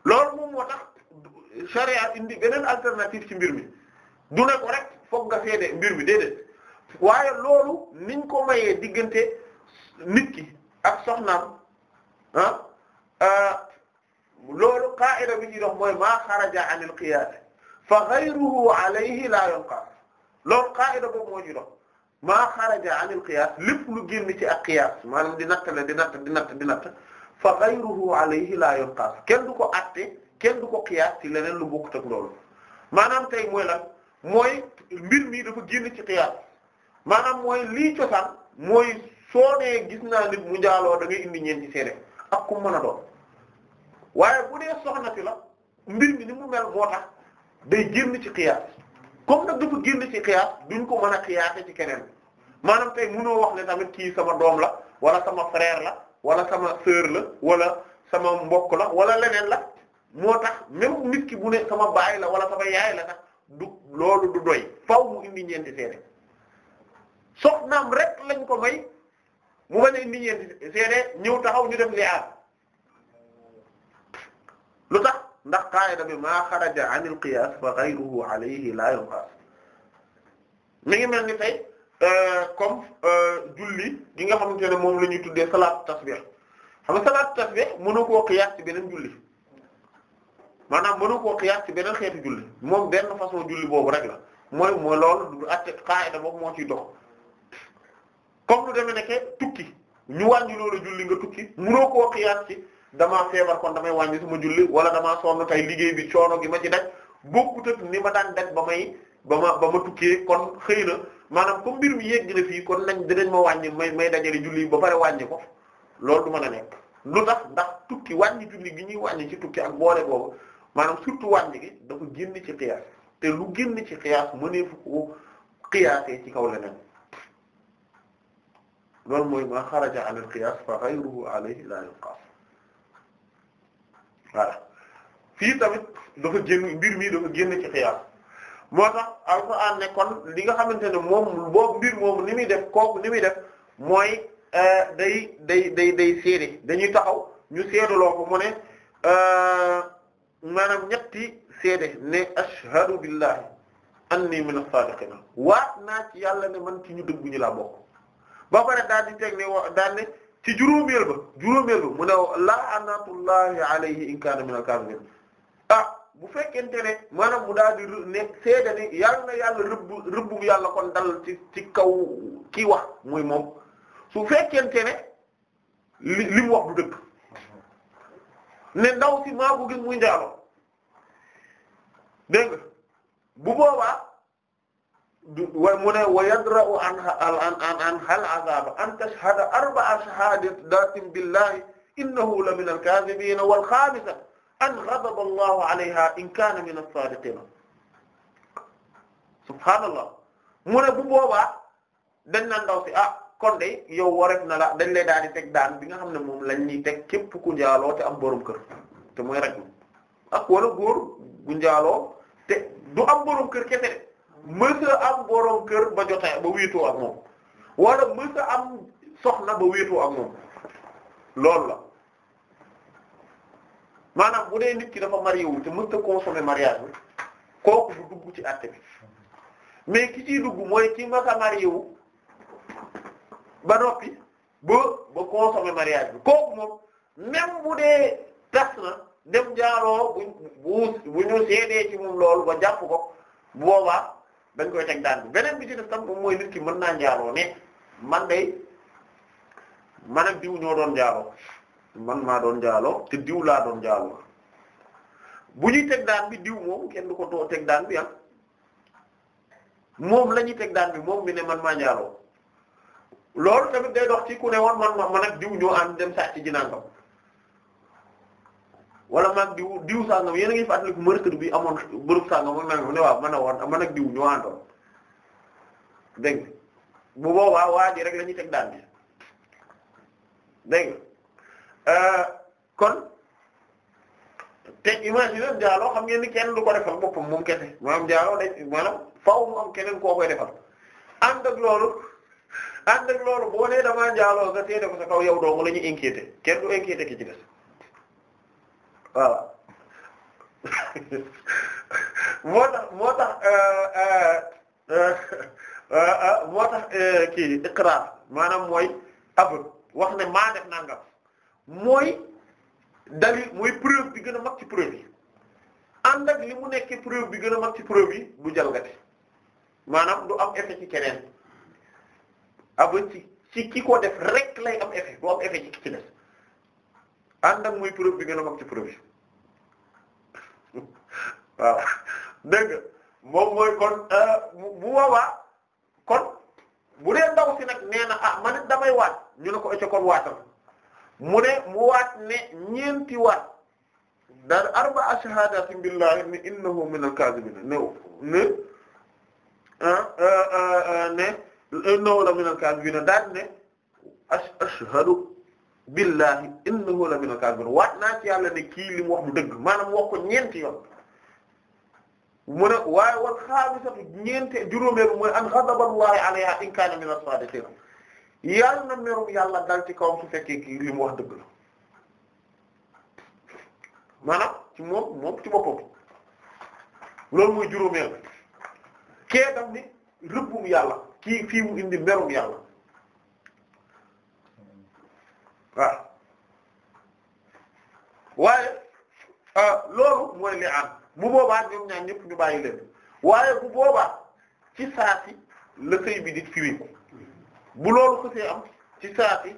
loolu moom moo tax charia indi beneen alternative ci mbir mi du ne ko rek foog nga seede mbir mi déedéet waaye loolu niñ ko mayee diggante nit ki ak soxnaam ah. ah loolu qaa'ida bi ñuy dox mooy maa xaraja an al qiyaas fa ghayruhu alayhi laa yunqas loolu qaa'ida boobu moo ñuy dox ma xaraja an al qiyaas lépp lu génn ci ak ma maanaam di natt la di natt di natt di natt fa ghayruhu alayhi laa yunqas kenn du ko atte kenn du ko qiyaas ci leneen lu bokkut ak loolu maanaam tey mooy lan mooy mbir mi dafa génn ci qiyaas maanaam mooy lii cosaan mooy soo nee gis naa nit mu njaaloo da ngay indi ñeenti seede ak ku mën a doon waaye bu dee soxna si la mbir mi ni mu mel moo tax day génn ci xiyaas comme nag dafa génn ci xiyaas duñ ko man a xiyaase ci keneen maanaam tey mënoo wax ne tamit kii sama doom la wala sama frère la wala sama sœur la wala sama mbokk la wala leneen la moo tax même nit ki bu nekk sama baay la wala sama yaay la sax du loolu du doy faaw mu indi ñeenti seede soxnaam rek lañ ko may mu bañ a indi ñeenti seede ñëw taxaw ñu dem li lu tax ndax qaayida bi maa xaraja an il qiyaas fa ghayruhu alayhi la yuqaas mi ngi mel ni tey euh, comme euh, julli gi nga xamante ne moom la ñuy tuddee salaatu tasbih xam nga salaatu tasbih mënu koo qiyaas ci beneen julli maanaam mënu koo qiyaas ci beneen xeetu julli moom benn façon julli boobu rek la mooy mooy loolu du atte qaayida boobu moo ci dox comme lu demee nekke tukki ñu wàññi loolu julli nga tukki mënoo koo qiyaas ci damaa feebar kon damay wàññi suma julli wala damaa sonn tey liggéey bi coono gi ma ci daj bokkut ak ni ma daan daj ba may ba ma ba ma tukkee kon xëy na maanaam comme mbir mi yegg na fii kon nañ dinañ ma wàññi may may dajale julli ba pare wàññi ko loolu du mën a nekk lu tax ndax tukki wàññi julli gi ñuy wàññi ci tukki ak boole boobu maanaam surtout wàññi gi dafa génn ci xiyaas te lu génn ci xiyaas mëneefu ko xiyaasee ci kaw leneen loolu mooy ma xaraja ala al qiyaas waa fii tamit dafa génn mbir mi dafa génn ci xiyaas moo tax alxuraan ne kon li nga xamante ne moom boo mbir moomu ni muy def kooku ni muy def mooy euh, day day day day seede dañuy taxaw ñu seedaloo ko mu ne euh, maanaam ñetti seede ne ashhadu billahi anni min as-sadiqin waat naa ci yàlla ne man ci ñu dëgguñu laa bokk ba pare daal di teg daal ne ci juróomeel ba juróomeel ba mu ne laa anatullahi alayhi in kaana min al-kaazibin ah bu fekkente ne maanaam mu daal di ne yàlla na yàlla kon dal ci ci kaw kii muy moom su fekkente ne li li mu ne ndaw si maa ko gis njaalo dégg bu boobaa wa mu ne wa yadra'u an an hal azaba an tashhada arba'a shahadatin billahi innahu la min al wal khamisa an ghadaba Allahu alayha in kana min as-sadiqin subhanallah mu ne bu boobaa dañ naan ndaw si ah kon de yow wareef na la dañ lay daal di teg daan bi nga xam ne moom lañ ñuy teg képp ku njaaloo te am borom kër te mooy rek ak wala góor te du am borom kër mës a am borom kër ba jotee ba wéetoo ak moom wala mës a am soxna ba wéetoo ak moom loolu la maanaam bu dee nit ki dafa marié wu te mës a consommer bi kooku bu dugg ci àtte bi mais ki ciy dugg mooy ki mës a wu ba noppi ba ba consommer mariage bi kooku moom même bu dee tas na dem jaaro bu bu bu ñu seedee ci moom loolu ba jàpp ko boobaa. dañ koy teg daan bi beneen bi ci def tam moom mooy nit ki mën naa njaaloo ne man day man ak diw ñoo doon njaaloo man maa doon njaaloo te diw laa doon njaaloo bu ñuy teg daan bi diw moom kenn du ko too teg daan bi ah moom la teg daan bi moom mi ne man maa njaaloo loolu tamit day dox ci ku ne woon man man ak diw ñoo ànd dem sàcc ji nangam wala maag diw diw sangam yéen a ngi fàttaliku mercredi bi amoon bërëb sangam man maa ne waaw man a woon man ak diw ñu àndoon dégg nga bu boobaa waa ji rek la ñuy teg daan bi dégg nga euh, kon te imaginer jaaloo xam ngeen ni kenn du ko defal boppam moom kese maanaam jaaloo day maanaam faaw mu am keneen koo koy defal ànd ak loolu ànd ak loolu boo nee damaa jaaloo nga tee def sa kaw yow dong la ñuy ken kenn du inquiété ki ci des. voilà *laughs* moo tax moo tax euh, euh, euh, *laughs* moo tax kii iqrar maanaam mooy aveu wax ne maa def nangam mooy dalil mooy preuve bi gën a mag ci preuve yi ànd ak li mu nekkee preuve bi gën a mag ci preuve yi du jalgati maanaam du am effet ci keneen aveu ci ci ki ko def rek lay am effet du am effet ci ki ci def ànd ak muy preuve bi gën a mag ci preuve yi moom mooy kon euh, bu boobaa kon bu dee ndaw si nag nee na ah man damay waat ñu ne ko école mu ne mu waat ne ñeenti waat daal arba'a shahadatin billahi ne innahu min al-kaazibin ne ne ah, euh, euh, ne innahu la min al-kaazibin daal ne ashhadu billahi innahu la min al-kaazibin waat naa ci yàlla ne kii li mu wax lu dëgg maanaam wax ko ñeenti yoon mu ne waaye wal xaamisatu ñeente juróomeelu mooy an ghadaba allahi alayha in kaana min as-saadiqiin yàlla na merum yàlla dal ci kawam su fekkee kii li mu wax dëgg la maanaam moom moom ci boppam loolu mooy juróomeel kee daf ni rëbbum yàlla kii fii mu indi merum yàlla waaw waaye ah, loolu mooy li am bu boobaa ñoom ñaar ñëpp ñu bàyyi leen waaye bu boobaa ci saati la sëy bi di firiku bu loolu xësee am ci saati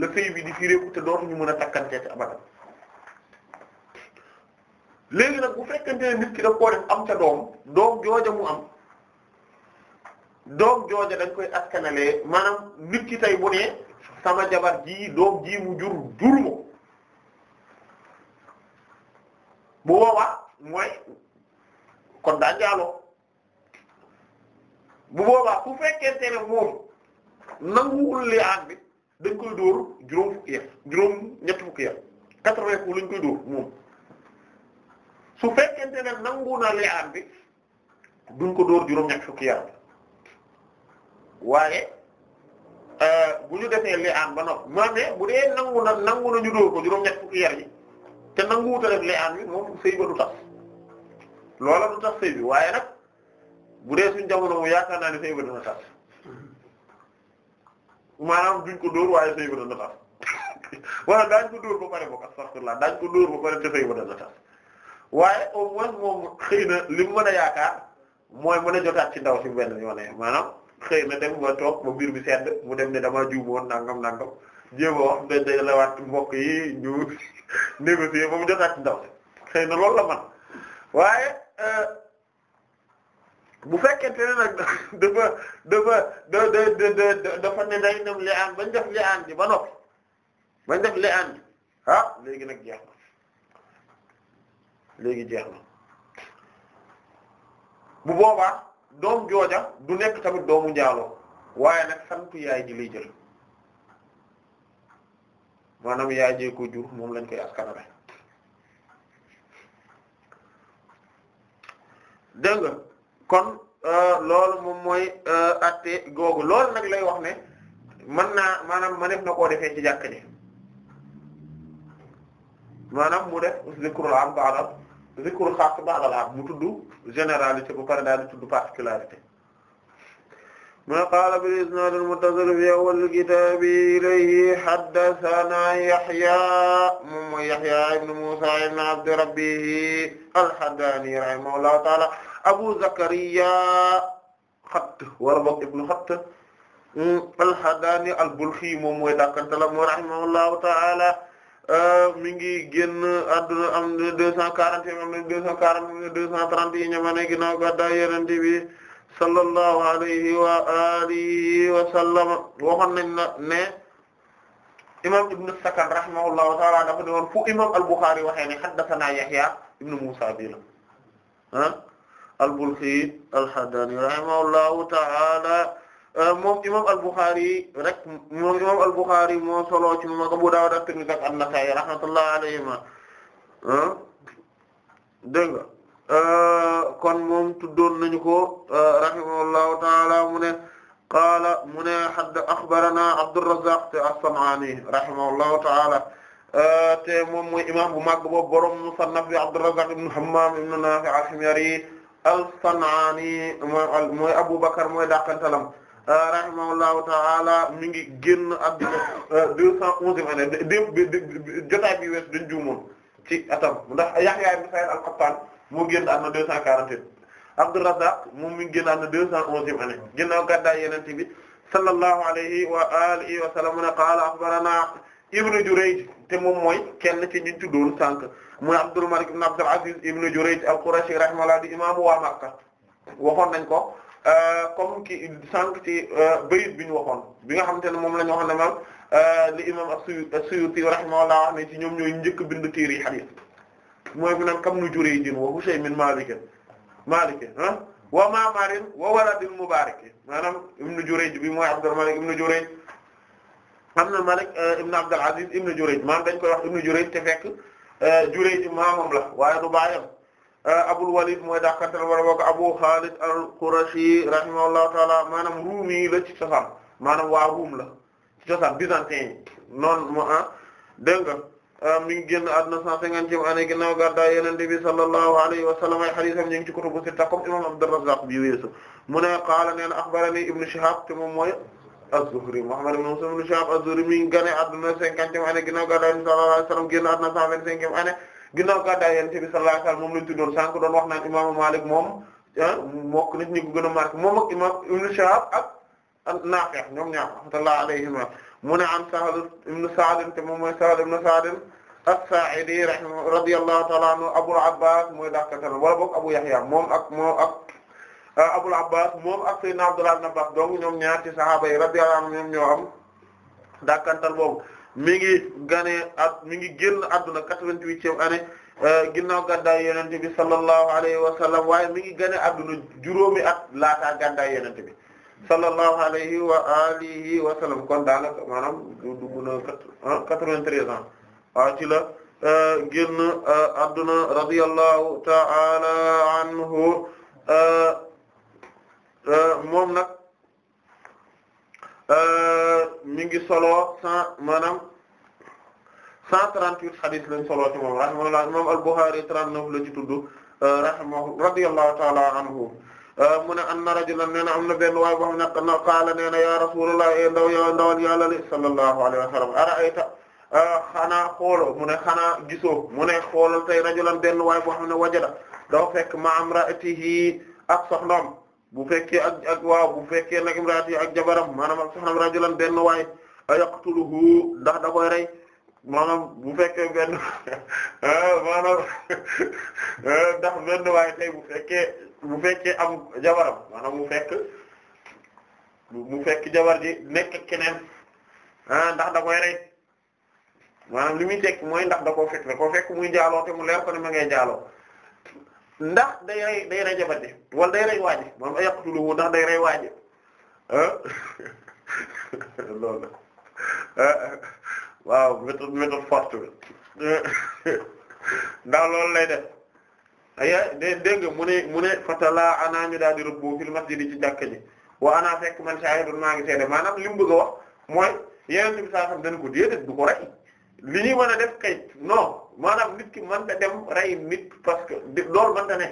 la sëy bi di firiku te dootuñu mën a takkantee ci abadan léegi nag bu fekkente ne nit ki da koo def am ca doom doom jooja mu am doom jooja dañ koy askanalee maanaam nit ki tey bu ne sama jabar ji doom ji mu jur juruma bu boobaa mooy kon daa njaaloo bu boobaa su fekkente ne moom nanguwul li aan bi dañ koy dóor juróom fukki yar juróom ñetti fukki yar quatre-vingts fu lañ koy moom su fekkente ne nangu na li bi duñ ko dóor juróom ñetti fukki yar waaye Euh, bu ñu defee li aan ba noppi maam bu dee nangu na nangu na ñu dóor ko juróom-ñett fukki yar yi te nanguwuta def li aan bi moom sëy ba du tax loola du tax sëy waaye nag bu dee suñ jamono moom naa ne sëy ba dina tax maanaam duñ ko dóor waaye sëy ba dina tax *laughs* wala daañ ko dóor ba pare bokk astaghfirullah daañ ko dóor ba pare te sëy ba dina tax waaye au moins moom xëy na li mu mën a yaakaar mooy mën a jotaat ci ndaw si benn yoon maanaam xëy na dem ba toog ba mbir bi sedd mu dem ne damaa juum woon nangam nangam jéem a wax dañ day lawaat mbokk yi ñu *laughs* négocier ba mu xëy na loolu la man waaye euh, bu fekkente ne nag *laughs* dafa dafa da da da dafa ne day dem li aan bañ def ba noppi bañ def aan ji ah léegi nag jeex na léegi jeex na bu boobaa. doom jooja du nekk tamit doomu njaaloo waaye nag santu yaay ji lay jël maanaam yaay jee ko jur moom lañ koy askanale dégg nga kon euh, loolu moom mooy euh, atte googu lool nag lay wax ne mën naa maanaam ma def na koo defee ci jàkk ji maanaam mu def zikrul am ba'da zikru xaas ba'da al-'am mu tudd généralité bu pare daal di tudd particularité mu ne qaala bil-isnaad al-muttasil fii awwal kitaab ilayhi haddasanaa Yahyaa moom mooy Yahyaa ibn Muusaa ibn Abdi Rabbihi al-Haddaani rahimahullaahu ta'aalaa Abu Zakariya Xatt wala boog ibn Xatt mm, al-Haddaani al-Balkhi moom mooy dàkkanta la mu rahimahullaahu ta'aalaa Euh, mi ngi génn adduna am na deux cent quarante am na deux cent quarante am na deux cent trente yi ñama ne ginnaaw gàddaay Yonent bi sallallahu alayhi wa alihi wa sallam waxoon nañ na ne imam Ibn Sakan rahimahullahu ta'ala dafa fu imam al-Bukhari waxee ne Yahya ibn Musa bi ah, al-Balkhi al-Haddani rahimahullahu ta'ala Euh, moom imam al-Bukhari rek moom imam al-Bukhari moo solo ci moom ak Abu Dawud ak Tirmidhi ak an-Nasa'i rahmatullah alayhima dégg nga euh, kon moom tuddoon nañu ko euh, rahimahullahu ta'ala mu ne qaala mu ne hadd akhbarana Abdurrazzaq as-Sam'ani rahimahullahu ta'ala te moom mooy imam bu mag boobu borom Musannaf bi Abdurrazzaq ibn Hammam ibn Nafi' al-Himyari as-San'ani mooy Abu Bakr mooy dàqantalam Euh, rahimahullahu ta'ala mi ngi génn adduna euh, deux dé jotaay bi wees dañ juumoon ci atam ndax Yahya ibn Sa'id al-Qattan moo génn am na deux cent quarante-huit Abdurrazzaq moom mi ngi génn am na deux cent onzième année ginnaaw gàddaay Yonent sallallahu alayhi wa alihi wa sallam ne qaala akhbarana Ibn Jurayj te moom mooy kenn ci ñu tuddoon sànq mooy Abdul Malik ibn Abdul Aziz Ibn Jurayj al-Qurashi rahimahullah di imaamu waa Makka nañ ko Euh, comme ki sànq ci euh, bayit bi ñu waxoon bi nga xamante ne moom la ñu waxoon ne moom euh, li imam as-Suyuti rahimahullah a ne ci ñoom ñooy njëkk bind téere yi hadith mooy bi naan kam nu juree jin wa Hushaym min Maalik Maalik ah wa Ma'marin wa waladin Mubarak maanaam ibn Jurayj bi mooy Abdurrahman ibn Jurayj am na Malik ibn Abdul dañ koy wax ibn Jurayj te fekk Jurayj maamam la waaye du baayam Euh, Abul Walid mooy dàqantal wala boog Abu Khalid al-Qurashi rahimahullahu taala maanaam ruumi la ci cosaan maanaam waa ruum la ci cosaan byzantin yi noonu moo ah dégg nga euh, mi ngi génn àdduna 150e année ginnaaw gàddaay Yonent bi sallallahu alayhi wa sallam ay hadiisam ñu ngi ci kutubu sitta comme imaam Abdurrazzaq bi weesu mu ne qaala nee na axbarani Ibnu Shihab te moom mooy az mi ngi e année ginnaaw gàddaay yonent bi lañ tuddoon sànq doon wax naan imaamu Maalik moom ah mbokk nit ñi ko gën a marqué moom ak imaam Ibn Shihab ak Naafi' ñoom ñaar rahmatullahi alayhima mu ne an Sahl ibn Sa'd mooy Sahl ibn Sa'd as-Sa'idi rahimahu radiyallahu ta'ala anhu Abul Abbas mooy dàqatal Abu Yahya moom ak ah, moom ak Abul Abbas moom ak Sayyidina Abdullah ibn Abbas ñaar ci sahaaba yi radiyallahu anhum ñoom ñoo am mi ngi ganee mi ngi génn adduna quatre-vingt-huitième année euh, ginnaaw gàddaay yonent bi sallallahu alayhi wa waaye mi ngi ganee adduna juróomi at laataa gàddaay yonent bi alayhi wa alihi wa sallam kon daanaka maanaam dugg na quatre-vingt-treize ans waaw ci la adduna euh, euh, radiyallahu ta'ala anhu moom nag Euh, mi ngi solo cent maanaam cent trente-huit hadith lañ solo ci moom rahimahullah imam al-Bukhari trente-neuf la ci tudd euh, rahimahu radiyallahu ta'ala anhu euh, mu ne anna rajulan nee na am na benn waay boo xam ne na qaala nee na ya rasulullah e ndaw yow ndawal yàlla li sallallahu alayhi wa sallam ara'ayta xanaa xooloo mu ne xanaa gisoo mu ne xoolal tey rajulan benn waay boo xam ne wajada dafa fekk ma amra'atihi ak soxnaam bu fekkee ak ak waaw bu fekkee nag imraat ak jabaram maanaam ak soxnaam rajulan benn waay ayaqtuluhu ndax da koy rey maanaam bu fekkee benn *laughs* ah, maanaam *laughs* ah, ndax benn waay tey bu fekkee bu fekkee am mu fekk mu fekk jabar ji nekk keneen ah, ndax da koy rey maanaam li muy tekk mooy ndax da koo fekk da koo fekk muy jaaloo te mu leer ko ne ma ngay ndax day rey day rey jabate wal day rey waaje moom yaqtuluhu ndax day rey waaje *laughs* loolu waaw méthode méthode forte bi *laughs* ndax loolu lay def aya de dégg nga mu ne mu ne fatala ana ñu daal di rëbbu fil masjid ci jàkka ji wa ana fekk man shahidun maa ngi seede maanaam li mu bëgg wax mooy yeneen bi saa xam dañ ko déedéet du ko rey li ñuy mën a def kay non maanaam nit ki mën ta dem rey nit parce que loolu mën ta ne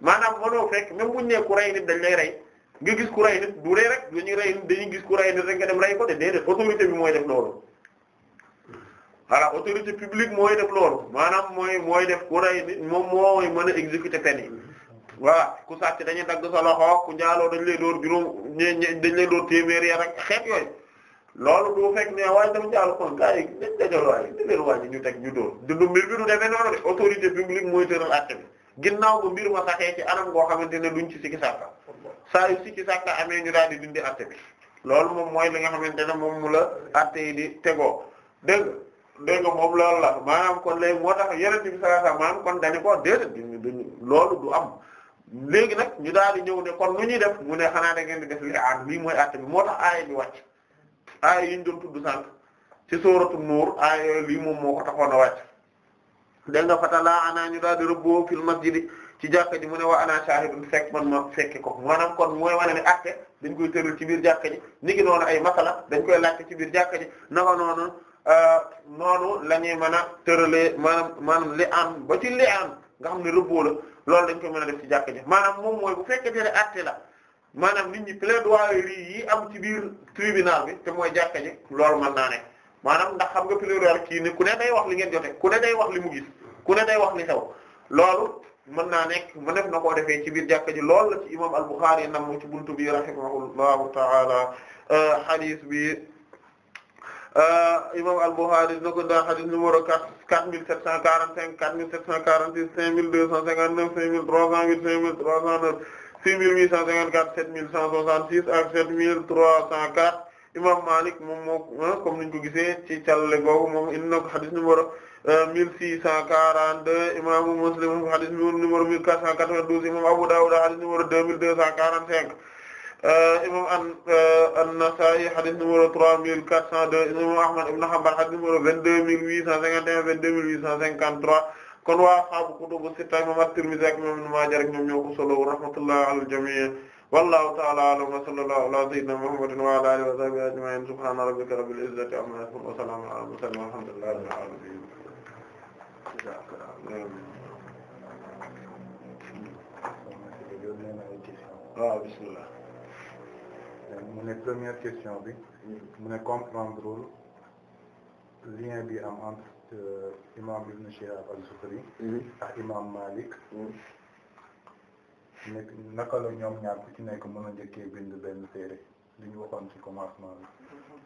maanaam mënoo fekk même buñ ne ku rey nit dañ lay rey nga gis ku ray nit du rey rek dañuy rey nit dañuy gis ku rey nit rek nga dem rey ko de déedéet autorité bi mooy def loolu voilà autorité publique mooy def loolu maanaam mooy mooy def ku rey nit moom mooy mën a exécuter peine yi voilà ku sàcc dañuy dagg sa loxo ku njaaloo dañ lay door juróom ñe dañ lay door téeméer ya rek xeet yooyu loolu du fekk ne waaye dem ci alxuraan gaa yi dañ waaye di leen waaj ñu teg ñu dóor dundu mbir bi du demee noonu de autorité mooy tëral acte bi ginnaaw ba mbir ma saxee xamante ne duñ ci sikki sàkka saa yu sikki sàkka amee ñu daal di dindi acte bi loolu moom mooy li nga xamante ne moom mu la acte di tegoo dégg dégg nga moom loolu la maanaam kon léegi moo tax yeneen bi sallallahu alayhi wasallam maanaam kon dañu ko déedéet duñ loolu du am léegi nag ñu daal di ñëw ne kon nu ñuy dem mu ne xanaa da ngeen di def li aan lii mooy acte bi moo tax aaya bi wàcc aaya yiñ doon tudd sànq ci suuratu nuur aaya lii moom moo ko taxoon a wàcc dégg nga fatalaa anaa ñu daal di rëbboo fil masjidi ci jàkka ji mun ne wa ana shahidun fekk man ma fekke ko maanaam kon mooy wane ne acte dañ koy tëral ci biir jàkka ji ni ki noonu ay masala dañ koy laajte ci biir jàkka ji naka noonu euh, noonu la ñuy mën a tëralee maanaam maanaam li am ba ci li am nga xam ne rëbboo la loolu dañ koy mën a def ci jàkka ji maanaam moom mooy bu fekke ne acte la maanaam nit ñi plaidoirie yi am ci biir tribunal bi te mooy jàkka ji loolu mën naa ne maanaam ndax xam nga plaidoirie kii ne ku ne day wax li ngeen jote ku ne day wax li mu gis ku ne day wax li xew loolu mën naa nekk mu def na koo defee ci biir jàkka ji loolu la ci imam al-Bukhari nam mu ci buntu bi rahimahullahu ta'ala euh, hadith bi euh, imam al-Bukhari dina ko daa hadith numéro 4 4745 4746 5259 5308 5309 6854 7166 ak 7304 imam Malik moom moo ah, comme niñ ko gisee ci càllale googu moom indi na ko xadis numéro 1642 euh, imaamu Muslim moom xadis numéro 1492 imam Abu Dawud xadis numéro 2245 euh, imam euh, An-Nasa'i xadis numéro 3402 imam Ahmad ibn Hanbal xadis numéro 22851 22853 kon waa ashaabu kutubu sitta imam at-Tirmidhi ak imam Ibn Maaja rek ñoom ñoo ko solo rahmatullahi ala al-jamii wallahu ta'ala a'lam wa sallallahu ala sayyidina Muhammadin wa ala alihi wa sahbihi ajma'in subhana rabbika rabbil izzati amma yasifun wa salamun ala al-mursalin walhamdulillahi rabbil alamin waaw ah, bismillah mu ne première question bi mu ne comprendre lien bi am entre imam Ibn Shihab al-Zuhri ak imam Malik nekk naka ñoom ñaar ku ci nekk mën a njëkkee bind benn téere li ñu waxoon ci commencement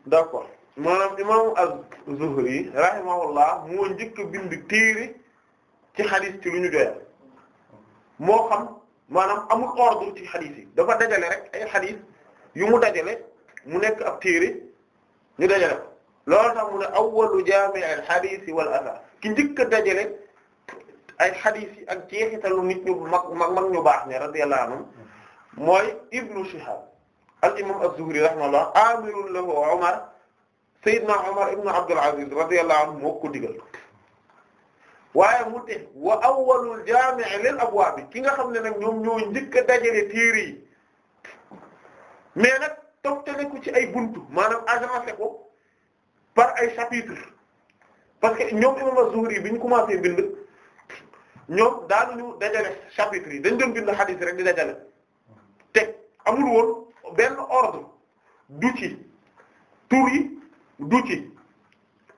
bi d'accord maanaam imam az-Zuhri rahimahullah moo njëkk a bind téere ci xadis ci lu ñu doyal moo xam maanaam amul ordre ci xadis yi dafa dajale rek ay xadis yu mu dajale mu nekk ab téere ñu dajale loolu tax mu ne awwalu jaami' al hadith wal athar ki njëkk a dajale ay hadith yi ak jeexitalu nit ñu mag mag ñu baax ne radiyallahu anhum mooy Ibnu Shihab al imam az-Zuhri rahimahullah amirun lahu Umar Seydina Omar ibn Abdul Aziz radiyallahu anhu moo ko digal waaye mu te wa awwalul jaami' lil abwaab ki nga xam ne nag ñoom ñoo njëkk a dajale téere yi mais nag toftale ko ci ay buntu maanaam agencé ko par ay chapitre parce que ñoom imam az-Zuhri bi ñu commencé bind ñoom daanuñu dajale chapitre dañ doon bind xadis rek di dajale te amul woon benn ordre du ci tur yi du ci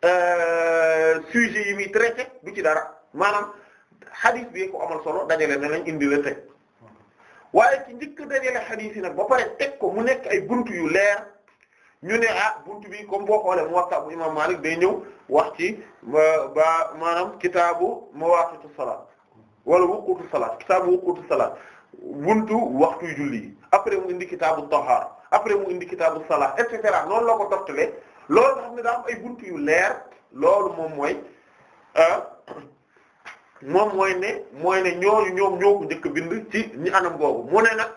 euh, sujet yi muy traité du ci dara maanaam xadis bi ko amal solo dajale na lañ indi la teg waaye ci njëkk dajale xadis yi nag ba pare teg ko mu nekk ay buntu yu leer ñu ne ah buntu bi comme boo xoolee Muwatta bu imam Malik day ñëw wax ci ba maanaam kitaabu mawaaqitu salaat wala wuqutu salaat kitaabu wuqutu salaat buntu waxtu julli yi après mu indi kitaabu tahaar après mu indi kitaabu salaat et cetera noonu la ko toftale loolu nga xam ne am ay buntu yu leer loolu moom mooy ah, moom mooy ne mooy ne ñooñu ñoom ñoo ko njëkk bind ci ñi anam googu mu ne nag.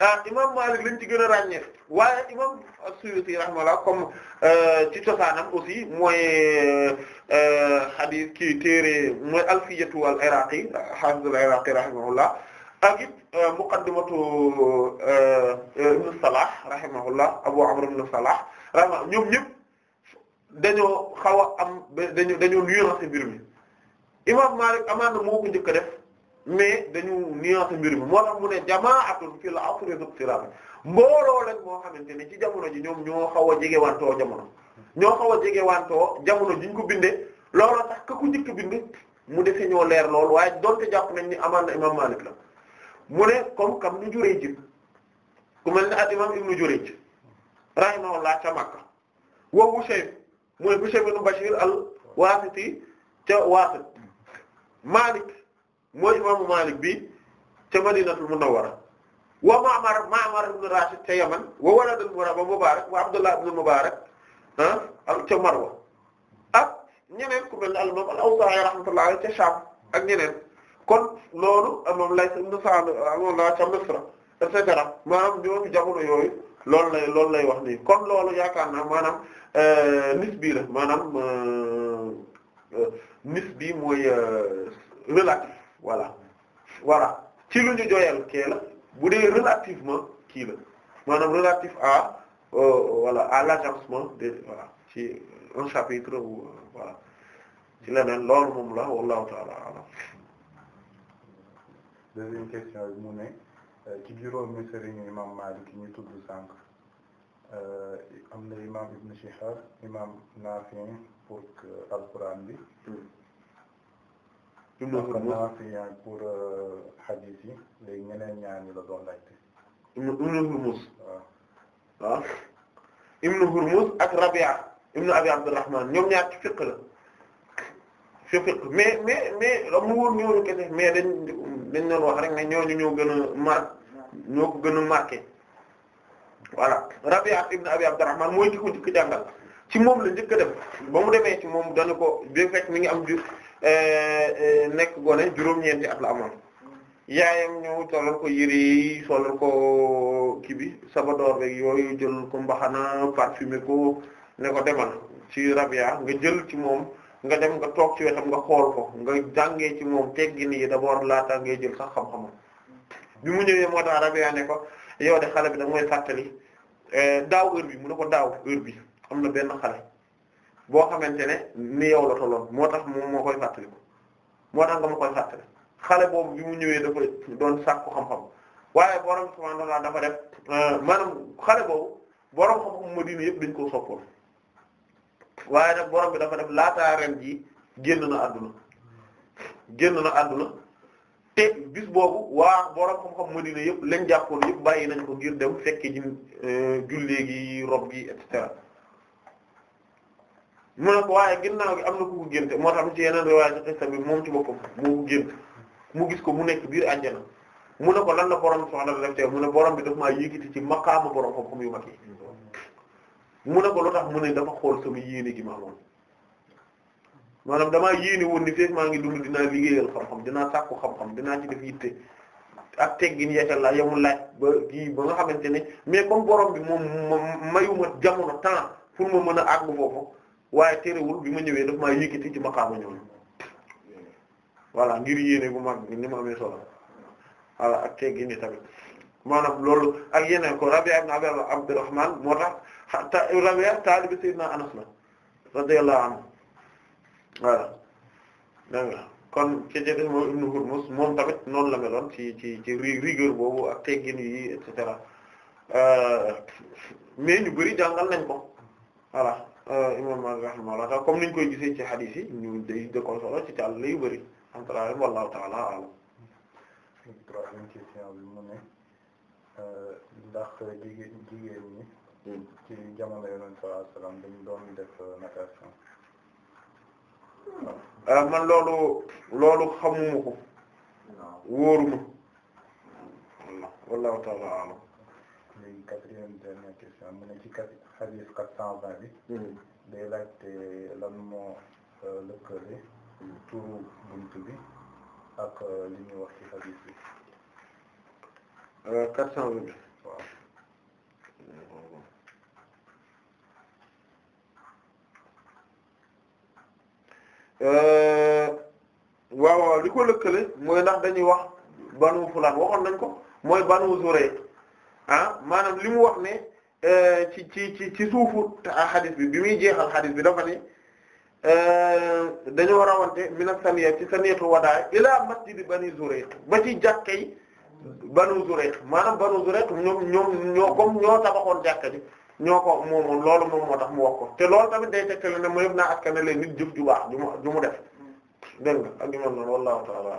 ah imam Malik lañ ci gën a ràññee waaye imam As-Suyuti rahimahullah comme euh, ci cosaanam aussi mooy euh, euh, hadith kii téere mooy Alfiyatu al-Iraqi hafiz al-Iraqi rahimahullah ak it muqaddimatu Ibn Salah rahimahullah Abu Amr ibn Salah rahimahullah ñoom ñëpp dañoo xaw a am dañoo dañoo nuancé mbir mi imam Malik amaan na moo ko njëkk def. mais dañu nuance mbir mi moo tax mu ne jamaatun fil asri ikhtilaf mbooloo lañ moo xamante ne ci jamono ji ñoom ñoo xaw a jegewantoo jamono ñoo xaw a jegewantoo jamono jiñ ko bindee looloo tax ka ku njëkk bind mu defe ñoo leer lool waaye donte jàpp nañ ni amaan na imam Malik la mu ne comme kam nu juree ji ku mel ne ak imam ibnu juree ji rahimahullah ca Makka wa Hushaym mooy Hushaym ibn Bashir al Wasiti ca Wasit Malik mooy imaamu Maalik bi ca Madinatul Munawwara wa Ma'mar Ma'mar ibn Rashid ca Yaman wa walad al-Murabba Mubaarak wa Abdullah ibn Mubaarak ah, ak ca Marwa ak ñeneen ku mel ne al-Imaam al-Awzaa'i ca Shaam ak ñeneen kon loolu moom Layth ibn Sa'd rahimahullah ca Misra et cetera maanaam ñooñu jamono yooyu loolu lay wax nii kon loolu yaakaar naa maanaam euh, nisbi la maanaam euh, euh, nisbi mooy relatif. voilà voilà ci lu ñu joyal kee bu dee relativement kii la maanaam relatif à euh, voilà à l'agencement de voilà ci un chapitre ou euh, ci leneen loolu moom la wallahu ta'ala alam deuxième question bi mu ne euh, ci juróomi sëriñu imam Malik ñu tudd sànq am na imam Ibn Shihab imam Nafi pour alquran ibn Nafi' pour euh, hadith yi léegi ñeneen ñaar ñi la doon laajte. ibn Hurmuz ak Rabi'a ibn Abi Abdurrahman ñoom ñaar ci fiqh la ci fiqh mais mais mais mu wóor ñooñu kese mais dañ dañ doon wax rek ne ñoo ñoo gën a marqué voilà Rabi'a ibn Abi Abdurrahman mooy ki ko njëkk jàngal ci moom la njëkk dem ba mu demee ci moom dana ko ba fekk ngi am jur Eh, eh, nekk gone juróom-ñeenti at la amoon yaayam ñëw solal ko yére yi solal ko kii bi sabadoor rek yooyu jël ko mbaxana parfumé ko ne ko demal ci rabia nga jël ci moom nga dem nga toog ci wetam nga xool ko nga jàngee ci moom teggin yi d'abord laata ngay jël sax xam-xamam bi mu ñëwee moo tax rabia ne ko yow de xale bi da mooy fàttali eh, daaw heure bi mu ne ko daaw heure bi am na benn xale boo xamante ne ni yow la tolloon moo tax moom moo koy fàttali moo tax nga ma koy fàttali xale boobu bi mu ñëwee dafa doon sàkku xam-xam waaye borom wa ta'ala dafa def euh, maanaam xale boobu yëpp dañ koo soppoon waaye borom bi dafa def laataa ren ji génn na àdduna génn na àdduna te bis boobu waa borom xam-xam Madina yëpp lañ jàppoon yëpp bàyyi nañ ko ngir dem fekk ji euh, jullee gi rob gi et cetera. mu ne ko waaye ginnaaw gi am na ku ko gént moo tax ci yeneen riwaaya ci xissa bi moom ci mu gént mu gis ko mu nekk biir àjjana mu ne ko lan la borom soxla def te mu ne borom bi daf maa yëkkati ci maqaama borom xam-xam yu mag yi mu ne ko lu tax mu ne dafa xool sama yéene gi ma maanaam damaa yéene woon ni feek maa ngi dund dinaa liggéeyal xam-xam dinaa sàkku xam-xam dinaa ci def yitte ak teggin yeesal la yamul laaj ba kii ba nga xamante ne mais comme borom bi moom mayuma jamono temps pour ma mën a àgg foofu. waaye terewul bi ma ñëwee daf maa yëkkati ci maqaama ñoom voilà ngir yéene gu mag ni ma amee solo voilà ak teggin ni tamit maanaam loolu ak yeneen ko Rabi' ibn Abdurrahman moo tax ta Rabi' taalibi Sayyidina Anas la radiyallahu anhu voilà nga kon ci jënd moom Ibn Hurmuz moom tamit noonu la meloon ci ci ci rigueur boobu ak teggin yi et cetera euh, mais ñu bari jàngal nañ ko voilà Euh, imam Maalik rahimahullah taala comme niñ koy gisee ci hadith yi ñu day dëkkoon solo ci càll yu bëri amtalaale wallahu taala alam troisième question bi mu ne ndax jigéen jigéen ñi ci jamono Yonent sallallahu alayhi wasallam dañ doon def euh, natation euh, man loolu loolu xamuma ko wóoruma wallahu taala alam léegi quatrième dernière question mu ne ci kat xadis hmm. euh, euh, li ñuy wax ci xadis bi euh, waaw waaw li ko lëkkale mooy ndax dañuy wax banu fulaan waxoon nañ ko mooy banu zuree ah maanaam li mu wax ne ci ci ci ci suufu xadis bi bi muy jeexal xadis bi dafa ni dañoo rawante mina saniya ci saniyatu wadaa ila masjid bani Zurayq ba ci jàkkay banu Zurayq maanaam banu Zurayq ñoom ñoom ñoo comme ñoo tabaxoon jàkka ji ñoo ko moomoon loolu moom moo tax mu wax te loolu tamit day tegtale ne ma yëpp naa askan leen nit jëf ju baax ju def dégg ak ñu mel noonu wallahu ta'ala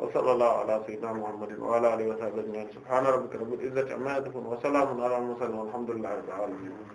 wa sallallahu ala sayyidina muhammadin wa ala alihi wa sahbihi ajma'in subhana rabbika rabbil izzati amma yasifun wa salamun ala al mursalin walhamdulillahi rabbil alamin